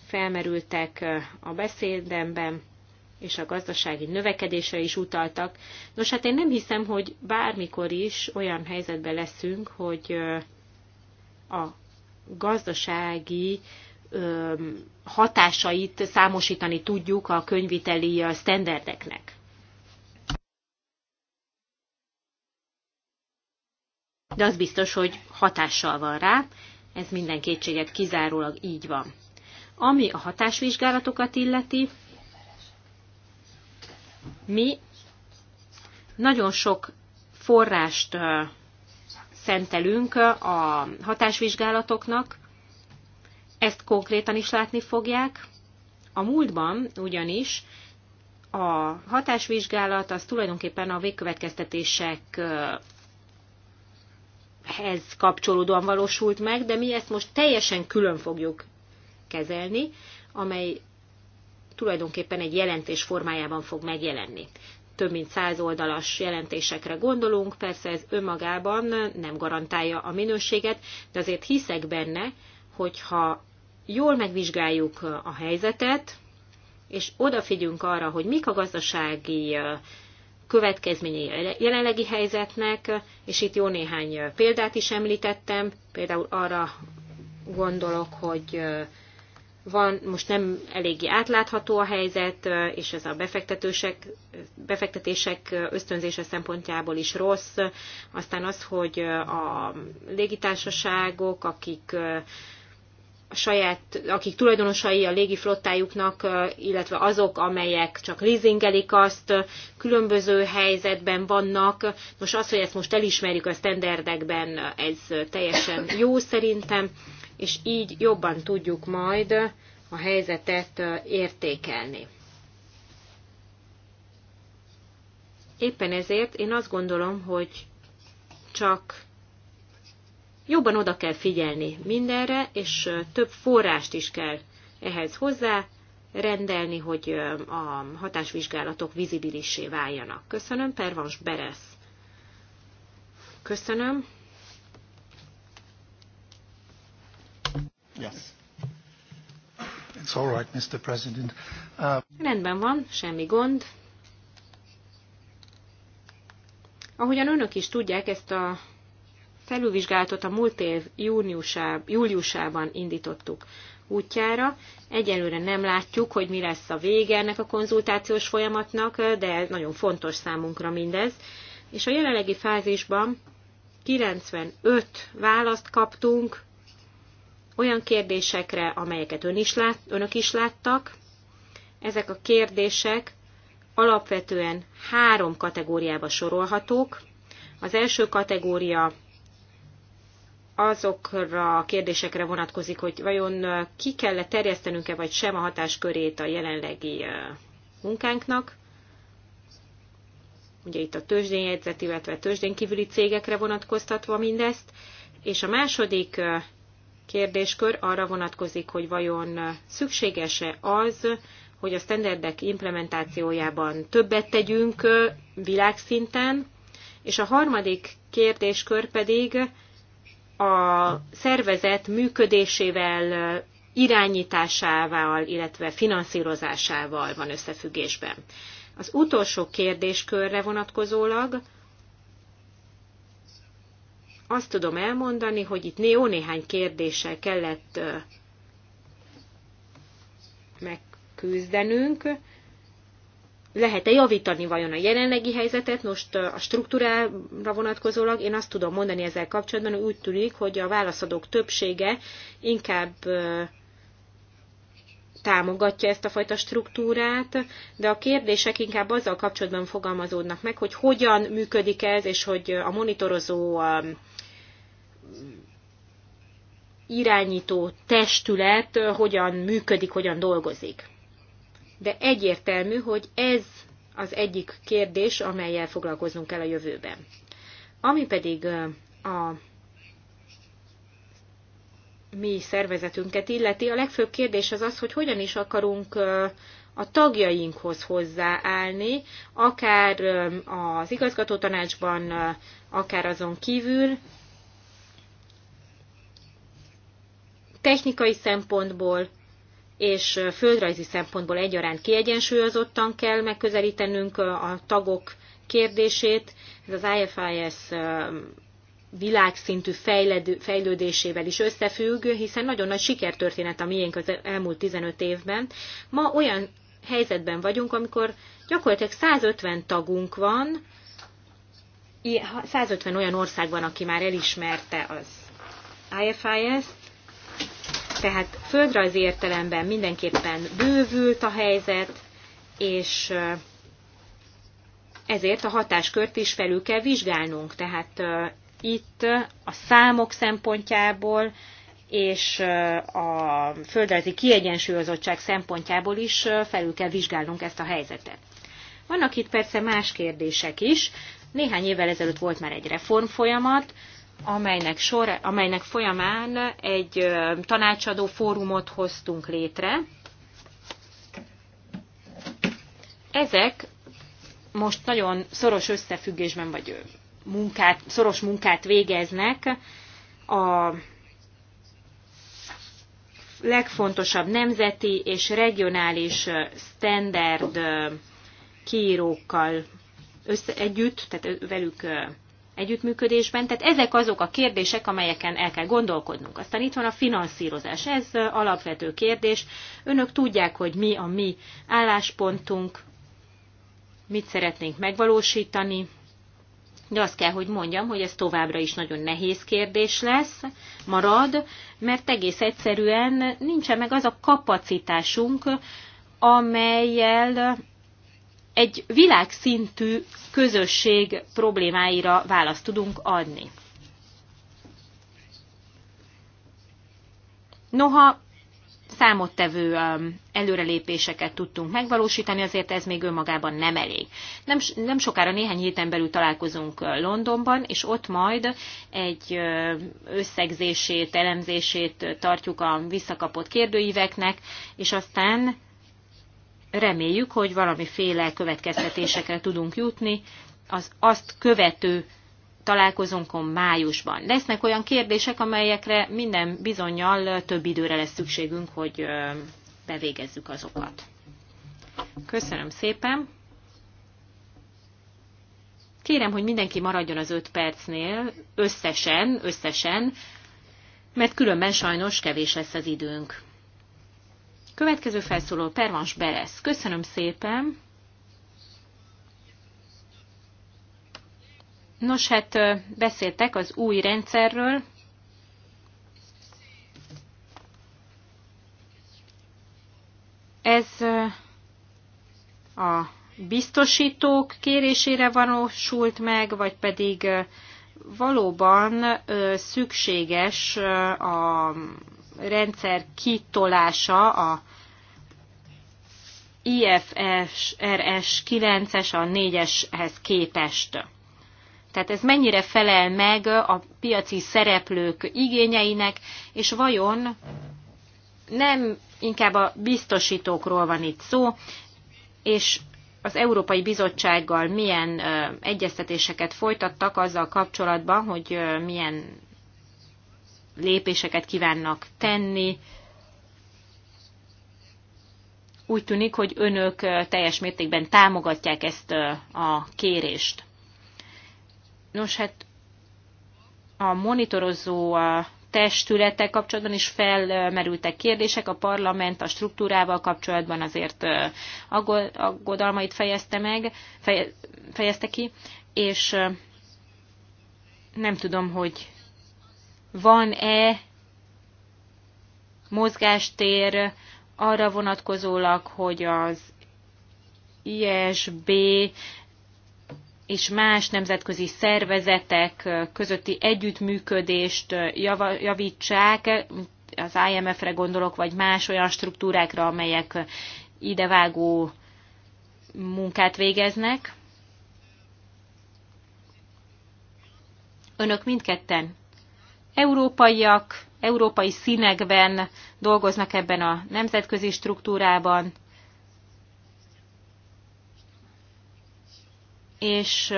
felmerültek a beszédemben és a gazdasági növekedésre is utaltak. Nos, hát én nem hiszem, hogy bármikor is olyan helyzetben leszünk, hogy a gazdasági hatásait számosítani tudjuk a könyviteli sztenderdeknek. De az biztos, hogy hatással van rá, ez minden kétséget kizárólag így van. Ami a hatásvizsgálatokat illeti, mi nagyon sok forrást szentelünk a hatásvizsgálatoknak, ezt konkrétan is látni fogják. A múltban ugyanis a hatásvizsgálat az tulajdonképpen a végkövetkeztetésekhez kapcsolódóan valósult meg, de mi ezt most teljesen külön fogjuk kezelni, amely tulajdonképpen egy jelentés formájában fog megjelenni. Több mint száz oldalas jelentésekre gondolunk, persze ez önmagában nem garantálja a minőséget, de azért hiszek benne, hogyha jól megvizsgáljuk a helyzetet, és odafigyünk arra, hogy mik a gazdasági következményei a jelenlegi helyzetnek, és itt jó néhány példát is említettem, például arra gondolok, hogy van, most nem eléggé átlátható a helyzet, és ez a befektetősek, befektetések ösztönzése szempontjából is rossz. Aztán az, hogy a légitársaságok, akik a saját, akik tulajdonosai a légiflottájuknak, illetve azok, amelyek csak leasingelik azt, különböző helyzetben vannak. most az, hogy ezt most elismerjük a standardekben, ez teljesen jó szerintem és így jobban tudjuk majd a helyzetet értékelni. Éppen ezért én azt gondolom, hogy csak jobban oda kell figyelni mindenre, és több forrást is kell ehhez hozzá rendelni, hogy a hatásvizsgálatok vizibilissé váljanak. Köszönöm, Pervans Beresz. Köszönöm. Yes. It's all right, Mr. President. Uh... Rendben van, semmi gond. Ahogyan önök is tudják, ezt a felülvizsgálatot a múlt év júniusá, júliusában indítottuk útjára. Egyelőre nem látjuk, hogy mi lesz a vége ennek a konzultációs folyamatnak, de nagyon fontos számunkra mindez. És a jelenlegi fázisban 95 választ kaptunk, olyan kérdésekre, amelyeket ön is lát, önök is láttak. Ezek a kérdések alapvetően három kategóriába sorolhatók. Az első kategória azokra a kérdésekre vonatkozik, hogy vajon ki kell -e terjesztenünk-e vagy sem a hatáskörét a jelenlegi munkánknak. Ugye itt a tőzsdénjegyzet, illetve tőzsdén kívüli cégekre vonatkoztatva mindezt. És a második kérdéskör arra vonatkozik, hogy vajon szükséges-e az, hogy a standardek implementációjában többet tegyünk világszinten, és a harmadik kérdéskör pedig a szervezet működésével, irányításával, illetve finanszírozásával van összefüggésben. Az utolsó kérdéskörre vonatkozólag azt tudom elmondani, hogy itt jó néhány kérdéssel kellett megküzdenünk. Lehet-e javítani vajon a jelenlegi helyzetet? Most a struktúrára vonatkozólag én azt tudom mondani ezzel kapcsolatban, hogy úgy tűnik, hogy a válaszadók többsége inkább támogatja ezt a fajta struktúrát, de a kérdések inkább azzal kapcsolatban fogalmazódnak meg, hogy hogyan működik ez, és hogy a monitorozó irányító testület hogyan működik, hogyan dolgozik. De egyértelmű, hogy ez az egyik kérdés, amelyel foglalkoznunk kell a jövőben. Ami pedig a mi szervezetünket illeti, a legfőbb kérdés az az, hogy hogyan is akarunk a tagjainkhoz hozzáállni, akár az igazgatótanácsban, akár azon kívül, technikai szempontból és földrajzi szempontból egyaránt kiegyensúlyozottan kell megközelítenünk a tagok kérdését. Ez az IFIS világszintű fejlődésével is összefügg, hiszen nagyon nagy sikertörténet a miénk az elmúlt 15 évben. Ma olyan helyzetben vagyunk, amikor gyakorlatilag 150 tagunk van, 150 olyan ország van, aki már elismerte az IFIS-t, tehát földrajzi értelemben mindenképpen bővült a helyzet, és ezért a hatáskört is felül kell vizsgálnunk. Tehát itt a számok szempontjából és a földrajzi kiegyensúlyozottság szempontjából is felül kell vizsgálnunk ezt a helyzetet. Vannak itt persze más kérdések is. Néhány évvel ezelőtt volt már egy reformfolyamat, amelynek, sor, amelynek folyamán egy tanácsadó fórumot hoztunk létre. Ezek most nagyon szoros összefüggésben vagy munkát, szoros munkát végeznek a legfontosabb nemzeti és regionális standard kiírókkal össze, együtt, tehát velük együttműködésben. Tehát ezek azok a kérdések, amelyeken el kell gondolkodnunk. Aztán itt van a finanszírozás. Ez alapvető kérdés. Önök tudják, hogy mi a mi álláspontunk, mit szeretnénk megvalósítani, de azt kell, hogy mondjam, hogy ez továbbra is nagyon nehéz kérdés lesz, marad, mert egész egyszerűen nincsen meg az a kapacitásunk, amelyel egy világszintű közösség problémáira választ tudunk adni. Noha számottevő um, előrelépéseket tudtunk megvalósítani, azért ez még önmagában nem elég. Nem, nem sokára néhány héten belül találkozunk uh, Londonban, és ott majd egy uh, összegzését, elemzését tartjuk a visszakapott kérdőíveknek, és aztán reméljük, hogy valamiféle következtetésekre tudunk jutni az azt követő találkozónkon májusban. Lesznek olyan kérdések, amelyekre minden bizonyal több időre lesz szükségünk, hogy bevégezzük azokat. Köszönöm szépen! Kérem, hogy mindenki maradjon az öt percnél, összesen, összesen, mert különben sajnos kevés lesz az időnk. Következő felszóló Pervans Beresz. Köszönöm szépen. Nos, hát beszéltek az új rendszerről. Ez a biztosítók kérésére valósult meg, vagy pedig valóban szükséges a rendszer kitolása a IFRS 9-es a 4-eshez képest. Tehát ez mennyire felel meg a piaci szereplők igényeinek, és vajon nem inkább a biztosítókról van itt szó, és az Európai Bizottsággal milyen egyeztetéseket folytattak azzal kapcsolatban, hogy milyen lépéseket kívánnak tenni. Úgy tűnik, hogy önök teljes mértékben támogatják ezt a kérést. Nos, hát a monitorozó testülete kapcsolatban is felmerültek kérdések. A parlament a struktúrával kapcsolatban azért aggodalmait fejezte meg, fejezte ki, és nem tudom, hogy van-e mozgástér arra vonatkozólag, hogy az ISB és más nemzetközi szervezetek közötti együttműködést javítsák, az IMF-re gondolok, vagy más olyan struktúrákra, amelyek idevágó munkát végeznek. Önök mindketten Európaiak európai színekben dolgoznak ebben a nemzetközi struktúrában, és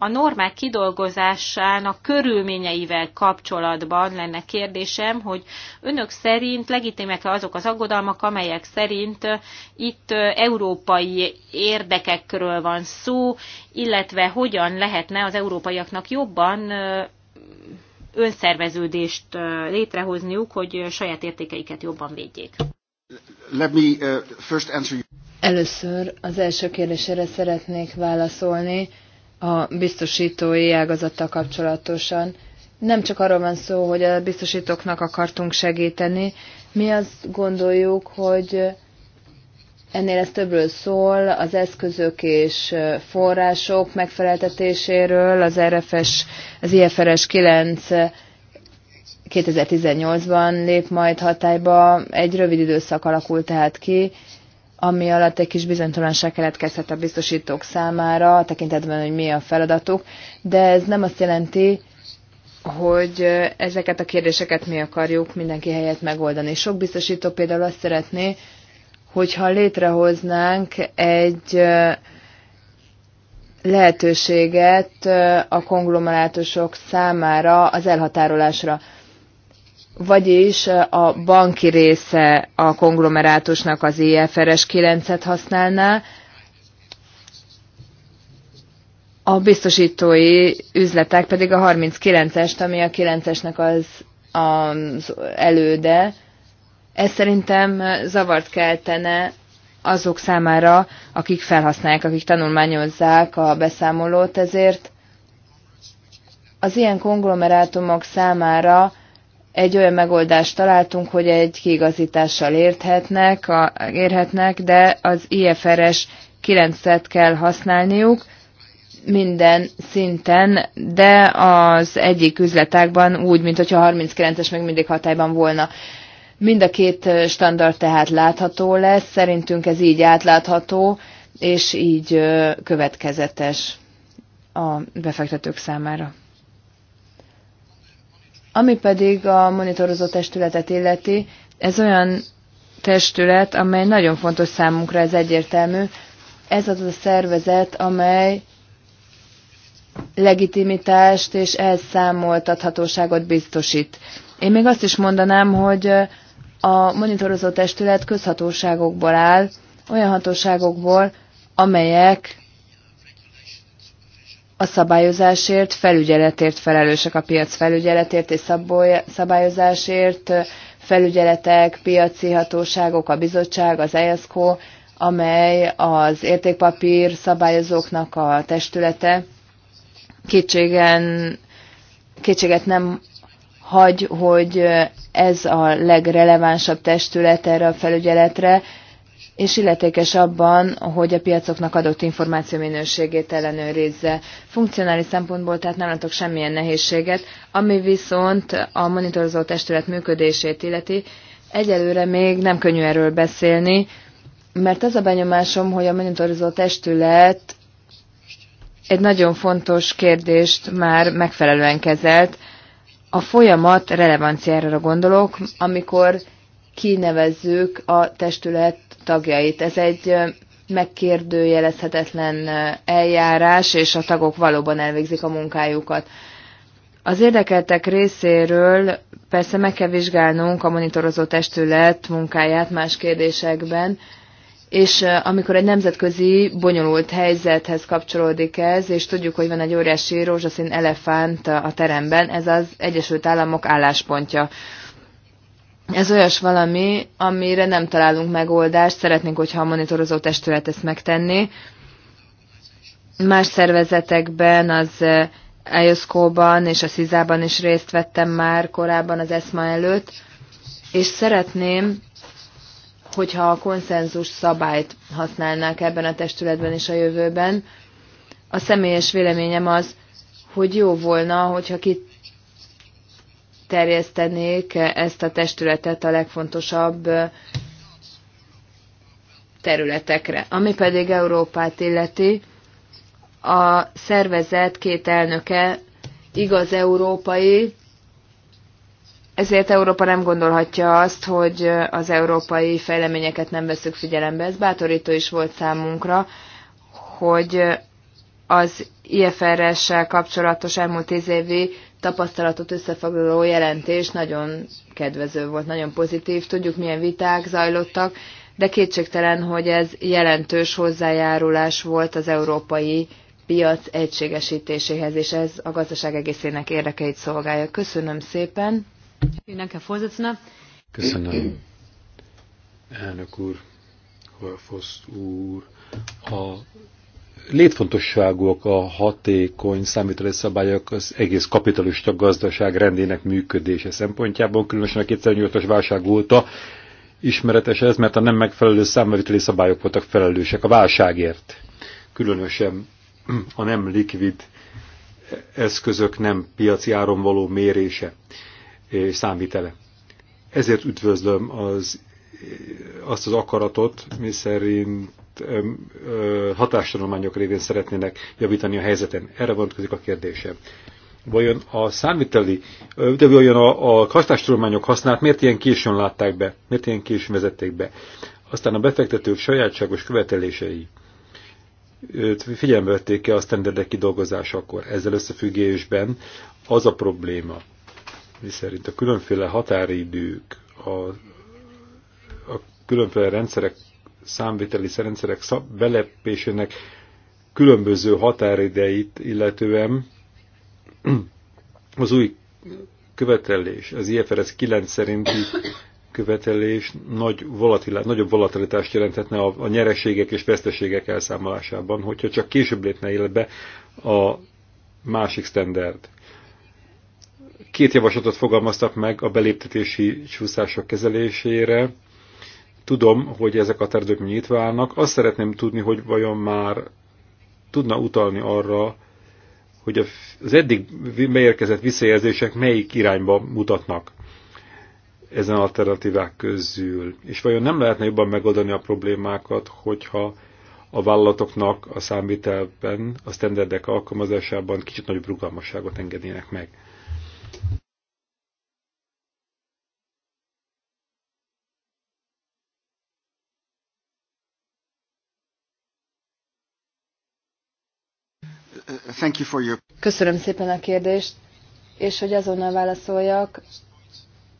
a normák kidolgozásának körülményeivel kapcsolatban lenne kérdésem, hogy önök szerint legitimek-e azok az aggodalmak, amelyek szerint itt európai érdekekről van szó, illetve hogyan lehetne az európaiaknak jobban önszerveződést létrehozniuk, hogy saját értékeiket jobban védjék. Let me, uh, first answer you. Először az első kérdésére szeretnék válaszolni a biztosítói ágazattal kapcsolatosan. Nem csak arról van szó, hogy a biztosítóknak akartunk segíteni, mi azt gondoljuk, hogy Ennél ez többről szól, az eszközök és források megfeleltetéséről, az RFS, az IFRS 9 2018-ban lép majd hatályba, egy rövid időszak alakult tehát ki, ami alatt egy kis bizonytalanság keletkezhet a biztosítók számára, a tekintetben, hogy mi a feladatuk, de ez nem azt jelenti, hogy ezeket a kérdéseket mi akarjuk mindenki helyett megoldani. Sok biztosító például azt szeretné, hogyha létrehoznánk egy lehetőséget a konglomerátusok számára az elhatárolásra. Vagyis a banki része a konglomerátusnak az IFRS 9-et használná, a biztosítói üzletek pedig a 39-est, ami a 9-esnek az, az előde, ez szerintem zavart keltene azok számára, akik felhasználják, akik tanulmányozzák a beszámolót, ezért az ilyen konglomerátumok számára egy olyan megoldást találtunk, hogy egy kiigazítással érthetnek, a, érhetnek, de az IFRS 9-et kell használniuk minden szinten, de az egyik üzletákban úgy, mint 39-es még mindig hatályban volna. Mind a két standard tehát látható lesz, szerintünk ez így átlátható, és így következetes a befektetők számára. Ami pedig a monitorozó testületet illeti, ez olyan testület, amely nagyon fontos számunkra, ez egyértelmű. Ez az a szervezet, amely legitimitást és elszámoltathatóságot biztosít. Én még azt is mondanám, hogy a monitorozó testület közhatóságokból áll, olyan hatóságokból, amelyek a szabályozásért, felügyeletért felelősek a piac felügyeletért és szabályozásért, felügyeletek, piaci hatóságok, a bizottság, az ESCO, amely az értékpapír szabályozóknak a testülete. Kétségen, kétséget nem hagy, hogy ez a legrelevánsabb testület erre a felügyeletre, és illetékes abban, hogy a piacoknak adott információ minőségét ellenőrizze. Funkcionális szempontból tehát nem látok semmilyen nehézséget, ami viszont a monitorozó testület működését illeti. Egyelőre még nem könnyű erről beszélni, mert az a benyomásom, hogy a monitorozó testület egy nagyon fontos kérdést már megfelelően kezelt, a folyamat relevanciára gondolok, amikor kinevezzük a testület tagjait. Ez egy megkérdőjelezhetetlen eljárás, és a tagok valóban elvégzik a munkájukat. Az érdekeltek részéről persze meg kell vizsgálnunk a monitorozó testület munkáját más kérdésekben, és amikor egy nemzetközi bonyolult helyzethez kapcsolódik ez, és tudjuk, hogy van egy óriási rózsaszín elefánt a teremben, ez az Egyesült Államok álláspontja. Ez olyas valami, amire nem találunk megoldást, szeretnénk, hogyha a monitorozó testület ezt megtenni. Más szervezetekben, az eosco ban és a CISA-ban is részt vettem már korábban az ESMA előtt, és szeretném, hogyha a konszenzus szabályt használnák ebben a testületben és a jövőben. A személyes véleményem az, hogy jó volna, hogyha kiterjesztenék ezt a testületet a legfontosabb területekre. Ami pedig Európát illeti, a szervezet két elnöke igaz európai, ezért Európa nem gondolhatja azt, hogy az európai fejleményeket nem veszük figyelembe. Ez bátorító is volt számunkra, hogy az IFRS-sel kapcsolatos elmúlt tíz évi tapasztalatot összefoglaló jelentés nagyon kedvező volt, nagyon pozitív. Tudjuk, milyen viták zajlottak, de kétségtelen, hogy ez jelentős hozzájárulás volt az európai piac egységesítéséhez, és ez a gazdaság egészének érdekeit szolgálja. Köszönöm szépen! Köszönöm. Elnök úr, Horfosz úr, a létfontosságúak a hatékony számítani szabályok az egész kapitalista gazdaság rendének működése szempontjából, különösen a 2008-as válság óta ismeretes ez, mert a nem megfelelő számveviteli szabályok voltak felelősek a válságért. Különösen a nem likvid eszközök nem piaci áron való mérése számvitele. Ezért üdvözlöm az, azt az akaratot, mi szerint hatástanulmányok révén szeretnének javítani a helyzeten. Erre vonatkozik a kérdésem. Vajon a számviteli, de vajon a, a hatástanulmányok használt miért ilyen későn látták be, miért ilyen későn vezették be? Aztán a befektetők sajátságos követelései figyelembe vették-e a sztenderdek kidolgozásakor. Ezzel összefüggésben az a probléma, miszerint a különféle határidők, a, a különféle rendszerek, számviteli rendszerek belepésének különböző határideit illetően az új követelés, az IFRS 9 szerinti követelés nagy volatilá, nagyobb volatilitást jelenthetne a, a nyereségek és veszteségek elszámolásában, hogyha csak később lépne életbe a másik standard. Két javaslatot fogalmaztak meg a beléptetési csúszások kezelésére. Tudom, hogy ezek a terdők nyitva állnak. Azt szeretném tudni, hogy vajon már tudna utalni arra, hogy az eddig beérkezett visszajelzések melyik irányba mutatnak ezen alternatívák közül. És vajon nem lehetne jobban megoldani a problémákat, hogyha a vállalatoknak a számvitelben, a standardek alkalmazásában kicsit nagyobb rugalmasságot engednének meg. Thank you for your... Köszönöm szépen a kérdést, és hogy azonnal válaszoljak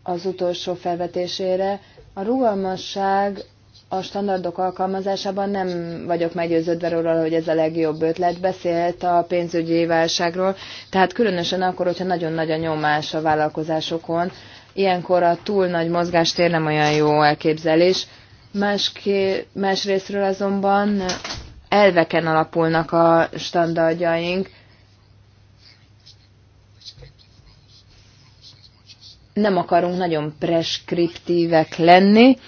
az utolsó felvetésére. A rugalmasság a standardok alkalmazásában nem vagyok meggyőződve róla, hogy ez a legjobb ötlet. Beszélt a pénzügyi válságról, tehát különösen akkor, hogyha nagyon nagy a nyomás a vállalkozásokon, ilyenkor a túl nagy mozgástér nem olyan jó elképzelés. Máské, részről azonban elveken alapulnak a standardjaink. Nem akarunk nagyon preskriptívek lenni,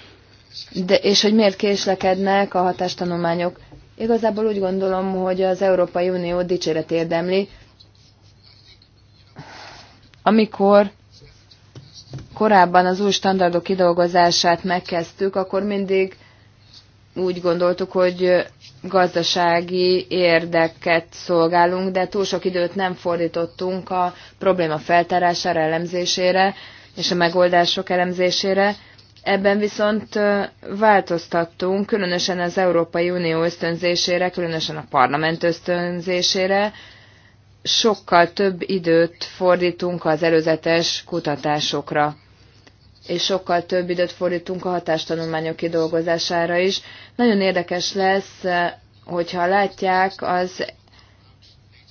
de, és hogy miért késlekednek a hatástanulmányok. Igazából úgy gondolom, hogy az Európai Unió dicséret érdemli, amikor korábban az új standardok kidolgozását megkezdtük, akkor mindig úgy gondoltuk, hogy gazdasági érdeket szolgálunk, de túl sok időt nem fordítottunk a probléma feltárására, elemzésére és a megoldások elemzésére. Ebben viszont változtattunk, különösen az Európai Unió ösztönzésére, különösen a parlament ösztönzésére, sokkal több időt fordítunk az előzetes kutatásokra, és sokkal több időt fordítunk a hatástanulmányok kidolgozására is. Nagyon érdekes lesz, hogyha látják az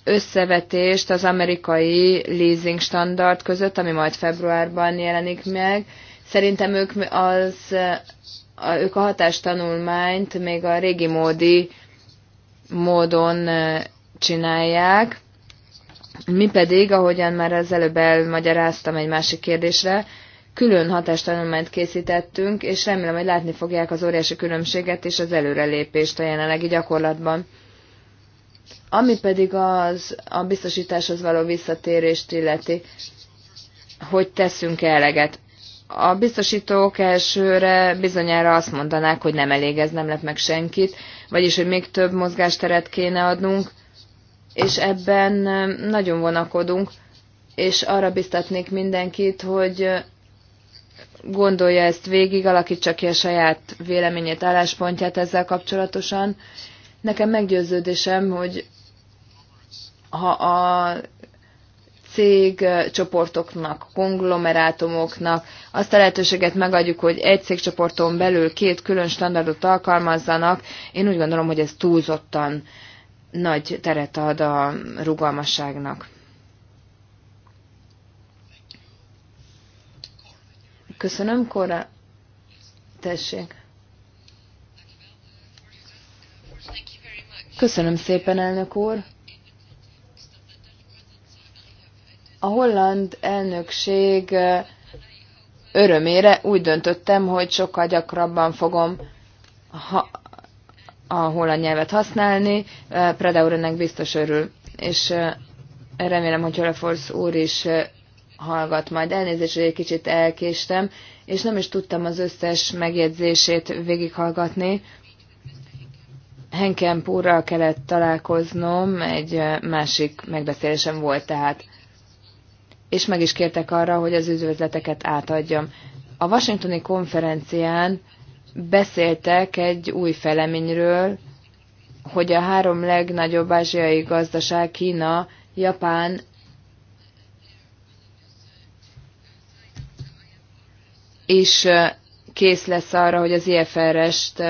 összevetést az amerikai leasing standard között, ami majd februárban jelenik meg, Szerintem ők, az, a, ők a hatástanulmányt még a régi módi módon csinálják. Mi pedig, ahogyan már az előbb elmagyaráztam egy másik kérdésre, külön hatástanulmányt készítettünk, és remélem, hogy látni fogják az óriási különbséget és az előrelépést a jelenlegi gyakorlatban. Ami pedig az a biztosításhoz való visszatérést illeti, hogy teszünk -e eleget a biztosítók elsőre bizonyára azt mondanák, hogy nem elég, ez nem lep meg senkit, vagyis, hogy még több mozgásteret kéne adnunk, és ebben nagyon vonakodunk, és arra biztatnék mindenkit, hogy gondolja ezt végig, alakítsa ki a saját véleményét, álláspontját ezzel kapcsolatosan. Nekem meggyőződésem, hogy ha a cégcsoportoknak, konglomerátumoknak azt a lehetőséget megadjuk, hogy egy cégcsoporton belül két külön standardot alkalmazzanak. Én úgy gondolom, hogy ez túlzottan nagy teret ad a rugalmasságnak. Köszönöm, Kora. Tessék. Köszönöm szépen, elnök úr. A holland elnökség örömére úgy döntöttem, hogy sokkal gyakrabban fogom a holland nyelvet használni. Predaur ennek biztos örül, és remélem, hogy Holeforsz úr is hallgat majd. Elnézést, hogy egy kicsit elkéstem, és nem is tudtam az összes megjegyzését végighallgatni. Henkem úrral kellett találkoznom, egy másik megbeszélésem volt tehát és meg is kértek arra, hogy az üzletleteket átadjam. A Washingtoni konferencián beszéltek egy új feleményről, hogy a három legnagyobb ázsiai gazdaság Kína, Japán és kész lesz arra, hogy az IFRS-t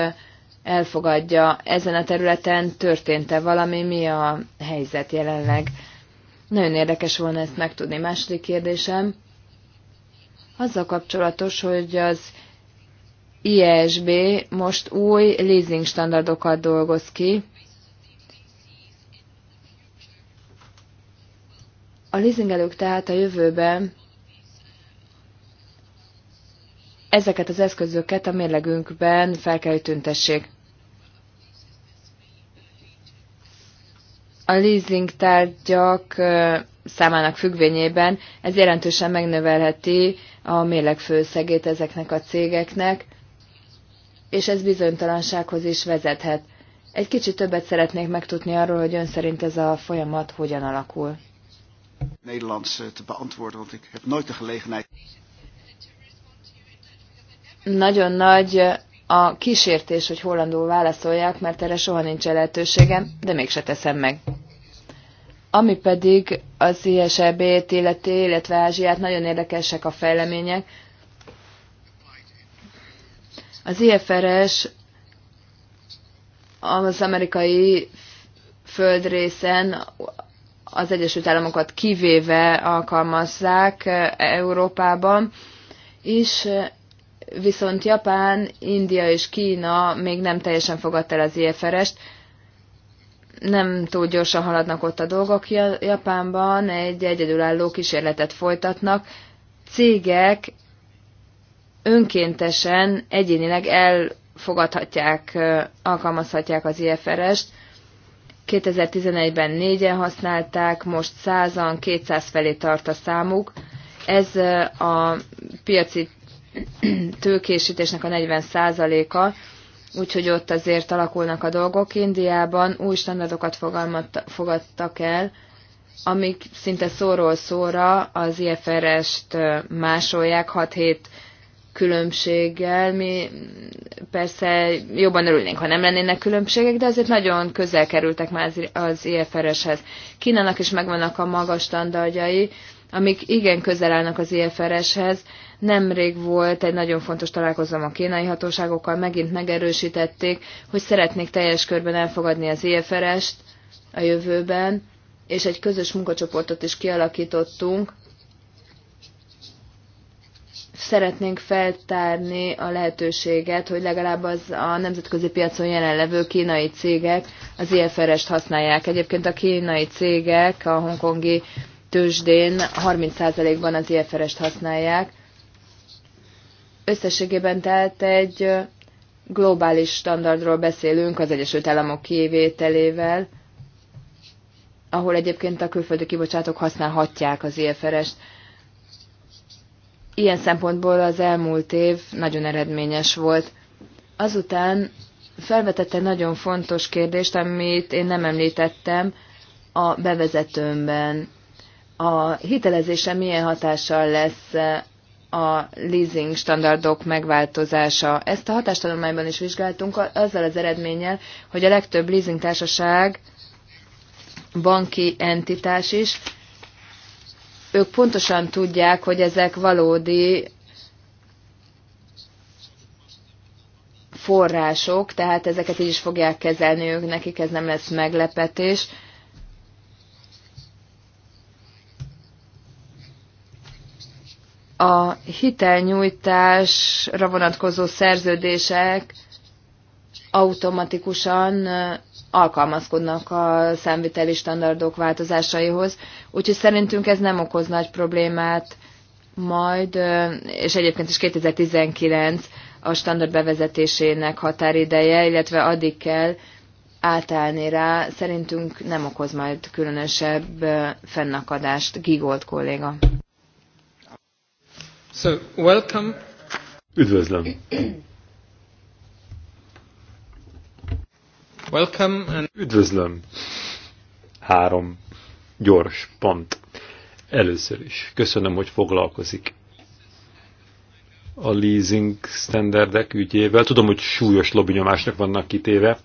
elfogadja. Ezen a területen történt-e valami, mi a helyzet jelenleg? Nagyon érdekes volna ezt megtudni. Második kérdésem azzal kapcsolatos, hogy az ISB most új leasing standardokat dolgoz ki. A leasingelők tehát a jövőben ezeket az eszközöket a mérlegünkben fel kell, hogy tüntessék. a leasing tárgyak számának függvényében ez jelentősen megnövelheti a mérlegfőszegét ezeknek a cégeknek, és ez bizonytalansághoz is vezethet. Egy kicsit többet szeretnék megtudni arról, hogy ön szerint ez a folyamat hogyan alakul. Eh, te Nagyon nagy a kísértés, hogy hollandul válaszolják, mert erre soha nincs lehetőségem, de mégse teszem meg. Ami pedig az ISEB-t illeti, illetve Ázsiát, nagyon érdekesek a fejlemények. Az IFRS az amerikai földrészen az Egyesült Államokat kivéve alkalmazzák Európában, és viszont Japán, India és Kína még nem teljesen fogadta el az IFRS-t, nem túl gyorsan haladnak ott a dolgok. Japánban egy egyedülálló kísérletet folytatnak. Cégek önkéntesen, egyénileg elfogadhatják, alkalmazhatják az IFRS-t. 2011-ben négyen használták, most 100-an, 200 felé tart a számuk. Ez a piaci tőkésítésnek a 40%-a, úgyhogy ott azért alakulnak a dolgok. Indiában új standardokat fogadtak el, amik szinte szóról szóra az IFRS-t másolják 6-7 különbséggel. Mi persze jobban örülnénk, ha nem lennének különbségek, de azért nagyon közel kerültek már az IFRS-hez. Kínának is megvannak a magas standardjai, amik igen közel állnak az IFRS-hez, Nemrég volt egy nagyon fontos találkozom a kínai hatóságokkal, megint megerősítették, hogy szeretnék teljes körben elfogadni az ifrs a jövőben, és egy közös munkacsoportot is kialakítottunk. Szeretnénk feltárni a lehetőséget, hogy legalább az a nemzetközi piacon jelenlevő kínai cégek az IFRS-t használják. Egyébként a kínai cégek a hongkongi tőzsdén 30%-ban az IFRS-t használják, Összességében tehát egy globális standardról beszélünk az Egyesült Államok kivételével, ahol egyébként a külföldi kibocsátók használhatják az IFRS-t. Ilyen szempontból az elmúlt év nagyon eredményes volt. Azután felvetette nagyon fontos kérdést, amit én nem említettem a bevezetőmben. A hitelezése milyen hatással lesz a leasing standardok megváltozása. Ezt a hatástanulmányban is vizsgáltunk azzal az eredménnyel, hogy a legtöbb leasing társaság banki entitás is, ők pontosan tudják, hogy ezek valódi források, tehát ezeket így is fogják kezelni ők, nekik ez nem lesz meglepetés. a hitelnyújtásra vonatkozó szerződések automatikusan alkalmazkodnak a számviteli standardok változásaihoz, úgyhogy szerintünk ez nem okoz nagy problémát majd, és egyébként is 2019 a standard bevezetésének határideje, illetve addig kell átállni rá, szerintünk nem okoz majd különösebb fennakadást. Gigolt kolléga. So, welcome. Üdvözlöm. Welcome and... Üdvözlöm. Három gyors pont. Először is. Köszönöm, hogy foglalkozik a leasing standardek ügyével. Tudom, hogy súlyos lobbynyomásnak vannak kitéve,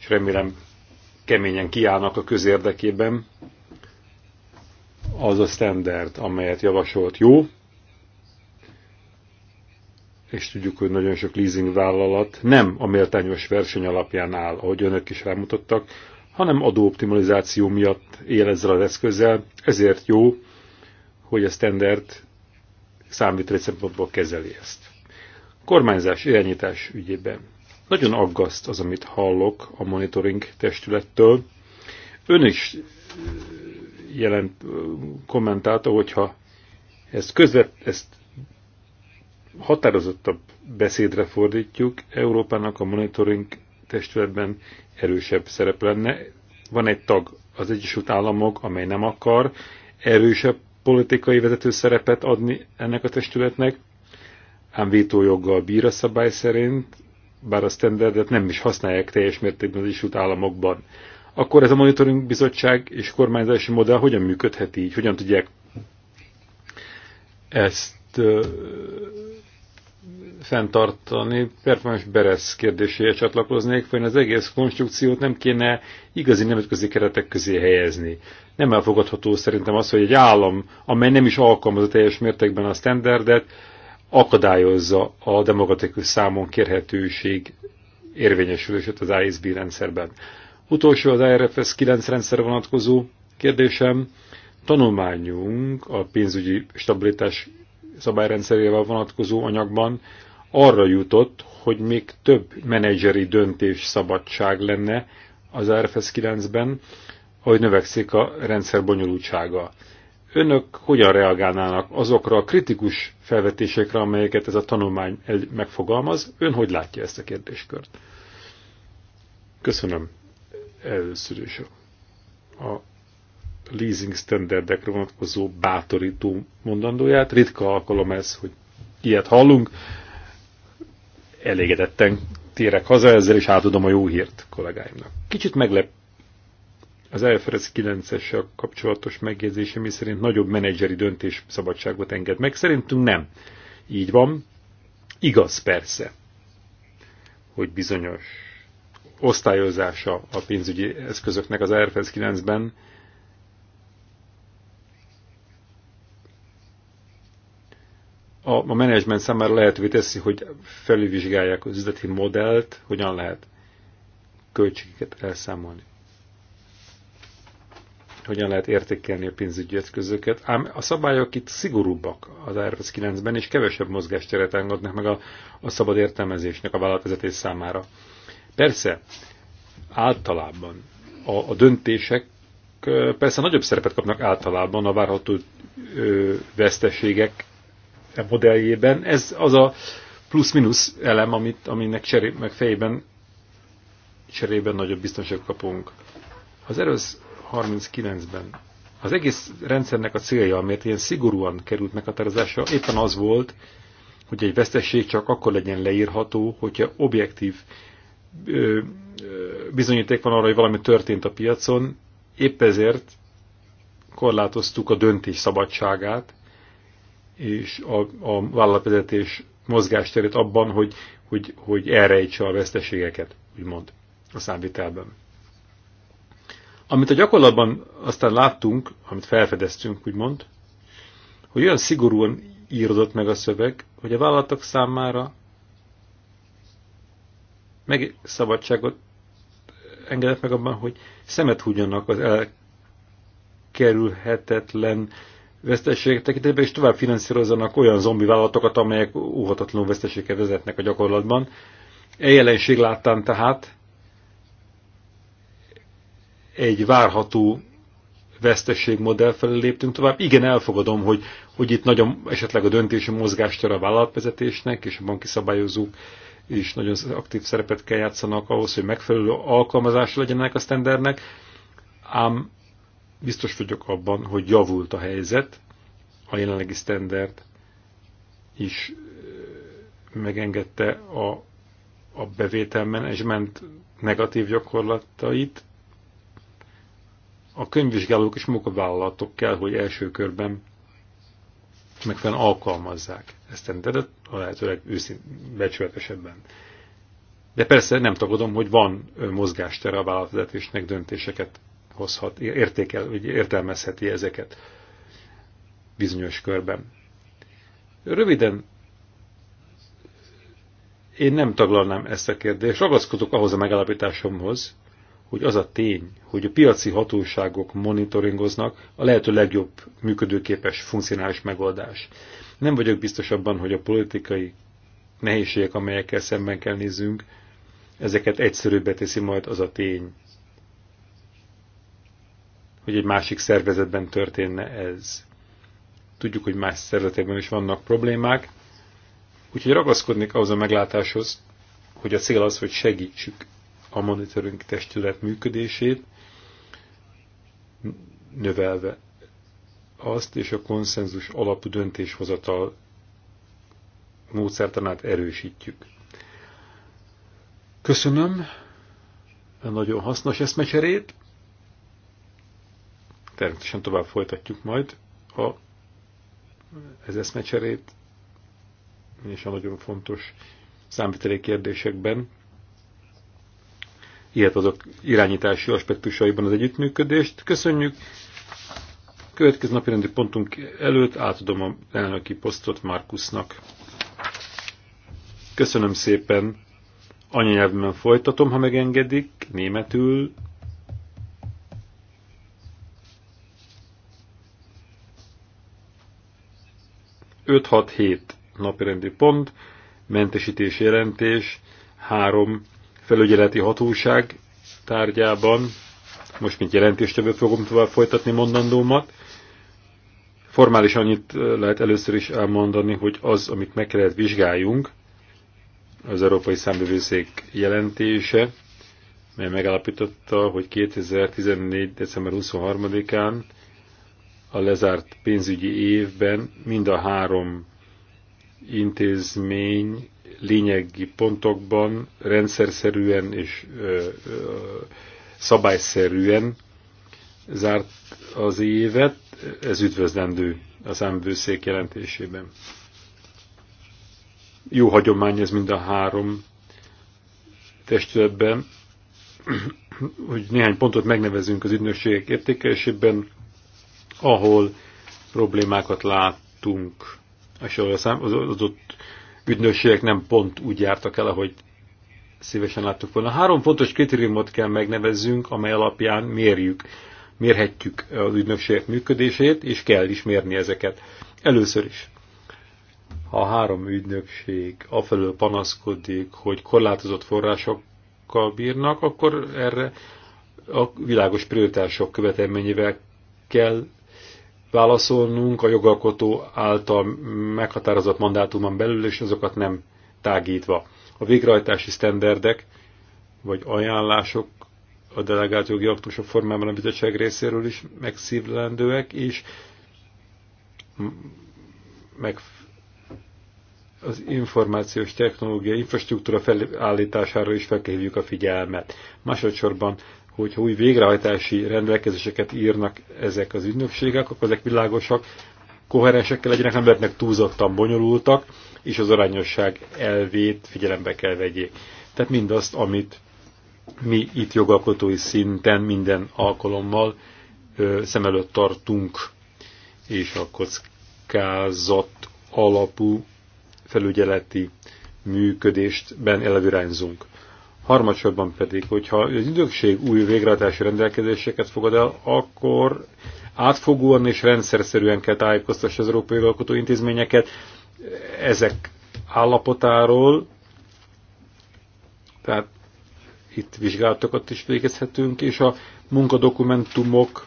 és remélem keményen kiállnak a közérdekében. Az a standard, amelyet javasolt jó, és tudjuk, hogy nagyon sok leasing vállalat nem a méltányos verseny alapján áll, ahogy önök is rámutattak, hanem adóoptimalizáció miatt él ezzel az eszközzel, ezért jó, hogy a standard számviteli szempontból kezeli ezt. Kormányzás, irányítás ügyében. Nagyon aggaszt az, amit hallok a monitoring testülettől. Ön is eh, jelent eh, kommentálta, hogyha ezt, közvet, ezt határozottabb beszédre fordítjuk, Európának a monitoring testületben erősebb szerep lenne. Van egy tag, az Egyesült Államok, amely nem akar erősebb politikai vezető szerepet adni ennek a testületnek, ám vétójoggal bír a szabály szerint, bár a standardet nem is használják teljes mértékben az Egyesült Államokban. Akkor ez a monitoring bizottság és kormányzási modell hogyan működhet így? Hogyan tudják ezt fenntartani, Performance Beresz kérdéséhez csatlakoznék, hogy az egész konstrukciót nem kéne igazi nemzetközi keretek közé helyezni. Nem elfogadható szerintem az, hogy egy állam, amely nem is a teljes mértékben a standardet, akadályozza a demokratikus számon kérhetőség érvényesülését az ISB rendszerben. Utolsó az IRFS 9 rendszer vonatkozó kérdésem. Tanulmányunk a pénzügyi stabilitás szabályrendszerével vonatkozó anyagban arra jutott, hogy még több menedzseri döntés szabadság lenne az RFS 9-ben, ahogy növekszik a rendszer bonyolultsága. Önök hogyan reagálnának azokra a kritikus felvetésekre, amelyeket ez a tanulmány megfogalmaz? Ön hogy látja ezt a kérdéskört? Köszönöm először is a leasing standardekre vonatkozó bátorító mondandóját. Ritka alkalom ez, hogy ilyet hallunk elégedetten térek haza, ezzel is átadom a jó hírt kollégáimnak. Kicsit meglep az IFRS 9 es kapcsolatos megjegyzése, mi szerint nagyobb menedzseri döntés szabadságot enged meg. Szerintünk nem. Így van. Igaz persze, hogy bizonyos osztályozása a pénzügyi eszközöknek az IFRS 9-ben a, a menedzsment számára lehetővé teszi, hogy felülvizsgálják az üzleti modellt, hogyan lehet költségeket elszámolni. Hogyan lehet értékelni a pénzügyi eszközöket. Ám a szabályok itt szigorúbbak az RFS 9-ben, és kevesebb mozgásteret engednek meg a, a szabad értelmezésnek a vállalatvezetés számára. Persze, általában a, a döntések persze nagyobb szerepet kapnak általában a várható ö, veszteségek E modelljében. Ez az a plusz-minusz elem, amit, aminek cseré, meg fejében cserében nagyobb biztonságot kapunk. Az erősz 39-ben az egész rendszernek a célja, amért ilyen szigorúan került meghatározásra, éppen az volt, hogy egy vesztesség csak akkor legyen leírható, hogyha objektív ö, bizonyíték van arra, hogy valami történt a piacon, épp ezért korlátoztuk a döntés szabadságát, és a, a vállalatvezetés mozgásterét abban, hogy, hogy, hogy elrejtse a veszteségeket, úgymond, a számvitelben. Amit a gyakorlatban aztán láttunk, amit felfedeztünk, úgymond, hogy olyan szigorúan írodott meg a szöveg, hogy a vállalatok számára meg szabadságot engedett meg abban, hogy szemet húgyanak az elkerülhetetlen veszteségek tekintetében, és tovább finanszírozzanak olyan zombi vállalatokat, amelyek óhatatlanul veszteséget vezetnek a gyakorlatban. E jelenség láttán tehát egy várható veszteségmodell felé léptünk tovább. Igen, elfogadom, hogy, hogy itt nagyon esetleg a döntési mozgástér a vállalatvezetésnek és a banki szabályozók is nagyon aktív szerepet kell játszanak ahhoz, hogy megfelelő alkalmazás legyenek a sztendernek, ám Biztos vagyok abban, hogy javult a helyzet, a jelenlegi standard is megengedte a, a bevételmenedzsment negatív gyakorlatait. A könyvvizsgálók és munkavállalatok kell, hogy első körben megfelelően alkalmazzák ezt a tendert, a lehetőleg becsületesebben. De persze nem tagadom, hogy van mozgástere a vállalatvezetésnek döntéseket hozhat, értékel, vagy értelmezheti ezeket bizonyos körben. Röviden, én nem taglalnám ezt a kérdést, ragaszkodok ahhoz a megállapításomhoz, hogy az a tény, hogy a piaci hatóságok monitoringoznak, a lehető legjobb működőképes, funkcionális megoldás. Nem vagyok biztos abban, hogy a politikai nehézségek, amelyekkel szemben kell nézzünk, ezeket egyszerűbbé teszi majd az a tény, hogy egy másik szervezetben történne ez. Tudjuk, hogy más szervezetekben is vannak problémák, úgyhogy ragaszkodnék ahhoz a meglátáshoz, hogy a cél az, hogy segítsük a monitoring testület működését, növelve azt, és a konszenzus alapú döntéshozatal módszertanát erősítjük. Köszönöm a nagyon hasznos eszmecserét. Természetesen tovább folytatjuk majd a, ez eszmecserét, és a nagyon fontos számviteli kérdésekben, ilyet azok irányítási aspektusaiban az együttműködést. Köszönjük! Következő napi rendi pontunk előtt átadom a elnöki posztot Markusnak. Köszönöm szépen! Anyanyelvben folytatom, ha megengedik, németül, 5-6-7 napirendi pont, mentesítési jelentés, három felügyeleti hatóság tárgyában, most mint jelentéstevő fogom tovább folytatni mondandómat, Formális annyit lehet először is elmondani, hogy az, amit meg kellett vizsgáljunk, az Európai Számbevőszék jelentése, mely megállapította, hogy 2014. december 23-án a lezárt pénzügyi évben mind a három intézmény lényegi pontokban rendszerszerűen és ö, ö, szabályszerűen zárt az évet, ez üdvözlendő az ámbőszék jelentésében. Jó hagyomány ez mind a három testületben, hogy néhány pontot megnevezünk az ügynökségek értékelésében, ahol problémákat láttunk, és az adott ügynökségek nem pont úgy jártak el, ahogy szívesen láttuk volna. Három fontos kritériumot kell megnevezzünk, amely alapján mérjük, mérhetjük az ügynökségek működését, és kell is mérni ezeket. Először is, ha a három ügynökség afelől panaszkodik, hogy korlátozott forrásokkal bírnak, akkor erre a világos prioritások követelményével kell válaszolnunk a jogalkotó által meghatározott mandátumon belül, és azokat nem tágítva. A végrehajtási sztenderdek vagy ajánlások a delegált jogi aktusok formában a bizottság részéről is megszívlendőek, és meg az információs technológia infrastruktúra felállítására is felkérjük a figyelmet. Másodszorban hogyha új végrehajtási rendelkezéseket írnak ezek az ügynökségek, akkor ezek világosak, koherensekkel legyenek, nem lehetnek túlzottan bonyolultak, és az arányosság elvét figyelembe kell vegyék. Tehát mindazt, amit mi itt jogalkotói szinten minden alkalommal ö, szem előtt tartunk, és a kockázat alapú felügyeleti működéstben elvirányzunk. Harmadsorban pedig, hogyha az időkség új végrehajtási rendelkezéseket fogad el, akkor átfogóan és rendszerszerűen kell tájékoztassa az európai alkotó intézményeket ezek állapotáról, tehát itt vizsgálatokat is végezhetünk, és a munkadokumentumok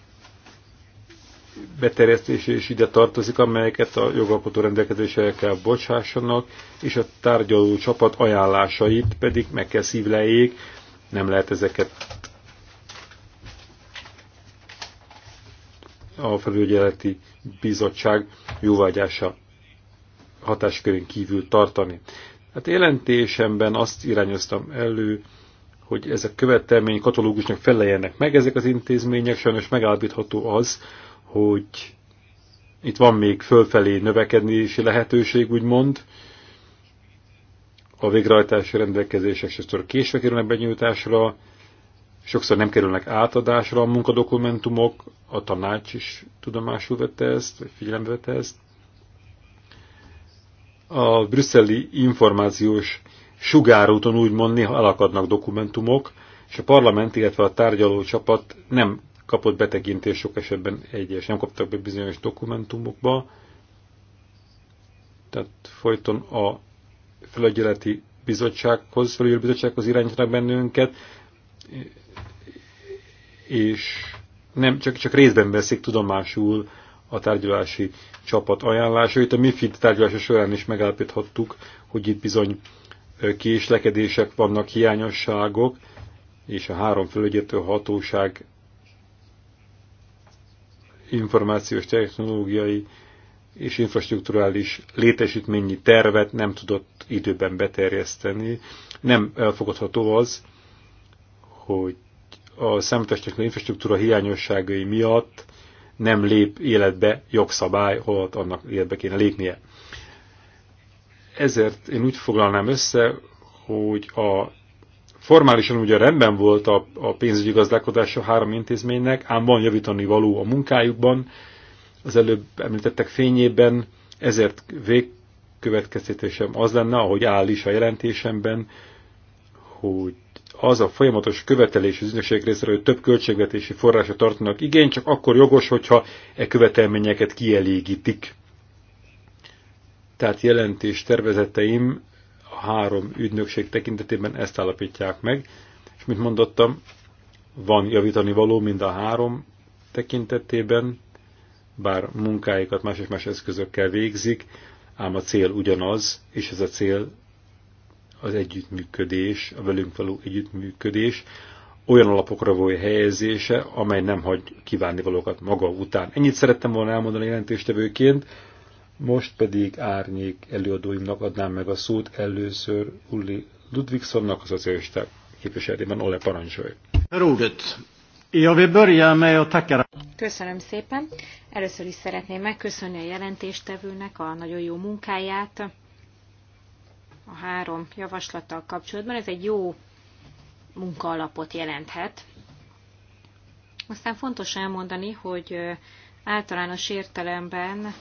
beterjesztése is ide tartozik, amelyeket a jogalkotó rendelkezésre kell bocsássanak, és a tárgyaló csapat ajánlásait pedig meg kell szívlejék, nem lehet ezeket a felügyeleti bizottság jóvágyása hatáskörén kívül tartani. Hát jelentésemben azt irányoztam elő, hogy ezek követelmény katalógusnak feleljenek meg ezek az intézmények, sajnos megállapítható az, hogy itt van még fölfelé növekedési lehetőség, úgymond, a végrehajtási rendelkezések sokszor késve kerülnek benyújtásra, sokszor nem kerülnek átadásra a munkadokumentumok, a tanács is tudomásul vette ezt, vagy figyelembe vette ezt. A brüsszeli információs sugárúton úgymond néha elakadnak dokumentumok, és a parlament, illetve a tárgyaló csapat nem kapott betekintés sok esetben egyes, nem kaptak be bizonyos dokumentumokba, tehát folyton a felügyeleti bizottsághoz, felügyeleti bizottsághoz irányítanak bennünket, és nem, csak, csak részben veszik tudomásul a tárgyalási csapat ajánlásait. A MIFID tárgyalása során is megállapíthattuk, hogy itt bizony késlekedések vannak, hiányosságok, és a három felügyelő hatóság információs technológiai és infrastruktúrális létesítményi tervet nem tudott időben beterjeszteni. Nem elfogadható az, hogy a számítástechnikai infrastruktúra hiányosságai miatt nem lép életbe jogszabály, hol annak életbe kéne lépnie. Ezért én úgy foglalnám össze, hogy a Formálisan ugye rendben volt a, a pénzügyi gazdálkodása három intézménynek, ám van javítani való a munkájukban. Az előbb említettek fényében, ezért végkövetkeztetésem az lenne, ahogy áll is a jelentésemben, hogy az a folyamatos követelés az ügynökség részéről, hogy több költségvetési forrása tartanak igény, csak akkor jogos, hogyha e követelményeket kielégítik. Tehát jelentés tervezeteim három ügynökség tekintetében ezt állapítják meg, és mint mondottam, van javítani való mind a három tekintetében, bár munkáikat más és más eszközökkel végzik, ám a cél ugyanaz, és ez a cél az együttműködés, a velünk való együttműködés, olyan alapokra való helyezése, amely nem hagy kívánni valókat maga után. Ennyit szerettem volna elmondani jelentéstevőként, most pedig árnyék előadóimnak adnám meg a szót először Ulli Ludvigsonnak, az őste képviseletében Ole parancsolj. Rúdött. Köszönöm szépen. Először is szeretném megköszönni a jelentéstevőnek a nagyon jó munkáját a három javaslattal kapcsolatban. Ez egy jó munkaalapot jelenthet. Aztán fontos elmondani, hogy általános értelemben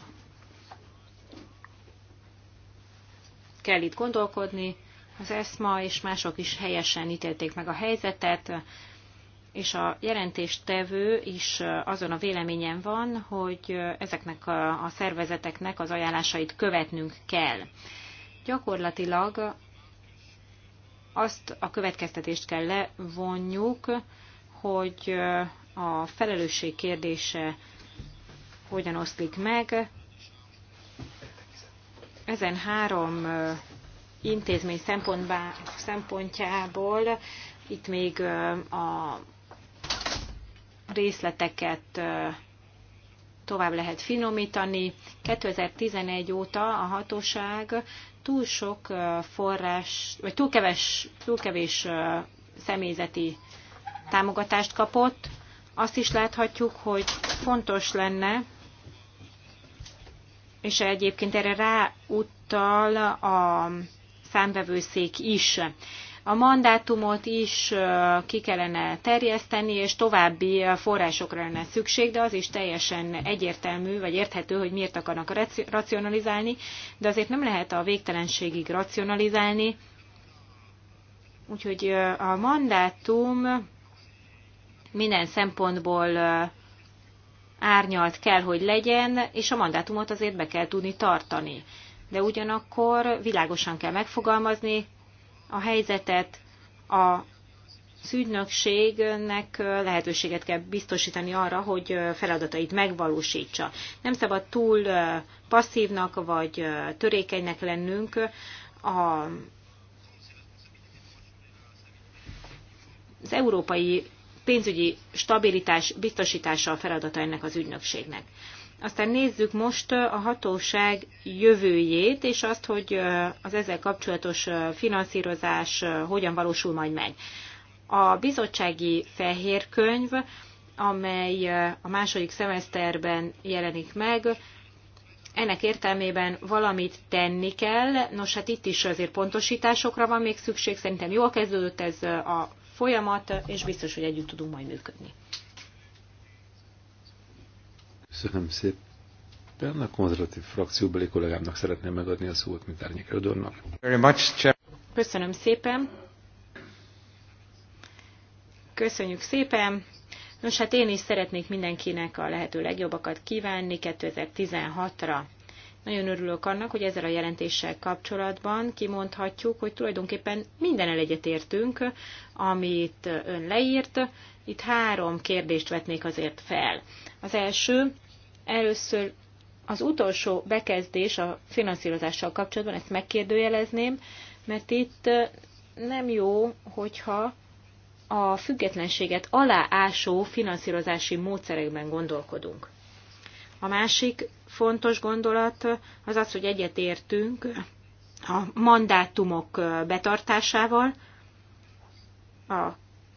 kell itt gondolkodni. Az ESMA és mások is helyesen ítélték meg a helyzetet, és a jelentéstevő is azon a véleményen van, hogy ezeknek a szervezeteknek az ajánlásait követnünk kell. Gyakorlatilag azt a következtetést kell levonjuk, hogy a felelősség kérdése hogyan oszlik meg, ezen három intézmény szempontjából itt még a részleteket tovább lehet finomítani. 2011 óta a hatóság túl sok forrás, vagy túl kevés, túl kevés személyzeti támogatást kapott. Azt is láthatjuk, hogy fontos lenne és egyébként erre ráutal a számvevőszék is. A mandátumot is ki kellene terjeszteni, és további forrásokra lenne szükség, de az is teljesen egyértelmű, vagy érthető, hogy miért akarnak racionalizálni, de azért nem lehet a végtelenségig racionalizálni. Úgyhogy a mandátum minden szempontból árnyalt kell, hogy legyen, és a mandátumot azért be kell tudni tartani. De ugyanakkor világosan kell megfogalmazni a helyzetet, a szügynökségnek lehetőséget kell biztosítani arra, hogy feladatait megvalósítsa. Nem szabad túl passzívnak vagy törékenynek lennünk a az európai pénzügyi stabilitás biztosítása a feladata ennek az ügynökségnek. Aztán nézzük most a hatóság jövőjét, és azt, hogy az ezzel kapcsolatos finanszírozás hogyan valósul majd meg. A bizottsági fehér könyv, amely a második szemeszterben jelenik meg, ennek értelmében valamit tenni kell. Nos, hát itt is azért pontosításokra van még szükség. Szerintem jól kezdődött ez a folyamat, és biztos, hogy együtt tudunk majd működni. Köszönöm szépen. A konzervatív frakcióbeli kollégámnak szeretném megadni a szót, mint Árnyék Ödornak. Köszönöm szépen. Köszönjük szépen. Nos, hát én is szeretnék mindenkinek a lehető legjobbakat kívánni 2016-ra. Nagyon örülök annak, hogy ezzel a jelentéssel kapcsolatban kimondhatjuk, hogy tulajdonképpen minden egyetértünk, amit ön leírt. Itt három kérdést vetnék azért fel. Az első, először az utolsó bekezdés a finanszírozással kapcsolatban, ezt megkérdőjelezném, mert itt nem jó, hogyha a függetlenséget aláásó finanszírozási módszerekben gondolkodunk. A másik fontos gondolat az az, hogy egyetértünk a mandátumok betartásával, a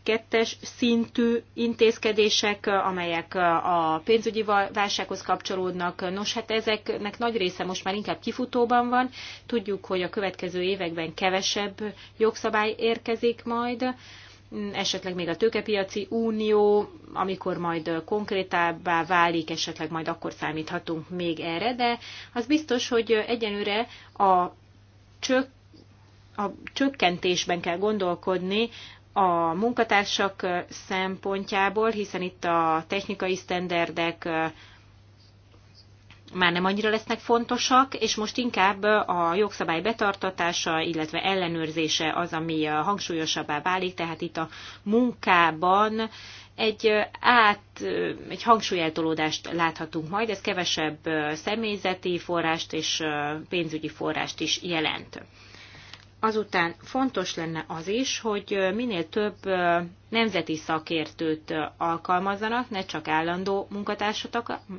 kettes szintű intézkedések, amelyek a pénzügyi válsághoz kapcsolódnak. Nos, hát ezeknek nagy része most már inkább kifutóban van. Tudjuk, hogy a következő években kevesebb jogszabály érkezik majd esetleg még a tőkepiaci unió, amikor majd konkrétábbá válik, esetleg majd akkor számíthatunk még erre, de az biztos, hogy egyenőre a, csök, a csökkentésben kell gondolkodni, a munkatársak szempontjából, hiszen itt a technikai sztenderdek már nem annyira lesznek fontosak, és most inkább a jogszabály betartatása, illetve ellenőrzése az, ami hangsúlyosabbá válik, tehát itt a munkában egy át, egy hangsúlyeltolódást láthatunk majd, ez kevesebb személyzeti forrást és pénzügyi forrást is jelent. Azután fontos lenne az is, hogy minél több nemzeti szakértőt alkalmazzanak, ne csak állandó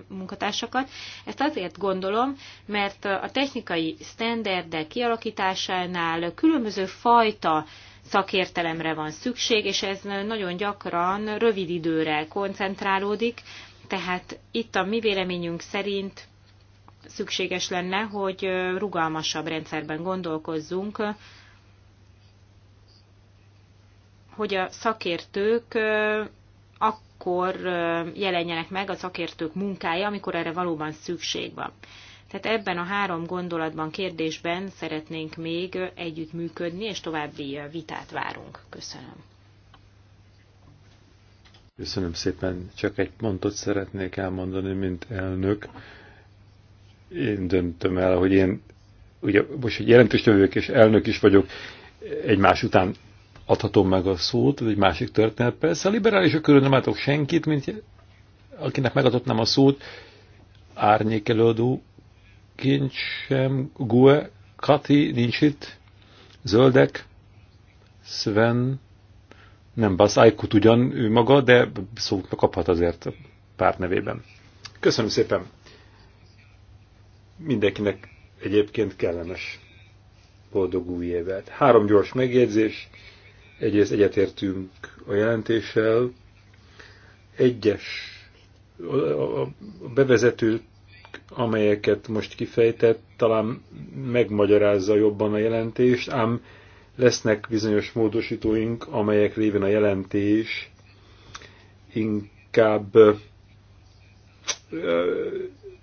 munkatársakat. Ezt azért gondolom, mert a technikai sztenderdek kialakításánál különböző fajta szakértelemre van szükség, és ez nagyon gyakran rövid időre koncentrálódik, tehát itt a mi véleményünk szerint szükséges lenne, hogy rugalmasabb rendszerben gondolkozzunk, hogy a szakértők akkor jelenjenek meg a szakértők munkája, amikor erre valóban szükség van. Tehát ebben a három gondolatban, kérdésben szeretnénk még együttműködni, és további vitát várunk. Köszönöm. Köszönöm szépen. Csak egy pontot szeretnék elmondani, mint elnök én döntöm el, hogy én ugye most egy jelentős tövők és elnök is vagyok, egymás után adhatom meg a szót, ez egy másik történet. Persze a liberálisok körül nem látok senkit, mint akinek megadhatnám a szót, árnyék előadó kincsem, Gue, Kati nincs itt, Zöldek, Sven, nem basz, Aikut ugyan ő maga, de szót kaphat azért a párt nevében. Köszönöm szépen! Mindenkinek egyébként kellemes boldog új évet. Három gyors megjegyzés. Egyrészt egyetértünk a jelentéssel. Egyes a bevezetők, amelyeket most kifejtett, talán megmagyarázza jobban a jelentést, ám lesznek bizonyos módosítóink, amelyek révén a jelentés inkább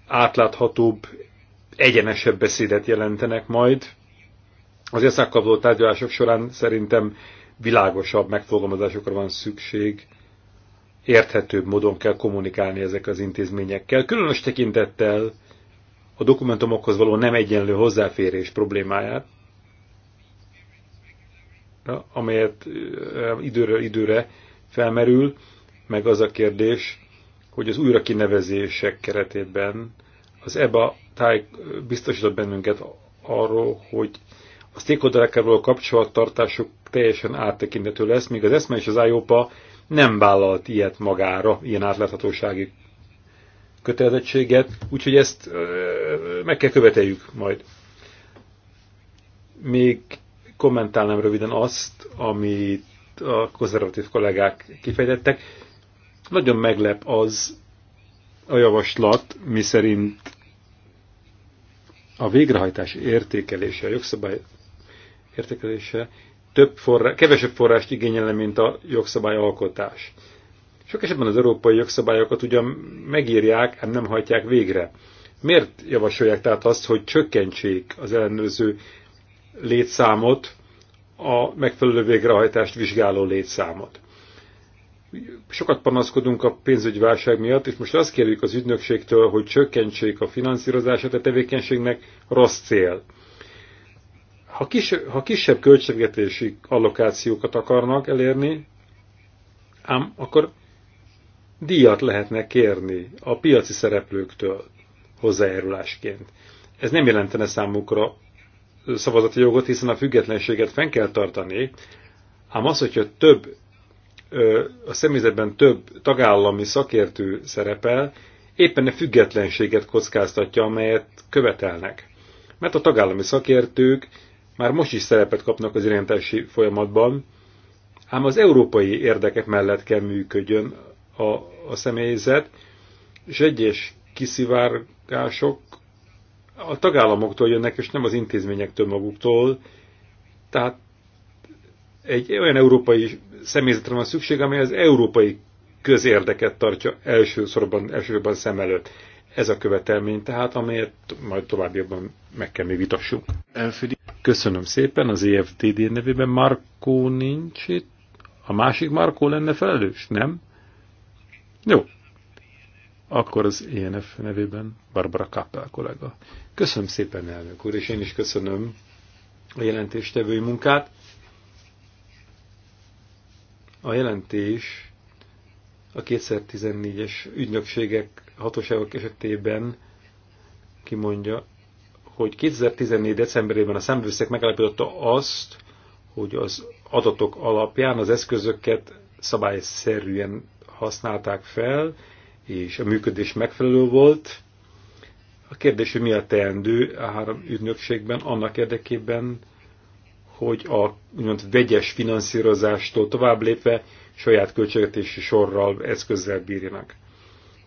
átláthatóbb, egyenesebb beszédet jelentenek majd. Az eszakkabló tárgyalások során szerintem világosabb megfogalmazásokra van szükség, érthetőbb módon kell kommunikálni ezek az intézményekkel, különös tekintettel a dokumentumokhoz való nem egyenlő hozzáférés problémáját, amelyet időre időre felmerül, meg az a kérdés, hogy az újrakinevezések keretében az EBA táj biztosított bennünket arról, hogy a stakeholderekkel való kapcsolattartásuk teljesen áttekintető lesz, míg az ESMA és az IOPA nem vállalt ilyet magára, ilyen átláthatósági kötelezettséget, úgyhogy ezt meg kell követeljük majd. Még kommentálnám röviden azt, amit a konzervatív kollégák kifejtettek. Nagyon meglep az a javaslat, miszerint a végrehajtás értékelése, a jogszabály értékelése több forrá, kevesebb forrást igényel, mint a jogszabály alkotás. Sok esetben az európai jogszabályokat ugyan megírják, ám nem hajtják végre. Miért javasolják tehát azt, hogy csökkentsék az ellenőrző létszámot, a megfelelő végrehajtást vizsgáló létszámot? sokat panaszkodunk a pénzügyi válság miatt, és most azt kérjük az ügynökségtől, hogy csökkentsék a finanszírozását a tevékenységnek, rossz cél. Ha, kis, ha kisebb költségvetési allokációkat akarnak elérni, ám akkor díjat lehetne kérni a piaci szereplőktől hozzájárulásként. Ez nem jelentene számukra szavazati jogot, hiszen a függetlenséget fenn kell tartani, ám az, hogyha több a személyzetben több tagállami szakértő szerepel, éppen a függetlenséget kockáztatja, amelyet követelnek. Mert a tagállami szakértők már most is szerepet kapnak az irányítási folyamatban, ám az európai érdekek mellett kell működjön a, a személyzet, és egyes kiszivárgások a tagállamoktól jönnek, és nem az intézményektől maguktól, tehát egy olyan európai személyzetre van szükség, amely az európai közérdeket tartja elsősorban, elsősorban szem előtt. Ez a követelmény tehát, amelyet majd továbbiakban meg kell még vitassunk. Köszönöm szépen, az EFTD nevében Markó nincs itt. A másik Markó lenne felelős, nem? Jó. Akkor az ENF nevében Barbara Kappel kollega. Köszönöm szépen, elnök úr, és én is köszönöm a jelentéstevői munkát. A jelentés a 2014-es ügynökségek hatóságok esetében kimondja, hogy 2014. decemberében a számbőszek megállapította azt, hogy az adatok alapján az eszközöket szabályszerűen használták fel, és a működés megfelelő volt. A kérdés, hogy mi a teendő a három ügynökségben annak érdekében, hogy a úgymond, vegyes finanszírozástól tovább lépve saját költségvetési sorral, eszközzel bírjanak.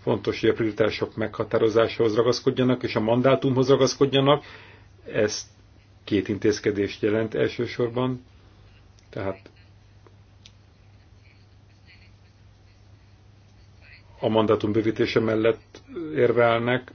Fontos, hogy a prioritások meghatározásához ragaszkodjanak, és a mandátumhoz ragaszkodjanak. Ezt két intézkedést jelent elsősorban. Tehát a mandátum bővítése mellett érvelnek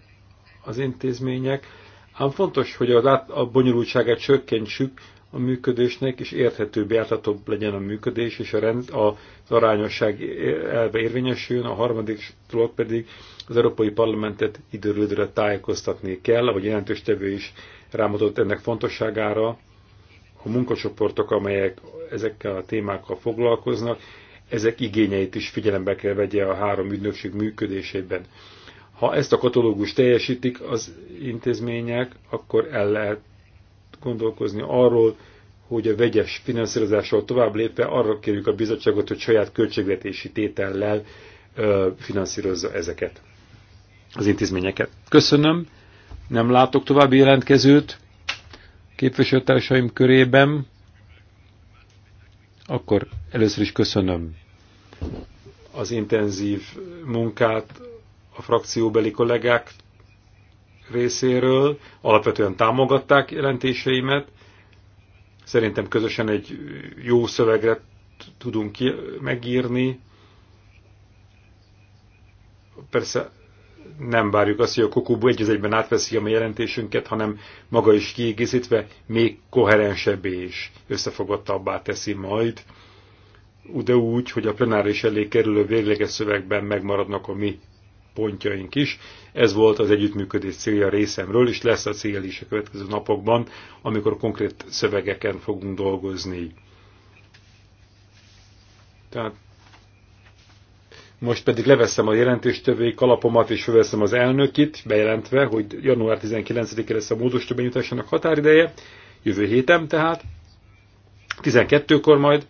az intézmények, ám fontos, hogy a, lát, a bonyolultságát csökkentsük a működésnek, és érthetőbb, jártatóbb legyen a működés, és a rend, a, az arányosság elve érvényesüljön, a harmadik dolog pedig az Európai Parlamentet időről időre tájékoztatni kell, vagy jelentős tevő is rámutatott ennek fontosságára, a munkacsoportok, amelyek ezekkel a témákkal foglalkoznak, ezek igényeit is figyelembe kell vegye a három ügynökség működésében. Ha ezt a katalógus teljesítik az intézmények, akkor el lehet gondolkozni arról, hogy a vegyes finanszírozással tovább lépve arra kérjük a bizottságot, hogy saját költségvetési tétellel finanszírozza ezeket az intézményeket. Köszönöm, nem látok további jelentkezőt képviselőtársaim körében. Akkor először is köszönöm az intenzív munkát a frakcióbeli kollégáktól, részéről, alapvetően támogatták jelentéseimet. Szerintem közösen egy jó szövegre tudunk ki, megírni. Persze nem várjuk azt, hogy a kokóbú egy egyben átveszi a mi jelentésünket, hanem maga is kiegészítve még koherensebbé és összefogottabbá teszi majd, de úgy, hogy a plenáris elé kerülő végleges szövegben megmaradnak a mi pontjaink is, ez volt az együttműködés célja részemről, és lesz a cél is a következő napokban, amikor konkrét szövegeken fogunk dolgozni. Tehát most pedig leveszem a jelentéstövői kalapomat, és felveszem az elnökit, bejelentve, hogy január 19-e lesz a módos benyújtásának határideje, jövő héten tehát, 12-kor majd,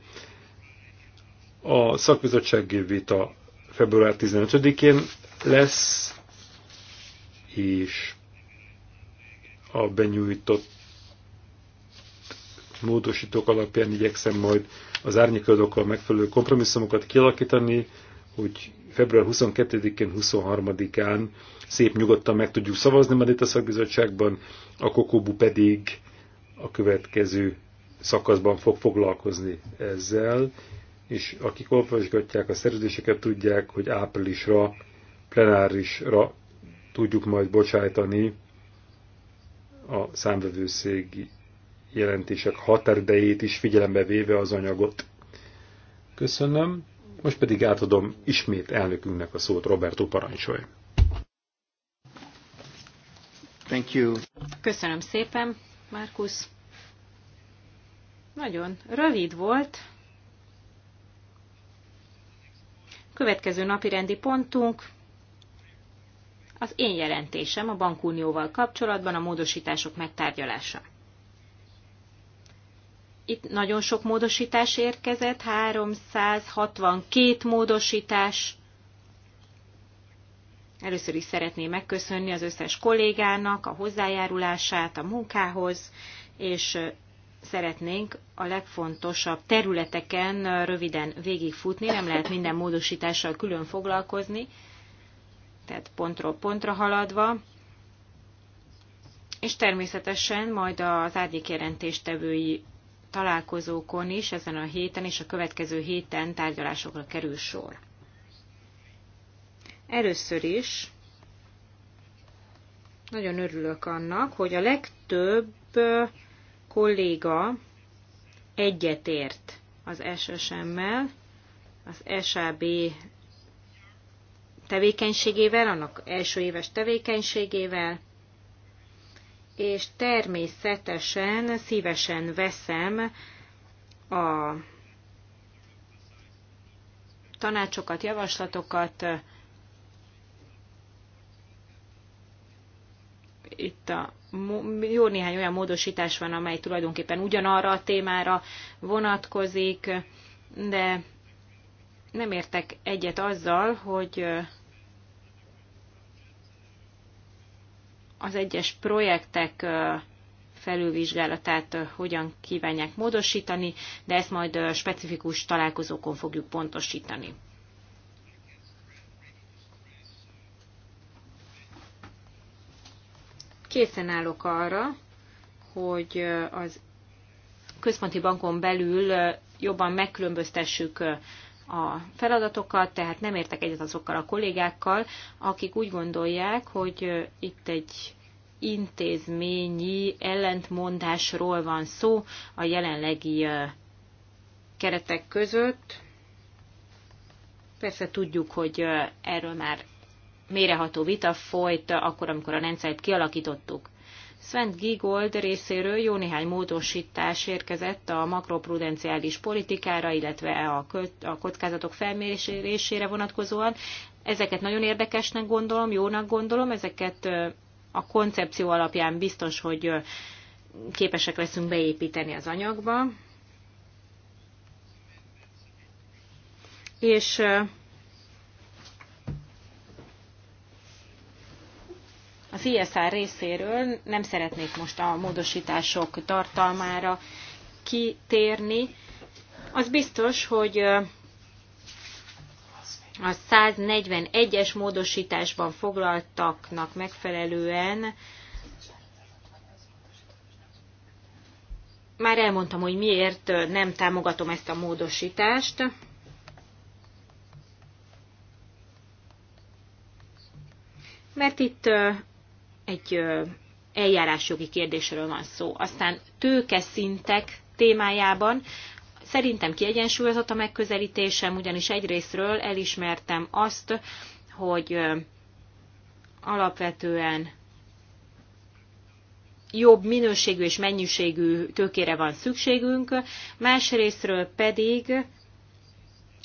a szakbizottsági vita február 15-én lesz, és a benyújtott módosítók alapján igyekszem majd az árnyékadókkal megfelelő kompromisszumokat kialakítani, hogy február 22-én, 23-án szép nyugodtan meg tudjuk szavazni majd itt a szakbizottságban, a Kokobu pedig a következő szakaszban fog foglalkozni ezzel, és akik olvasgatják a szerződéseket, tudják, hogy áprilisra plenárisra tudjuk majd bocsájtani a számvevőszég jelentések határidejét is figyelembe véve az anyagot. Köszönöm. Most pedig átadom ismét elnökünknek a szót, Roberto Parancsoly. Thank you. Köszönöm szépen, Markus. Nagyon rövid volt. Következő napi rendi pontunk az én jelentésem a bankunióval kapcsolatban a módosítások megtárgyalása. Itt nagyon sok módosítás érkezett, 362 módosítás. Először is szeretném megköszönni az összes kollégának a hozzájárulását a munkához, és szeretnénk a legfontosabb területeken röviden végigfutni, nem lehet minden módosítással külön foglalkozni, tehát pontról pontra haladva, és természetesen majd az árnyékjelentéstevői találkozókon is ezen a héten és a következő héten tárgyalásokra kerül sor. Először is nagyon örülök annak, hogy a legtöbb kolléga egyetért az SSM-mel, az SAB tevékenységével, annak első éves tevékenységével, és természetesen szívesen veszem a tanácsokat, javaslatokat itt a jó néhány olyan módosítás van, amely tulajdonképpen ugyanarra a témára vonatkozik, de nem értek egyet azzal, hogy az egyes projektek felülvizsgálatát hogyan kívánják módosítani, de ezt majd specifikus találkozókon fogjuk pontosítani. Készen állok arra, hogy az központi bankon belül jobban megkülönböztessük a feladatokat, tehát nem értek egyet azokkal a kollégákkal, akik úgy gondolják, hogy itt egy intézményi ellentmondásról van szó a jelenlegi keretek között. Persze tudjuk, hogy erről már méreható vita folyt akkor, amikor a rendszert kialakítottuk. Szent Gigold részéről jó néhány módosítás érkezett a makroprudenciális politikára, illetve a, a kockázatok felmérésére vonatkozóan. Ezeket nagyon érdekesnek gondolom, jónak gondolom, ezeket a koncepció alapján biztos, hogy képesek leszünk beépíteni az anyagba. És A CSR részéről nem szeretnék most a módosítások tartalmára kitérni. Az biztos, hogy a 141-es módosításban foglaltaknak megfelelően már elmondtam, hogy miért nem támogatom ezt a módosítást. Mert itt egy eljárásjogi kérdésről van szó. Aztán tőkeszintek témájában szerintem kiegyensúlyozott a megközelítésem, ugyanis egyrésztről elismertem azt, hogy alapvetően jobb minőségű és mennyiségű tőkére van szükségünk, másrésztről pedig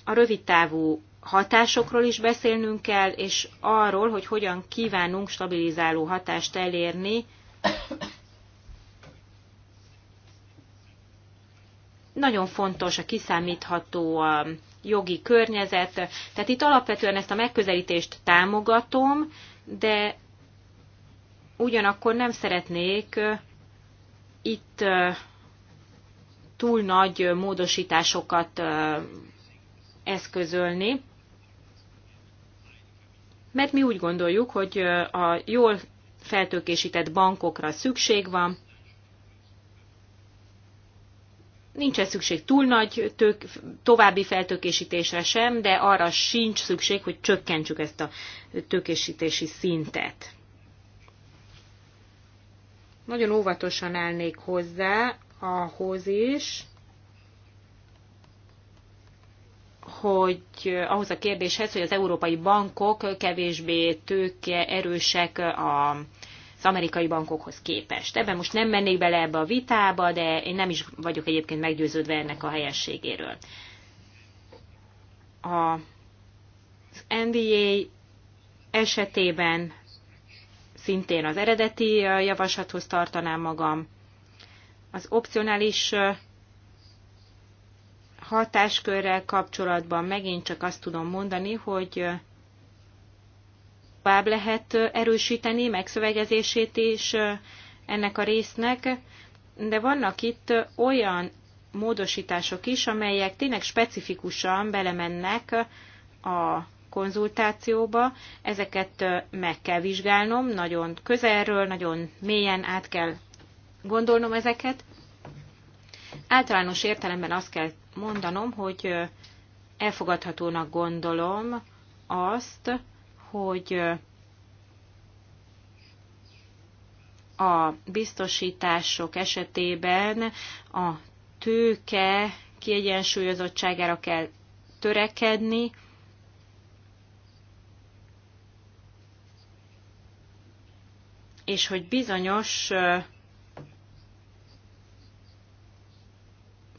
a rövidtávú hatásokról is beszélnünk kell, és arról, hogy hogyan kívánunk stabilizáló hatást elérni. Nagyon fontos a kiszámítható jogi környezet. Tehát itt alapvetően ezt a megközelítést támogatom, de ugyanakkor nem szeretnék itt túl nagy módosításokat eszközölni. Mert mi úgy gondoljuk, hogy a jól feltőkésített bankokra szükség van, Nincs szükség túl nagy tök, további feltökésítésre sem, de arra sincs szükség, hogy csökkentsük ezt a tökésítési szintet. Nagyon óvatosan állnék hozzá ahhoz is, hogy ahhoz a kérdéshez, hogy az európai bankok kevésbé tőke erősek a, az amerikai bankokhoz képest. Ebben most nem mennék bele ebbe a vitába, de én nem is vagyok egyébként meggyőződve ennek a helyességéről. A, az NDA esetében szintén az eredeti javaslathoz tartanám magam. Az opcionális hatáskörrel kapcsolatban megint csak azt tudom mondani, hogy tovább lehet erősíteni megszövegezését is ennek a résznek, de vannak itt olyan módosítások is, amelyek tényleg specifikusan belemennek a konzultációba. Ezeket meg kell vizsgálnom, nagyon közelről, nagyon mélyen át kell gondolnom ezeket. Általános értelemben azt kell mondanom, hogy elfogadhatónak gondolom azt, hogy a biztosítások esetében a tőke kiegyensúlyozottságára kell törekedni, és hogy bizonyos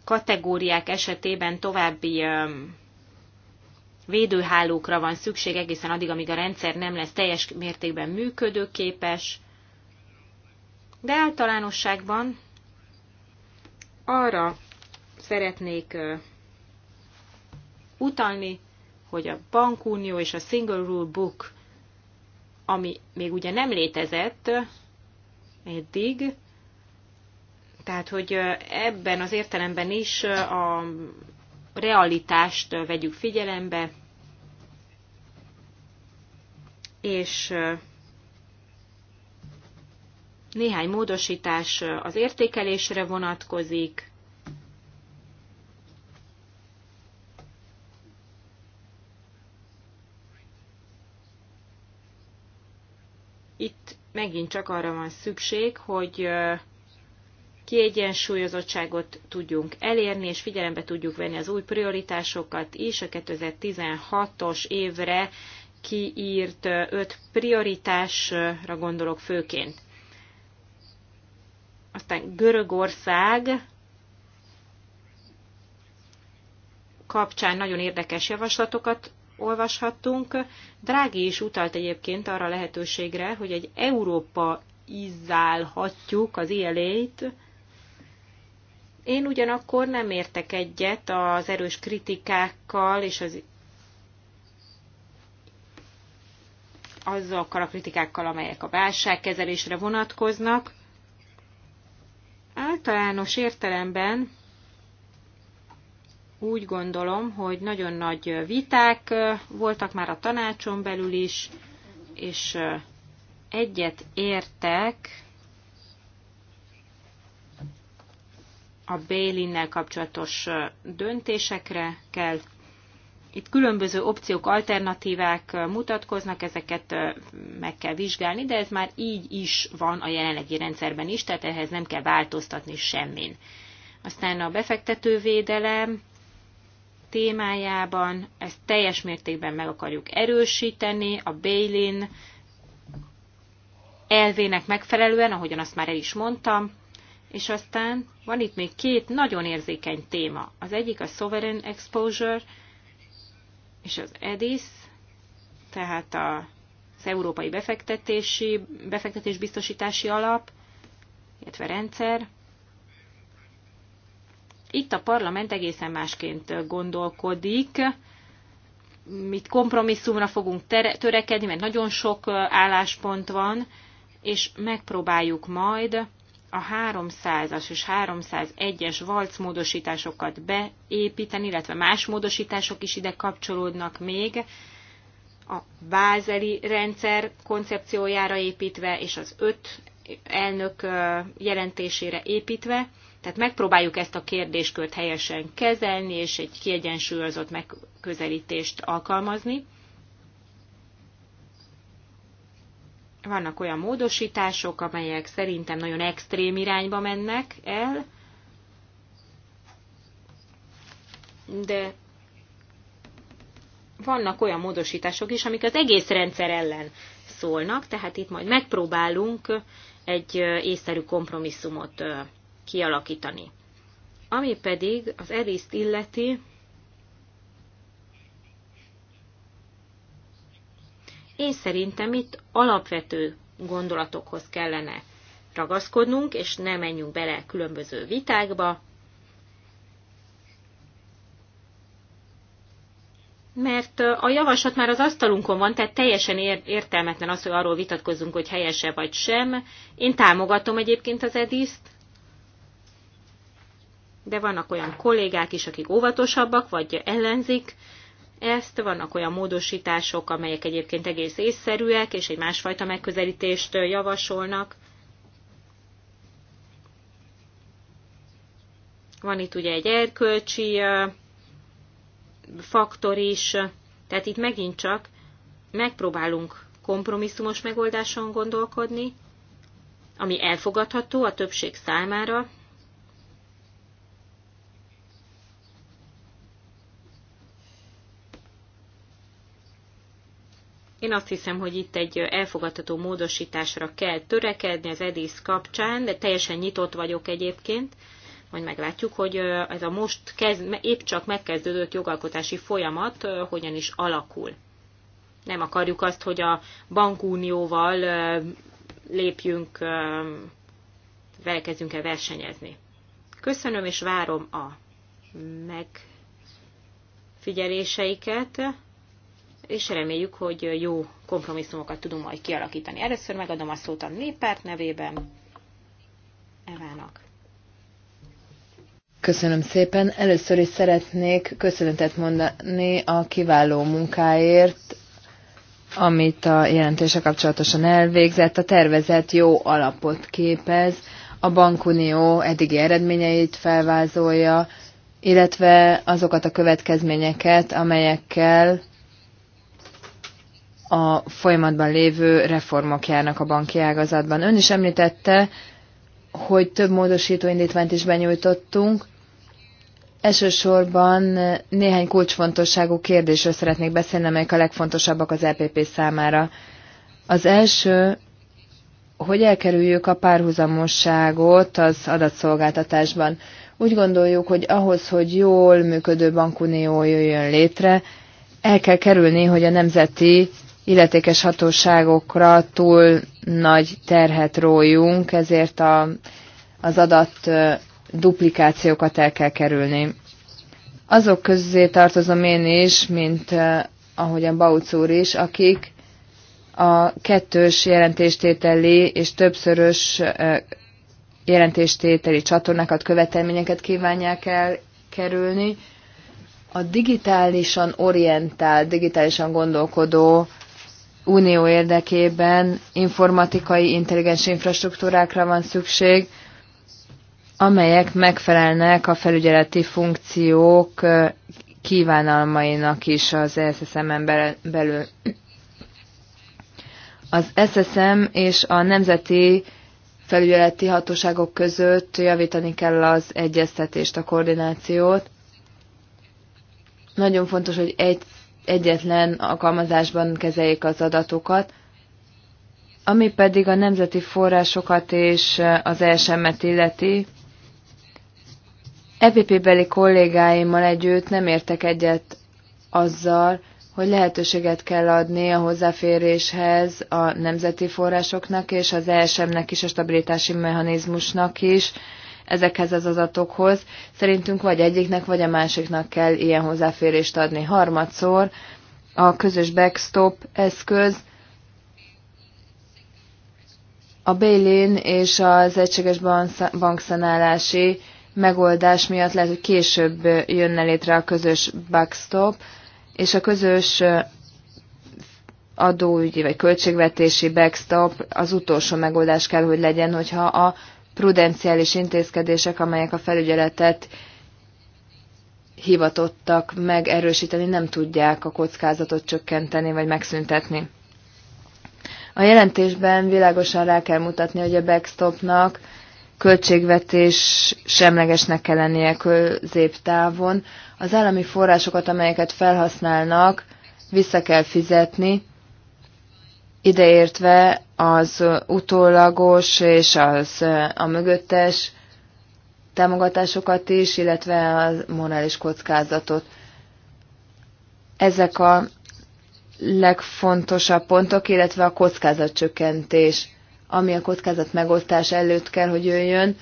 kategóriák esetében további védőhálókra van szükség egészen addig, amíg a rendszer nem lesz teljes mértékben működőképes, de általánosságban arra szeretnék utalni, hogy a bankunió és a single rule book, ami még ugye nem létezett eddig, tehát, hogy ebben az értelemben is a realitást vegyük figyelembe, és néhány módosítás az értékelésre vonatkozik, Itt megint csak arra van szükség, hogy kiegyensúlyozottságot tudjunk elérni, és figyelembe tudjuk venni az új prioritásokat is, a 2016-os évre kiírt öt prioritásra gondolok főként. Aztán Görögország kapcsán nagyon érdekes javaslatokat olvashattunk. Drági is utalt egyébként arra a lehetőségre, hogy egy Európa izálhatjuk az ilyelét, én ugyanakkor nem értek egyet az erős kritikákkal és az azokkal a kritikákkal, amelyek a válságkezelésre vonatkoznak. Általános értelemben úgy gondolom, hogy nagyon nagy viták voltak már a tanácson belül is, és egyet értek a Bélinnel kapcsolatos döntésekre kell. Itt különböző opciók, alternatívák mutatkoznak, ezeket meg kell vizsgálni, de ez már így is van a jelenlegi rendszerben is, tehát ehhez nem kell változtatni semmin. Aztán a befektetővédelem témájában ezt teljes mértékben meg akarjuk erősíteni, a Bélin elvének megfelelően, ahogyan azt már el is mondtam, és aztán van itt még két nagyon érzékeny téma. Az egyik a sovereign exposure, és az EDIS, tehát a, az Európai Befektetési, Befektetés Biztosítási Alap, illetve rendszer. Itt a parlament egészen másként gondolkodik, mit kompromisszumra fogunk törekedni, mert nagyon sok álláspont van, és megpróbáljuk majd a 300-as és 301-es valc módosításokat beépíteni, illetve más módosítások is ide kapcsolódnak még, a bázeli rendszer koncepciójára építve, és az öt elnök jelentésére építve. Tehát megpróbáljuk ezt a kérdéskört helyesen kezelni, és egy kiegyensúlyozott megközelítést alkalmazni. Vannak olyan módosítások, amelyek szerintem nagyon extrém irányba mennek el, de vannak olyan módosítások is, amik az egész rendszer ellen szólnak, tehát itt majd megpróbálunk egy észszerű kompromisszumot kialakítani. Ami pedig az eriszt illeti, Én szerintem itt alapvető gondolatokhoz kellene ragaszkodnunk, és ne menjünk bele különböző vitákba, mert a javaslat már az asztalunkon van, tehát teljesen értelmetlen az, hogy arról vitatkozzunk, hogy helyese vagy sem. Én támogatom egyébként az ediszt, de vannak olyan kollégák is, akik óvatosabbak, vagy ellenzik ezt, vannak olyan módosítások, amelyek egyébként egész észszerűek, és egy másfajta megközelítést javasolnak. Van itt ugye egy erkölcsi faktor is, tehát itt megint csak megpróbálunk kompromisszumos megoldáson gondolkodni, ami elfogadható a többség számára, Én azt hiszem, hogy itt egy elfogadható módosításra kell törekedni az EDIS kapcsán, de teljesen nyitott vagyok egyébként, majd meglátjuk, hogy ez a most kezd, épp csak megkezdődött jogalkotási folyamat hogyan is alakul. Nem akarjuk azt, hogy a bankunióval lépjünk, vele e el versenyezni. Köszönöm és várom a megfigyeléseiket és reméljük, hogy jó kompromisszumokat tudunk majd kialakítani. Először megadom a szót a néppárt nevében. Evának. Köszönöm szépen. Először is szeretnék köszönetet mondani a kiváló munkáért, amit a jelentése kapcsolatosan elvégzett. A tervezet jó alapot képez, a bankunió eddigi eredményeit felvázolja, illetve azokat a következményeket, amelyekkel a folyamatban lévő reformok járnak a banki ágazatban. Ön is említette, hogy több módosító indítványt is benyújtottunk. Elsősorban néhány kulcsfontosságú kérdésről szeretnék beszélni, amelyek a legfontosabbak az EPP számára. Az első, hogy elkerüljük a párhuzamosságot az adatszolgáltatásban. Úgy gondoljuk, hogy ahhoz, hogy jól működő bankunió jöjjön létre, el kell kerülni, hogy a nemzeti illetékes hatóságokra túl nagy terhet rójunk, ezért a, az adat duplikációkat el kell kerülni. Azok közé tartozom én is, mint ahogyan Bauc úr is, akik a kettős jelentéstételi és többszörös jelentéstételi csatornákat, követelményeket kívánják el kerülni, A digitálisan orientált, digitálisan gondolkodó unió érdekében informatikai intelligens infrastruktúrákra van szükség, amelyek megfelelnek a felügyeleti funkciók kívánalmainak is az SSM-en belül. Az SSM és a nemzeti felügyeleti hatóságok között javítani kell az egyeztetést, a koordinációt. Nagyon fontos, hogy egy egyetlen alkalmazásban kezeljék az adatokat, ami pedig a nemzeti forrásokat és az ESM-et illeti. EPP-beli kollégáimmal együtt nem értek egyet azzal, hogy lehetőséget kell adni a hozzáféréshez a nemzeti forrásoknak és az ESM-nek is, a stabilitási mechanizmusnak is, ezekhez az adatokhoz. Szerintünk vagy egyiknek, vagy a másiknak kell ilyen hozzáférést adni. Harmadszor a közös backstop eszköz a Bélin és az egységes bankszanálási megoldás miatt lehet, hogy később jönne létre a közös backstop, és a közös adóügyi vagy költségvetési backstop az utolsó megoldás kell, hogy legyen, hogyha a prudenciális intézkedések, amelyek a felügyeletet hivatottak megerősíteni, nem tudják a kockázatot csökkenteni vagy megszüntetni. A jelentésben világosan rá kell mutatni, hogy a backstopnak költségvetés semlegesnek kell lennie középtávon. Az állami forrásokat, amelyeket felhasználnak, vissza kell fizetni, ideértve az utólagos és az a mögöttes támogatásokat is, illetve a morális kockázatot. Ezek a legfontosabb pontok, illetve a kockázatcsökkentés, ami a kockázat megosztás előtt kell, hogy jöjjön.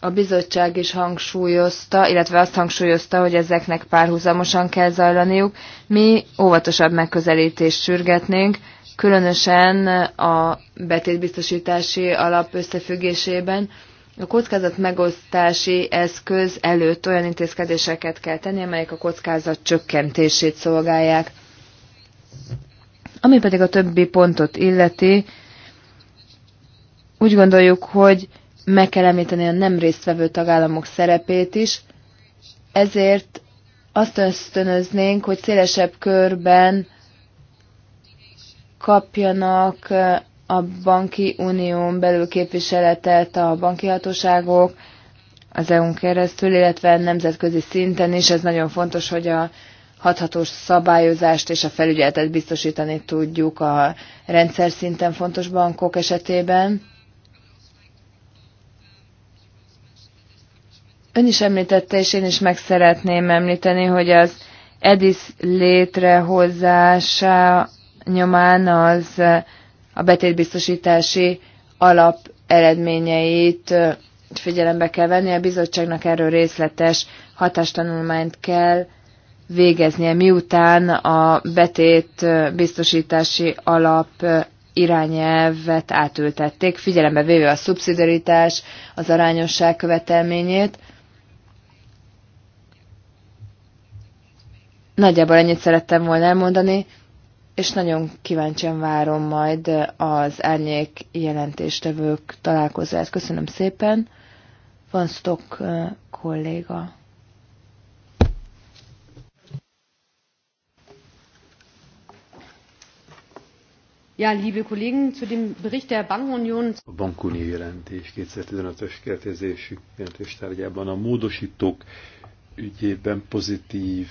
A bizottság is hangsúlyozta, illetve azt hangsúlyozta, hogy ezeknek párhuzamosan kell zajlaniuk. Mi óvatosabb megközelítést sürgetnénk, különösen a betétbiztosítási alap összefüggésében. A kockázat megosztási eszköz előtt olyan intézkedéseket kell tenni, amelyek a kockázat csökkentését szolgálják. Ami pedig a többi pontot illeti, úgy gondoljuk, hogy meg kell említeni a nem résztvevő tagállamok szerepét is, ezért azt ösztönöznénk, hogy szélesebb körben kapjanak a banki unión belül képviseletet a banki hatóságok az EU-n keresztül, illetve nemzetközi szinten is. Ez nagyon fontos, hogy a hathatós szabályozást és a felügyeletet biztosítani tudjuk a rendszer szinten fontos bankok esetében. Ön is említette, és én is meg szeretném említeni, hogy az EDIS létrehozása nyomán az a betétbiztosítási alap eredményeit figyelembe kell venni, a bizottságnak erről részletes hatástanulmányt kell végeznie, miután a betét biztosítási alap irányelvet átültették, figyelembe véve a szubszidaritás, az arányosság követelményét. Nagyjából ennyit szerettem volna elmondani és nagyon kíváncsian várom majd az árnyék jelentéstevők találkozóját. Köszönöm szépen. Van Stock kolléga. Ja, liebe Kollegen, zu dem Bericht der Bankunion. A Bankunió jelentés 2015-ös kertézésű jelentéstárgyában a módosítók ügyében pozitív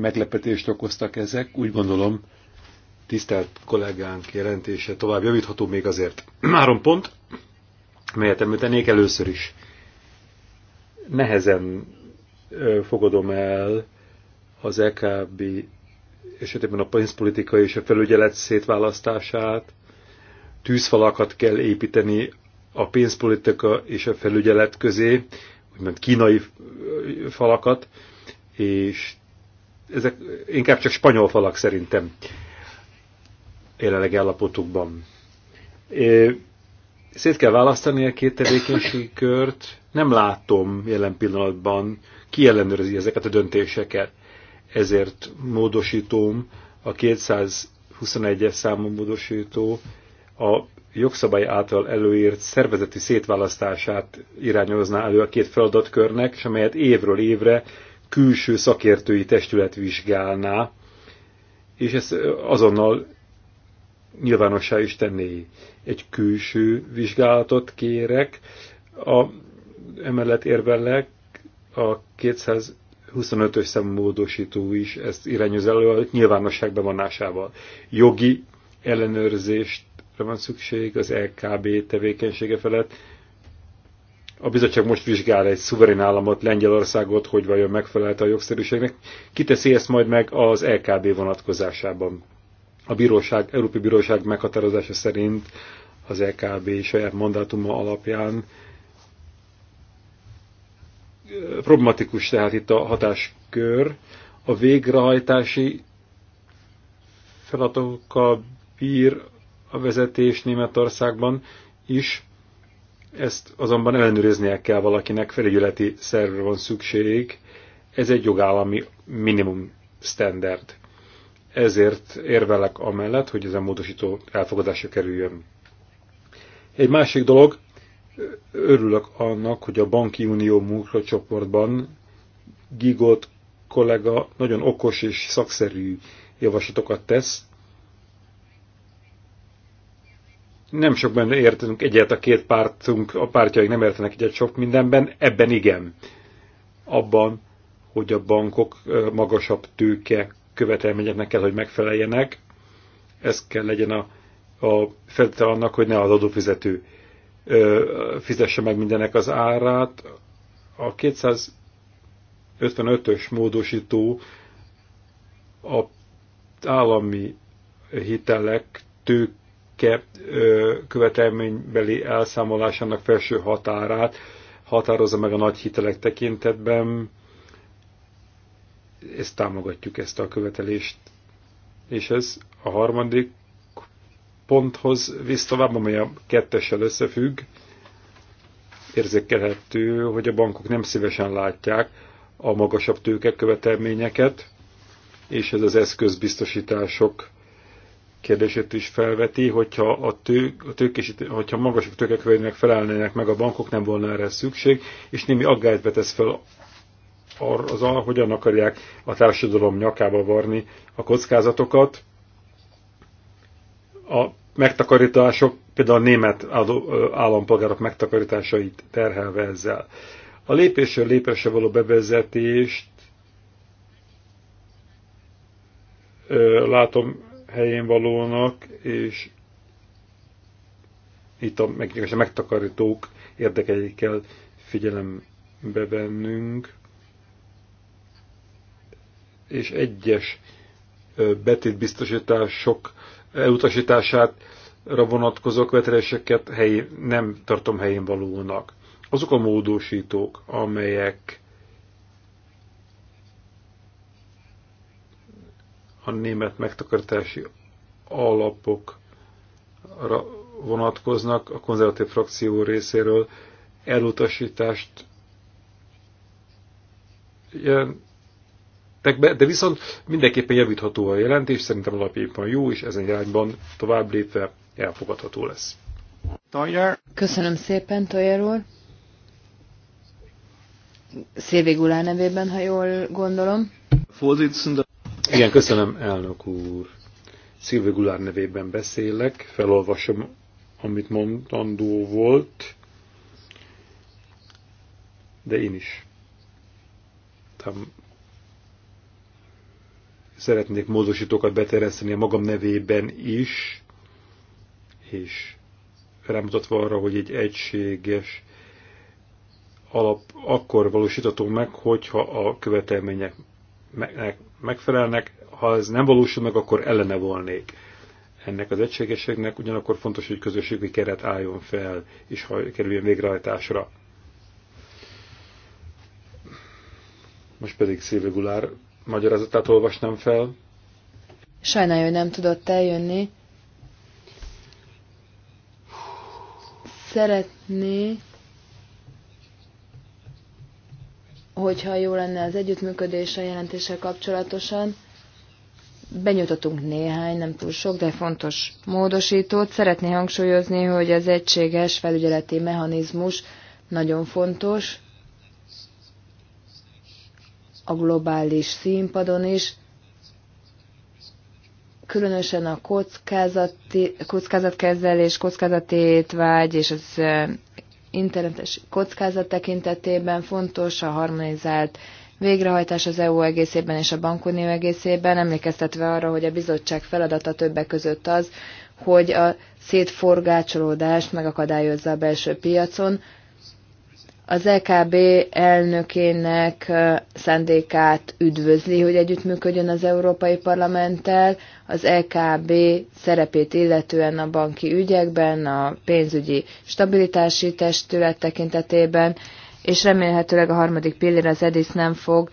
meglepetést okoztak ezek. Úgy gondolom, tisztelt kollégánk jelentése tovább javítható még azért. Három pont, melyet említenék először is. Nehezen fogadom el az EKB esetében a pénzpolitika és a felügyelet szétválasztását. Tűzfalakat kell építeni a pénzpolitika és a felügyelet közé, úgymond kínai falakat, és ezek inkább csak spanyol falak szerintem jelenlegi állapotukban. Szét kell választani a két tevékenységi kört. Nem látom jelen pillanatban, ki ellenőrzi ezeket a döntéseket. Ezért módosítom a 221-es számú módosító a jogszabály által előírt szervezeti szétválasztását irányozná elő a két feladatkörnek, és amelyet évről évre külső szakértői testület vizsgálná, és ezt azonnal nyilvánossá is tenné. Egy külső vizsgálatot kérek, a, emellett érvelek a 225-ös szemmódosító is ezt irányoz elő a nyilvánosság bevonásával. Jogi ellenőrzést van szükség az LKB tevékenysége felett. A bizottság most vizsgál egy szuverén államot, Lengyelországot, hogy vajon megfelelte a jogszerűségnek. Kiteszi ezt majd meg az LKB vonatkozásában a bíróság, Európai Bíróság meghatározása szerint az EKB saját mandátuma alapján problematikus tehát itt a hatáskör. A végrehajtási feladatokkal bír a vezetés Németországban is, ezt azonban ellenőriznie kell valakinek, felügyeleti szervre van szükség. Ez egy jogállami minimum standard ezért érvelek amellett, hogy ez a módosító elfogadásra kerüljön. Egy másik dolog, örülök annak, hogy a Banki Unió munkacsoportban Gigot kollega nagyon okos és szakszerű javaslatokat tesz. Nem sokban értünk egyet a két pártunk, a pártjaik nem értenek egyet sok mindenben, ebben igen. Abban, hogy a bankok magasabb tőke követelményeknek kell, hogy megfeleljenek. Ez kell legyen a, a feltétel annak, hogy ne az adófizető ö, fizesse meg mindenek az árát. A 255-ös módosító a állami hitelek tőke ö, követelménybeli elszámolásának felső határát határozza meg a nagy hitelek tekintetben ezt támogatjuk, ezt a követelést. És ez a harmadik ponthoz visz tovább, amely a kettessel összefügg. Érzékelhető, hogy a bankok nem szívesen látják a magasabb tőkekövetelményeket, és ez az eszközbiztosítások kérdését is felveti, hogyha a, tő, a tőkés, hogyha magasabb tőkekvőnek felelnének meg a bankok, nem volna erre szükség, és némi aggályt vetesz fel azzal, hogyan akarják a társadalom nyakába varni a kockázatokat. A megtakarítások, például a német állampolgárok megtakarításait terhelve ezzel. A lépésről lépésre való bevezetést látom helyén valónak, és itt a, a megtakarítók érdekeikkel kell figyelembe vennünk és egyes betétbiztosítások elutasítását vonatkozó követeléseket helyén, nem tartom helyén valónak. Azok a módosítók, amelyek a német megtakarítási alapokra vonatkoznak a konzervatív frakció részéről elutasítást ilyen be, de viszont mindenképpen javítható a jelentés, szerintem alapjában jó, és ezen irányban tovább lépve elfogadható lesz. Köszönöm szépen, Toyer úr. Szévé Gulá nevében, ha jól gondolom. Igen, köszönöm, elnök úr. Szilvi Gulár nevében beszélek, felolvasom, amit mondandó volt, de én is szeretnék módosítókat betereszteni a magam nevében is, és rámutatva arra, hogy egy egységes alap akkor valósítható meg, hogyha a követelmények megfelelnek, ha ez nem valósul meg, akkor ellene volnék ennek az egységességnek, ugyanakkor fontos, hogy közösségi keret álljon fel, és ha kerüljön végrehajtásra. Most pedig Szilvi Gulár magyarázatát olvasnám fel. Sajnálja, hogy nem tudott eljönni. Szeretné, hogyha jó lenne az együttműködés a jelentéssel kapcsolatosan. Benyújtottunk néhány, nem túl sok, de fontos módosítót. Szeretné hangsúlyozni, hogy az egységes felügyeleti mechanizmus nagyon fontos, a globális színpadon is, különösen a kockázati, kockázatkezelés, kockázati étvágy és az internetes kockázat tekintetében fontos a harmonizált végrehajtás az EU egészében és a bankunió egészében, emlékeztetve arra, hogy a bizottság feladata többek között az, hogy a szétforgácsolódást megakadályozza a belső piacon, az EKb elnökének szándékát üdvözli, hogy együttműködjön az Európai Parlamenttel, az EKb szerepét illetően a banki ügyekben, a pénzügyi stabilitási testület tekintetében, és remélhetőleg a harmadik pillér az EDIS nem fog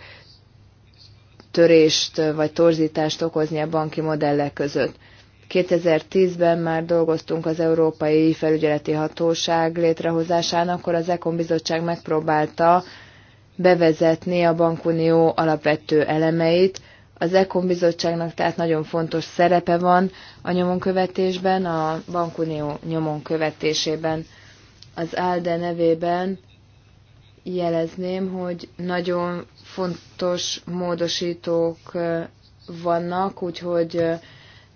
törést vagy torzítást okozni a banki modellek között. 2010-ben már dolgoztunk az Európai Felügyeleti Hatóság létrehozásán, akkor az Ekon Bizottság megpróbálta bevezetni a bankunió alapvető elemeit. Az Ekon Bizottságnak tehát nagyon fontos szerepe van a nyomonkövetésben, a bankunió nyomonkövetésében. Az ALDE nevében jelezném, hogy nagyon fontos módosítók eh, vannak, úgyhogy eh,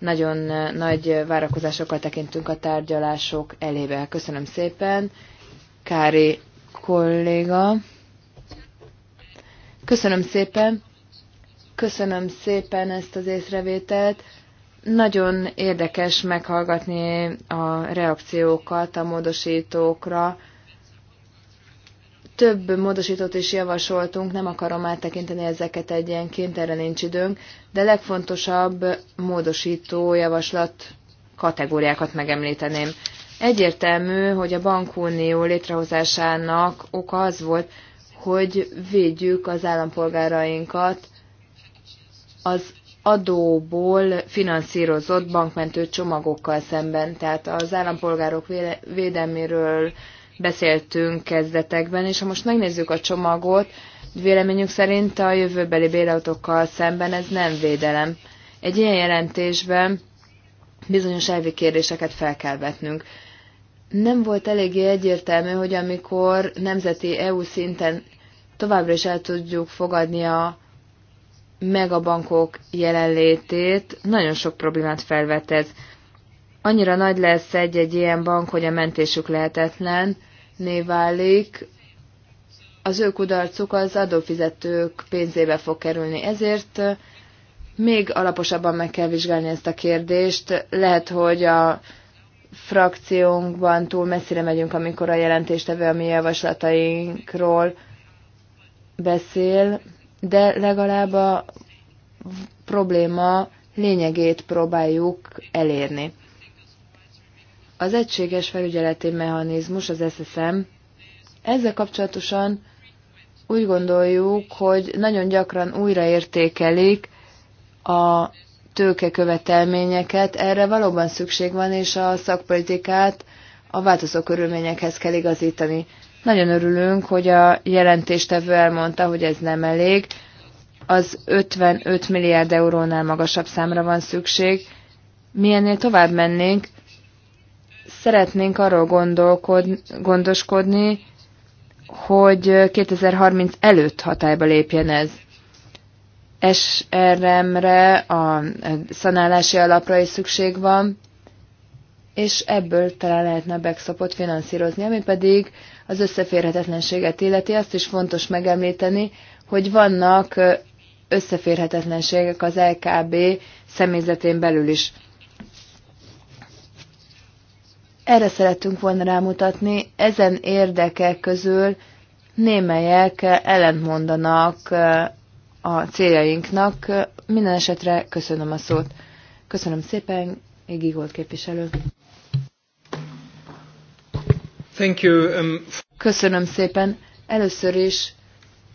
nagyon nagy várakozásokkal tekintünk a tárgyalások elébe. Köszönöm szépen, Kári kolléga. Köszönöm szépen. Köszönöm szépen ezt az észrevételt. Nagyon érdekes meghallgatni a reakciókat a módosítókra, több módosítót is javasoltunk, nem akarom áttekinteni ezeket egyenként, erre nincs időnk, de legfontosabb módosító javaslat kategóriákat megemlíteném. Egyértelmű, hogy a bankunió létrehozásának oka az volt, hogy védjük az állampolgárainkat az adóból finanszírozott bankmentő csomagokkal szemben. Tehát az állampolgárok védelméről beszéltünk kezdetekben, és ha most megnézzük a csomagot, véleményünk szerint a jövőbeli bérautókkal szemben ez nem védelem. Egy ilyen jelentésben bizonyos elvi kérdéseket fel kell vetnünk. Nem volt eléggé egyértelmű, hogy amikor nemzeti EU szinten továbbra is el tudjuk fogadni a megabankok jelenlétét, nagyon sok problémát felvet ez annyira nagy lesz egy-egy ilyen bank, hogy a mentésük lehetetlen válik, az ő kudarcuk az adófizetők pénzébe fog kerülni. Ezért eh, még alaposabban meg kell vizsgálni ezt a kérdést. Lehet, hogy a frakciónkban túl messzire megyünk, amikor a jelentéstevő a mi javaslatainkról beszél, de legalább a probléma lényegét próbáljuk elérni. Az egységes felügyeleti mechanizmus, az SSM, ezzel kapcsolatosan úgy gondoljuk, hogy nagyon gyakran újraértékelik a követelményeket. erre valóban szükség van, és a szakpolitikát a változó körülményekhez kell igazítani. Nagyon örülünk, hogy a jelentéstevő elmondta, hogy ez nem elég. Az 55 milliárd eurónál magasabb számra van szükség. Milyennél tovább mennénk, Szeretnénk arról gondolkod, gondoskodni, hogy 2030 előtt hatályba lépjen ez. SRM-re, a szanálási alapra is szükség van, és ebből talán lehetne a backstopot finanszírozni, ami pedig az összeférhetetlenséget illeti. Azt is fontos megemlíteni, hogy vannak összeférhetetlenségek az LKB személyzetén belül is. Erre szerettünk volna rámutatni, ezen érdekek közül némelyek ellentmondanak eh, a céljainknak. Minden esetre köszönöm a szót. Köszönöm szépen, Gigolt képviselő. Thank you. Um... Köszönöm szépen. Először is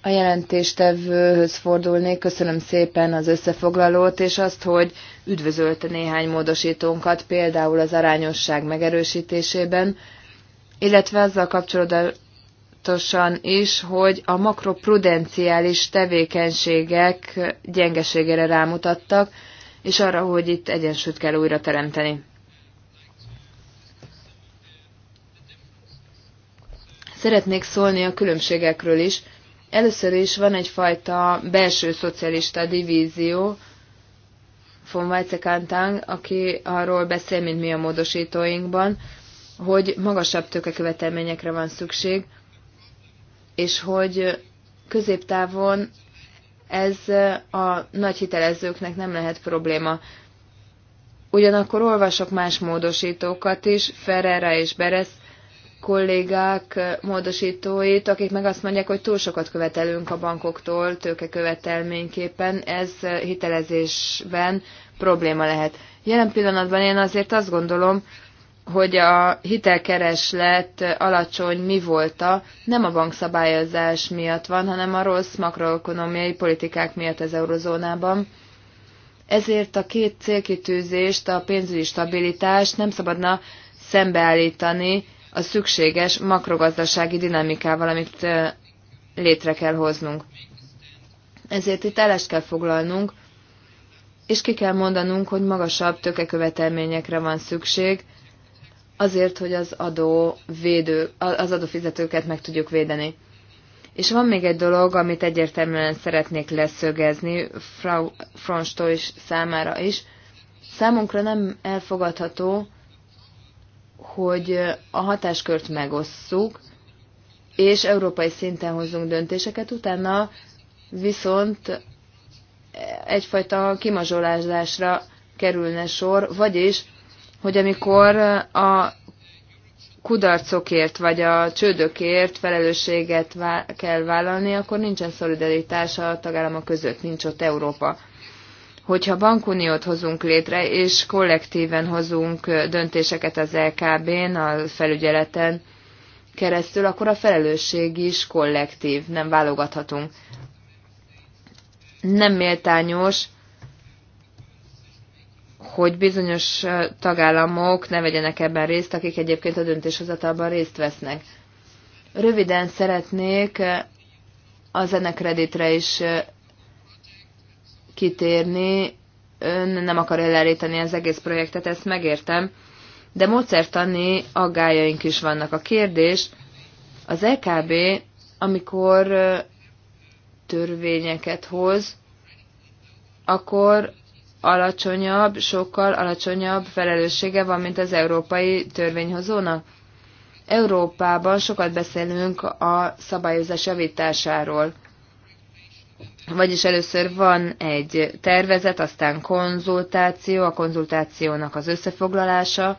a jelentéstevőhöz fordulnék. Köszönöm szépen az összefoglalót, és azt, hogy üdvözölte néhány módosítónkat, például az arányosság megerősítésében, illetve azzal kapcsolatosan is, hogy a makroprudenciális tevékenységek gyengeségére rámutattak, és arra, hogy itt egyensúlyt kell újra teremteni. Szeretnék szólni a különbségekről is, Először is van egyfajta belső szocialista divízió, von Weizsäcker aki arról beszél, mint mi a módosítóinkban, hogy magasabb tőkekövetelményekre van szükség, és hogy középtávon ez a nagy hitelezőknek nem lehet probléma. Ugyanakkor olvasok más módosítókat is, Ferrera és Beres kollégák módosítóit, akik meg azt mondják, hogy túl sokat követelünk a bankoktól tőkekövetelményképpen, ez hitelezésben probléma lehet. Jelen pillanatban én azért azt gondolom, hogy a hitelkereslet alacsony mi volta, nem a bankszabályozás miatt van, hanem a rossz makroekonomiai politikák miatt az eurozónában. Ezért a két célkitűzést, a pénzügyi stabilitást nem szabadna szembeállítani a szükséges makrogazdasági dinamikával, amit létre kell hoznunk. Ezért itt elest kell foglalnunk, és ki kell mondanunk, hogy magasabb tökekövetelményekre van szükség, azért, hogy az adó védő, az adófizetőket meg tudjuk védeni. És van még egy dolog, amit egyértelműen szeretnék leszögezni, Frau Fronstó is számára is. Számunkra nem elfogadható, hogy a hatáskört megosszuk, és európai szinten hozzunk döntéseket, utána viszont egyfajta kimazsolázásra kerülne sor, vagyis, hogy amikor a kudarcokért vagy a csődökért felelősséget vá- kell vállalni, akkor nincsen szolidaritás a tagállamok között, nincs ott Európa hogyha bankuniót hozunk létre, és kollektíven hozunk döntéseket az LKB-n, a felügyeleten keresztül, akkor a felelősség is kollektív, nem válogathatunk. Nem méltányos, hogy bizonyos tagállamok ne vegyenek ebben részt, akik egyébként a döntéshozatalban részt vesznek. Röviden szeretnék a zenekreditre is kitérni. Ön nem akar elállítani az egész projektet, ezt megértem, de módszertani aggájaink is vannak. A kérdés, az EKB, amikor törvényeket hoz, akkor alacsonyabb, sokkal alacsonyabb felelőssége van, mint az európai törvényhozónak. Európában sokat beszélünk a szabályozás javításáról. Vagyis először van egy tervezet, aztán konzultáció, a konzultációnak az összefoglalása,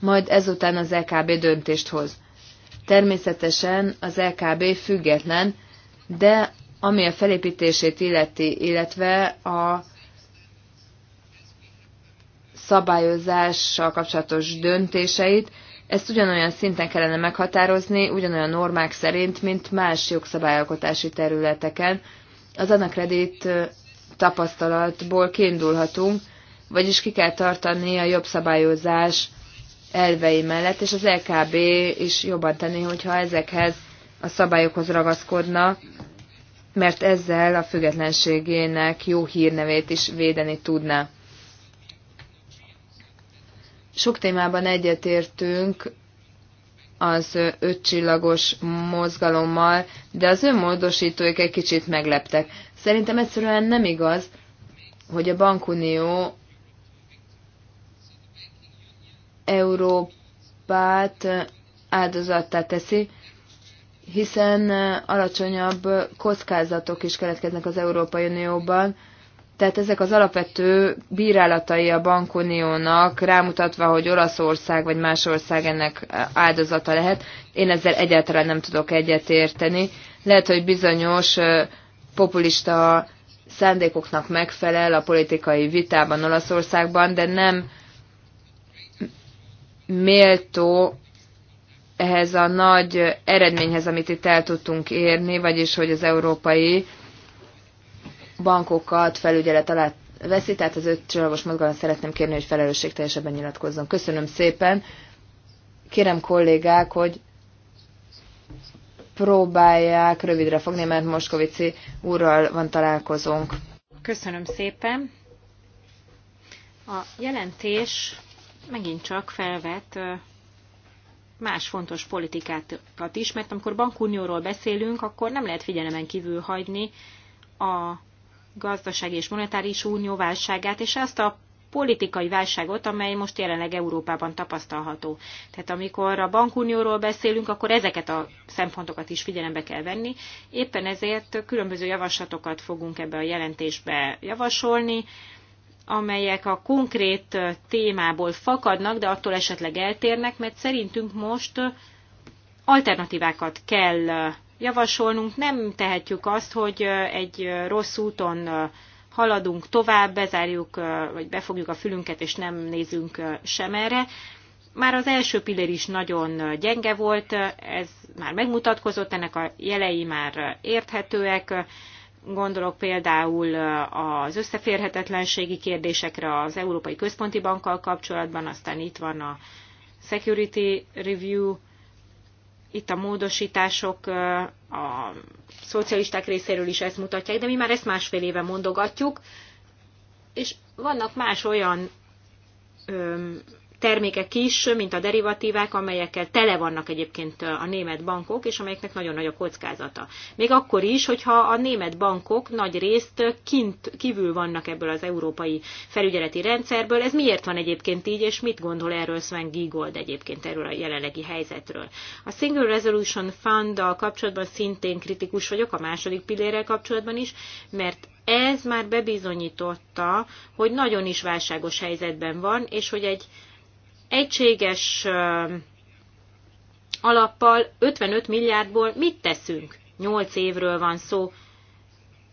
majd ezután az LKB e döntést hoz. Természetesen az LKB e független, de ami a felépítését illeti, illetve a szabályozással kapcsolatos döntéseit, ezt ugyanolyan szinten kellene meghatározni, ugyanolyan normák szerint, mint más jogszabályalkotási területeken, az anakredit tapasztalatból kiindulhatunk, vagyis ki kell tartani a jobb szabályozás elvei mellett, és az LKB is jobban tenni, hogyha ezekhez a szabályokhoz ragaszkodna, mert ezzel a függetlenségének jó hírnevét is védeni tudná. Sok témában egyetértünk az ötcsillagos mozgalommal, de az önmódosítóik egy kicsit megleptek. Szerintem egyszerűen nem igaz, hogy a bankunió Európát áldozattá teszi, hiszen alacsonyabb kockázatok is keletkeznek az Európai Unióban, tehát ezek az alapvető bírálatai a bankuniónak, rámutatva, hogy Olaszország vagy más ország ennek áldozata lehet, én ezzel egyáltalán nem tudok egyetérteni. Lehet, hogy bizonyos populista szándékoknak megfelel a politikai vitában Olaszországban, de nem méltó ehhez a nagy eredményhez, amit itt el tudtunk érni, vagyis hogy az európai bankokat felügyelet alá veszi, tehát az öt csillagos mozgalmat szeretném kérni, hogy teljesebben nyilatkozzon. Köszönöm szépen. Kérem kollégák, hogy próbálják rövidre fogni, mert Moskovici úrral van találkozónk. Köszönöm szépen. A jelentés megint csak felvet más fontos politikákat is, mert amikor bankunióról beszélünk, akkor nem lehet figyelemen kívül hagyni a gazdasági és monetáris unió válságát, és azt a politikai válságot, amely most jelenleg Európában tapasztalható. Tehát amikor a bankunióról beszélünk, akkor ezeket a szempontokat is figyelembe kell venni. Éppen ezért különböző javaslatokat fogunk ebbe a jelentésbe javasolni, amelyek a konkrét témából fakadnak, de attól esetleg eltérnek, mert szerintünk most alternatívákat kell javasolnunk. Nem tehetjük azt, hogy egy rossz úton haladunk tovább, bezárjuk, vagy befogjuk a fülünket, és nem nézünk sem erre. Már az első pillér is nagyon gyenge volt, ez már megmutatkozott, ennek a jelei már érthetőek. Gondolok például az összeférhetetlenségi kérdésekre az Európai Központi Bankkal kapcsolatban, aztán itt van a Security Review, itt a módosítások a szocialisták részéről is ezt mutatják, de mi már ezt másfél éve mondogatjuk, és vannak más olyan öm, termékek is, mint a derivatívák, amelyekkel tele vannak egyébként a német bankok, és amelyeknek nagyon nagy a kockázata. Még akkor is, hogyha a német bankok nagy részt kint, kívül vannak ebből az európai felügyeleti rendszerből, ez miért van egyébként így, és mit gondol erről Sven Giegold egyébként erről a jelenlegi helyzetről? A Single Resolution fund kapcsolatban szintén kritikus vagyok, a második pillérrel kapcsolatban is, mert ez már bebizonyította, hogy nagyon is válságos helyzetben van, és hogy egy egységes alappal 55 milliárdból mit teszünk? 8 évről van szó.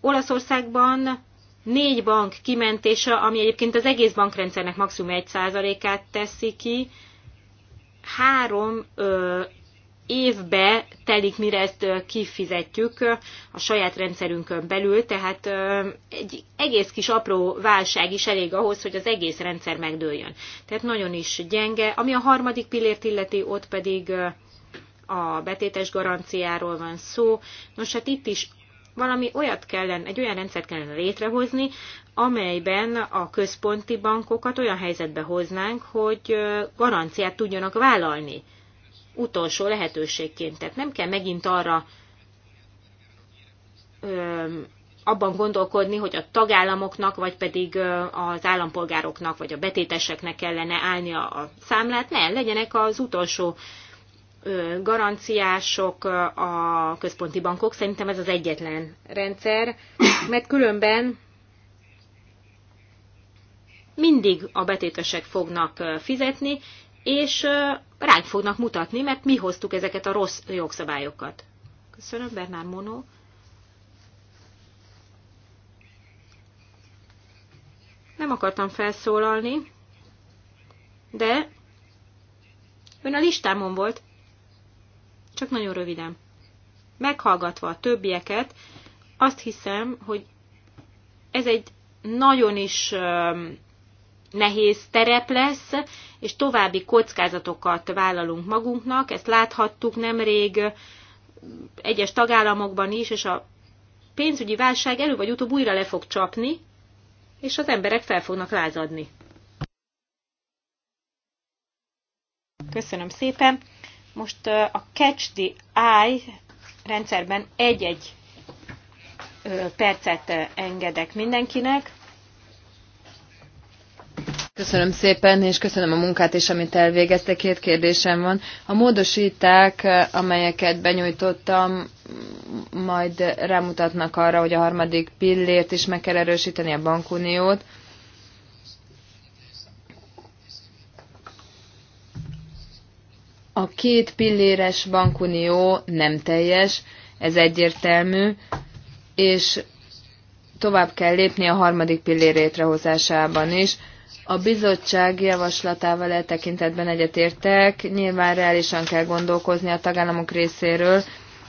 Olaszországban négy bank kimentése, ami egyébként az egész bankrendszernek maximum 1%-át teszi ki, három ö, évbe telik, mire ezt kifizetjük a saját rendszerünkön belül, tehát egy egész kis apró válság is elég ahhoz, hogy az egész rendszer megdőljön. Tehát nagyon is gyenge. Ami a harmadik pillért illeti, ott pedig a betétes garanciáról van szó. Nos, hát itt is valami olyat kellene, egy olyan rendszert kellene létrehozni, amelyben a központi bankokat olyan helyzetbe hoznánk, hogy garanciát tudjanak vállalni utolsó lehetőségként. Tehát nem kell megint arra ö, abban gondolkodni, hogy a tagállamoknak, vagy pedig az állampolgároknak, vagy a betéteseknek kellene állni a számlát. Ne, legyenek az utolsó garanciások a központi bankok. Szerintem ez az egyetlen rendszer, mert különben mindig a betétesek fognak fizetni, és ránk fognak mutatni, mert mi hoztuk ezeket a rossz jogszabályokat. Köszönöm, Bernár Monó. Nem akartam felszólalni, de ön a listámon volt. Csak nagyon röviden. Meghallgatva a többieket, azt hiszem, hogy ez egy nagyon is nehéz terep lesz, és további kockázatokat vállalunk magunknak. Ezt láthattuk nemrég egyes tagállamokban is, és a pénzügyi válság elő vagy utóbb újra le fog csapni, és az emberek fel fognak lázadni. Köszönöm szépen. Most a Catch the Eye rendszerben egy-egy percet engedek mindenkinek. Köszönöm szépen, és köszönöm a munkát is, amit elvégeztek. Két kérdésem van. A módosíták, amelyeket benyújtottam, majd rámutatnak arra, hogy a harmadik pillért is meg kell erősíteni a bankuniót. A két pilléres bankunió nem teljes, ez egyértelmű, és tovább kell lépni a harmadik pillér létrehozásában is a bizottság javaslatával eltekintetben egyetértek, nyilván reálisan kell gondolkozni a tagállamok részéről,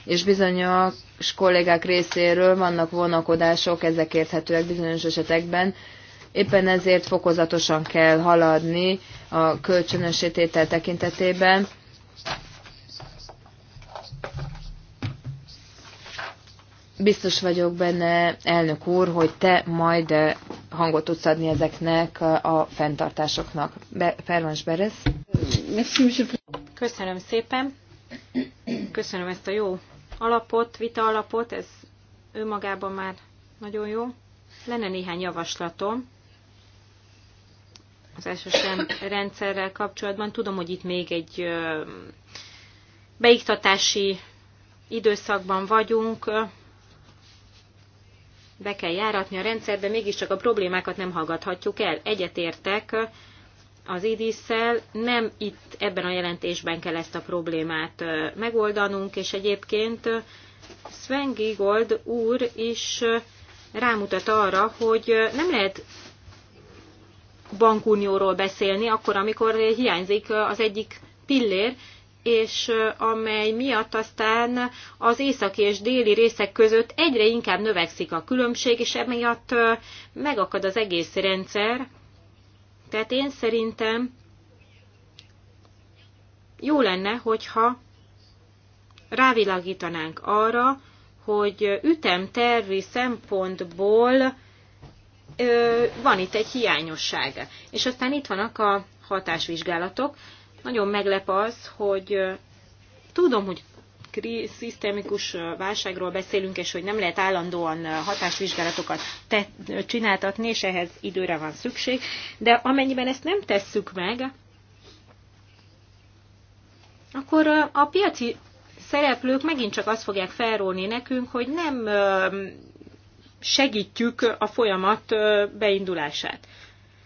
és bizonyos kollégák részéről vannak vonakodások, ezek érthetőek bizonyos esetekben. Éppen ezért fokozatosan kell haladni a kölcsönösítétel tekintetében. biztos vagyok benne, elnök úr, hogy te majd eh, hangot tudsz adni ezeknek eh, a fenntartásoknak. Be, Pervans Berez. Köszönöm szépen. Köszönöm ezt a jó alapot, vita alapot, ez önmagában már nagyon jó. Lenne néhány javaslatom az SSM rendszerrel kapcsolatban. Tudom, hogy itt még egy beiktatási időszakban vagyunk, be kell járatni a rendszerbe, mégiscsak a problémákat nem hallgathatjuk el. Egyetértek az idis nem itt ebben a jelentésben kell ezt a problémát megoldanunk, és egyébként Sven Gigold úr is rámutat arra, hogy nem lehet bankunióról beszélni, akkor, amikor hiányzik az egyik pillér, és amely miatt aztán az északi és déli részek között egyre inkább növekszik a különbség, és emiatt megakad az egész rendszer. Tehát én szerintem jó lenne, hogyha rávilágítanánk arra, hogy ütemtervi szempontból van itt egy hiányosság. És aztán itt vannak a hatásvizsgálatok. Nagyon meglep az, hogy tudom, hogy szisztémikus válságról beszélünk, és hogy nem lehet állandóan hatásvizsgálatokat te- csináltatni, és ehhez időre van szükség, de amennyiben ezt nem tesszük meg, akkor a piaci szereplők megint csak azt fogják felrólni nekünk, hogy nem segítjük a folyamat beindulását.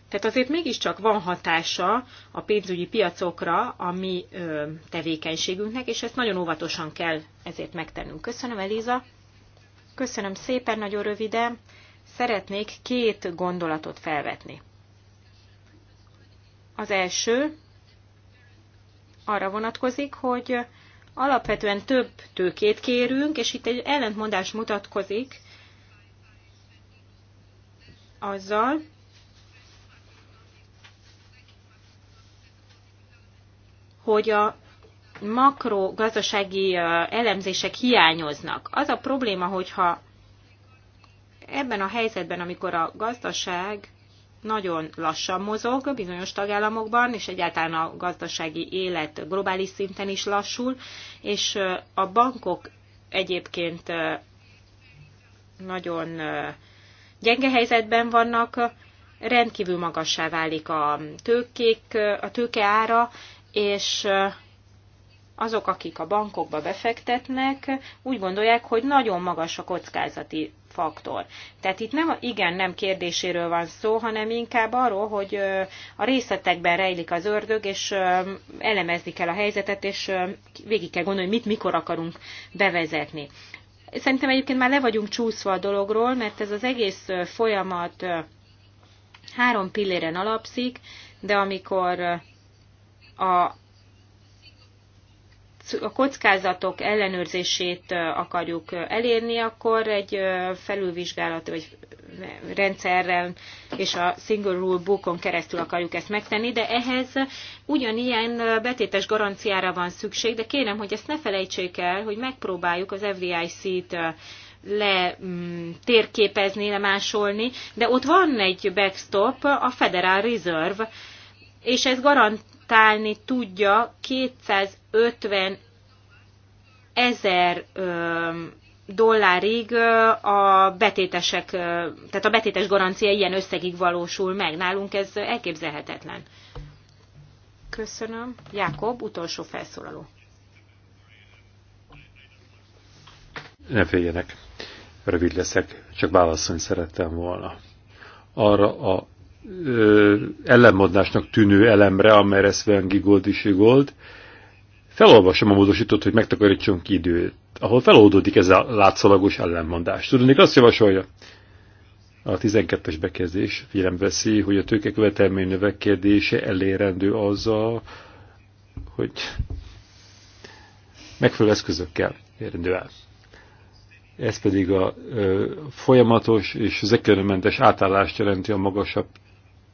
Tehát azért mégiscsak van hatása a pénzügyi piacokra a mi ö, tevékenységünknek, és ezt nagyon óvatosan kell ezért megtennünk. Köszönöm, Eliza. Köszönöm szépen, nagyon röviden. Szeretnék két gondolatot felvetni. Az első arra vonatkozik, hogy alapvetően több tőkét kérünk, és itt egy ellentmondás mutatkozik azzal, hogy a makrogazdasági elemzések hiányoznak. Az a probléma, hogyha ebben a helyzetben, amikor a gazdaság nagyon lassan mozog bizonyos tagállamokban, és egyáltalán a gazdasági élet globális szinten is lassul, és a bankok egyébként nagyon gyenge helyzetben vannak, rendkívül magassá válik a tőkék, a tőke ára, és azok, akik a bankokba befektetnek, úgy gondolják, hogy nagyon magas a kockázati faktor. Tehát itt nem igen nem kérdéséről van szó, hanem inkább arról, hogy a részletekben rejlik az ördög, és elemezni kell a helyzetet, és végig kell gondolni, mit mikor akarunk bevezetni. Szerintem egyébként már le vagyunk csúszva a dologról, mert ez az egész folyamat három pilléren alapszik, de amikor a a kockázatok ellenőrzését akarjuk elérni, akkor egy felülvizsgálat vagy rendszerrel és a single rule bookon keresztül akarjuk ezt megtenni, de ehhez ugyanilyen betétes garanciára van szükség, de kérem, hogy ezt ne felejtsék el, hogy megpróbáljuk az FDIC-t le mm, térképezni, lemásolni, de ott van egy backstop, a Federal Reserve, és ez garant tálni tudja 250 ezer dollárig a betétesek, tehát a betétes garancia ilyen összegig valósul meg. Nálunk ez elképzelhetetlen. Köszönöm. Jákob, utolsó felszólaló. Ne féljenek, rövid leszek, csak válaszolni szerettem volna. Arra a ellenmondásnak tűnő elemre, amelyre Sven Gigold is Gold, felolvasom a módosítót, hogy megtakarítson időt, ahol feloldódik ez a látszalagos ellenmondás. Tudnék, azt javasolja, a 12-es bekezdés veszi, hogy a követelmény növekedése elérendő azzal, hogy megfelelő eszközökkel érendő el. Ez pedig a ö, folyamatos és zekerőmentes átállást jelenti a magasabb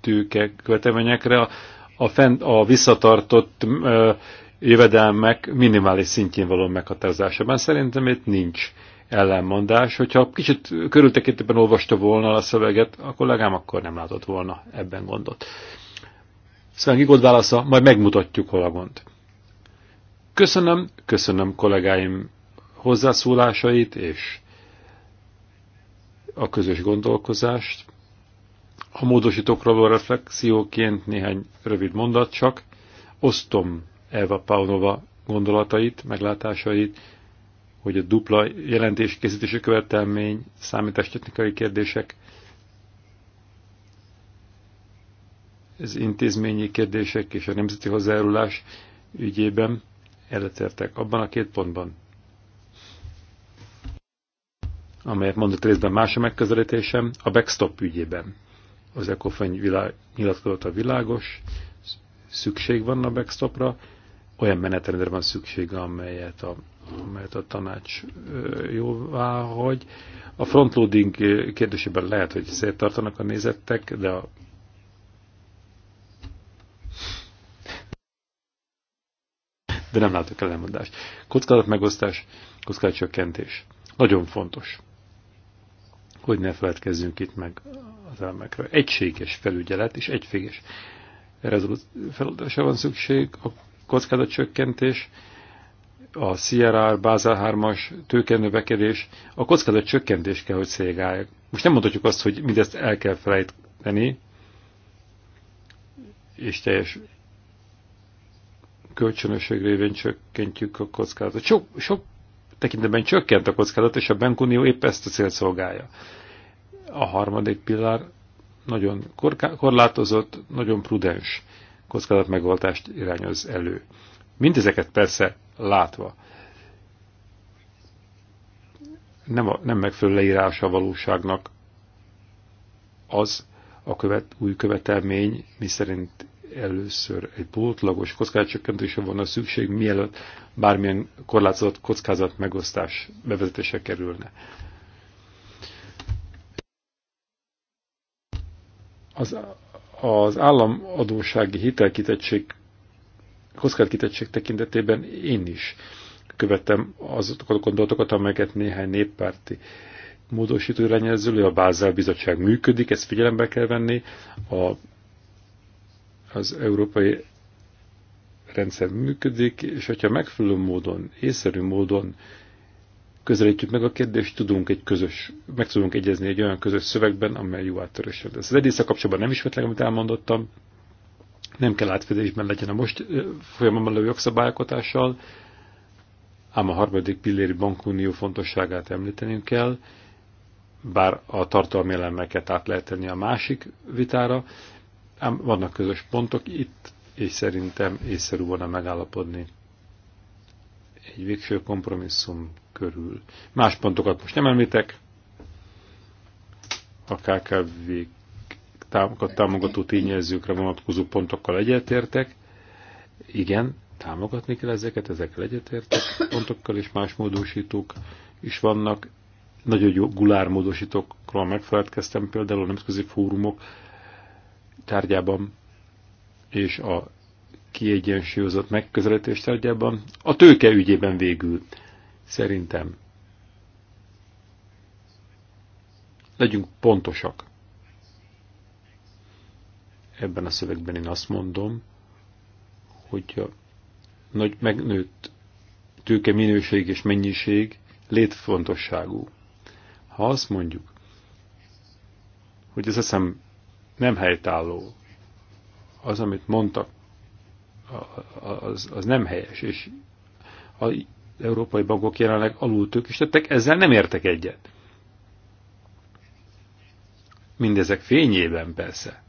tőke követelményekre, a, fent, a visszatartott ö, jövedelmek minimális szintjén való meghatározásában. Szerintem itt nincs ellenmondás. Hogyha kicsit körültekintőben olvasta volna a szöveget, a kollégám akkor nem látott volna ebben gondot. Szóval Gigold válasza, majd megmutatjuk, hol a gond. Köszönöm, köszönöm kollégáim hozzászólásait és a közös gondolkozást. A módosítókra való reflexióként néhány rövid mondat csak. Osztom Eva Paunova gondolatait, meglátásait, hogy a dupla készítési követelmény, számítástechnikai kérdések, az intézményi kérdések és a nemzeti hozzájárulás ügyében eletértek abban a két pontban, amelyet mondott részben más a megközelítésem, a backstop ügyében az ECOFEN világ, nyilatkozata világos, szükség van a backstopra, olyan menetrendre van szüksége amelyet a, amelyet a tanács jóvá hagy. A frontloading kérdésében lehet, hogy tartanak a nézettek, de a de nem látok ellenmondást. kockázat csökkentés Nagyon fontos hogy ne feledkezzünk itt meg az elemekről. Egységes felügyelet és egységes feladása van szükség, a kockázatcsökkentés, a CRR, Basel 3-as tőkenövekedés, a kockázat csökkentés kell, hogy szégálják. Most nem mondhatjuk azt, hogy mindezt el kell felejteni, és teljes kölcsönösség révén csökkentjük a kockázatot. Sok, sok tekintetben csökkent a kockázat, és a bankunió épp ezt a célt szolgálja. A harmadik pillár nagyon korlátozott, nagyon prudens kockázatmegoldást irányoz elő. Mindezeket persze látva nem, a, nem megfelelő leírása a valóságnak az a követ, új követelmény, miszerint először egy pótlagos kockázatcsökkentésre van a szükség, mielőtt bármilyen korlátozott kockázat megosztás bevezetése kerülne. Az, az államadósági hitelkitettség, kockázatkitettség tekintetében én is követtem azokat a gondolatokat, amelyeket néhány néppárti módosító irányelzőlő, a Bázel Bizottság működik, ezt figyelembe kell venni, a az európai rendszer működik, és hogyha megfelelő módon, észszerű módon közelítjük meg a kérdést, tudunk egy közös, meg tudunk egyezni egy olyan közös szövegben, amely jó áttörösön lesz. Az edészel kapcsolatban nem ismétlek, amit elmondottam, nem kell átfedésben legyen a most folyamában levő jogszabályokatással, ám a harmadik pilléri bankunió fontosságát említenünk kell, bár a tartalmi elemeket át lehet tenni a másik vitára, Ám vannak közös pontok itt, és szerintem észszerű volna megállapodni egy végső kompromisszum körül. Más pontokat most nem említek, a KKV támogató tényezőkre vonatkozó pontokkal egyetértek. Igen, támogatni kell ezeket, ezekkel egyetértek, pontokkal és más módosítók is vannak. Nagyon jó gulár módosítókról megfeledkeztem, például a nemzetközi fórumok tárgyában és a kiegyensúlyozott megközelítés tárgyában, a tőke ügyében végül, szerintem. Legyünk pontosak. Ebben a szövegben én azt mondom, hogy a nagy megnőtt tőke minőség és mennyiség létfontosságú. Ha azt mondjuk, hogy ez eszem nem helytálló. Az, amit mondtak, az, az nem helyes, és az európai bankok jelenleg alul tőkistettek, ezzel nem értek egyet. Mindezek fényében persze,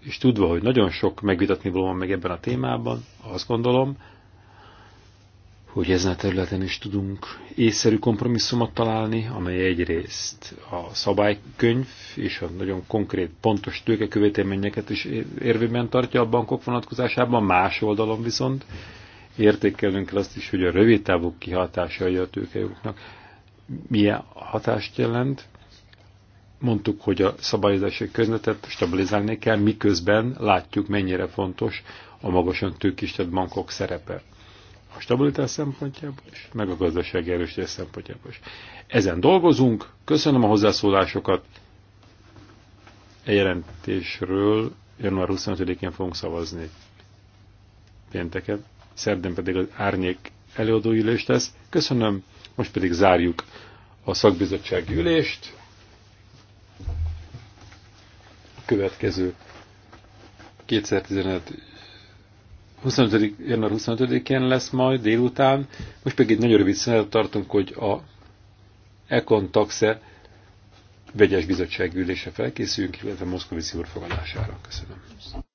és tudva, hogy nagyon sok megvitatni van meg ebben a témában, azt gondolom, hogy ezen a területen is tudunk észszerű kompromisszumot találni, amely egyrészt a szabálykönyv és a nagyon konkrét, pontos tőkekövetelményeket is érvényben tartja a bankok vonatkozásában, más oldalon viszont értékelünk el azt is, hogy a rövid távú kihatásai a tőkejogoknak milyen hatást jelent. Mondtuk, hogy a szabályozási köznetet stabilizálni kell, miközben látjuk, mennyire fontos a magasan tőkistett bankok szerepe a stabilitás szempontjából is, meg a gazdasági erősítés szempontjából is. Ezen dolgozunk, köszönöm a hozzászólásokat. A e jelentésről január 25-én fogunk szavazni pénteken, szerdén pedig az árnyék előadói ülést lesz. Köszönöm, most pedig zárjuk a szakbizottsági ülést. A következő 2015 25. január 25-én lesz majd délután. Most pedig egy nagyon rövid szünetet tartunk, hogy a Econ Taxe vegyes bizottság ülése felkészüljünk, illetve Moszkvici úr fogadására. Köszönöm.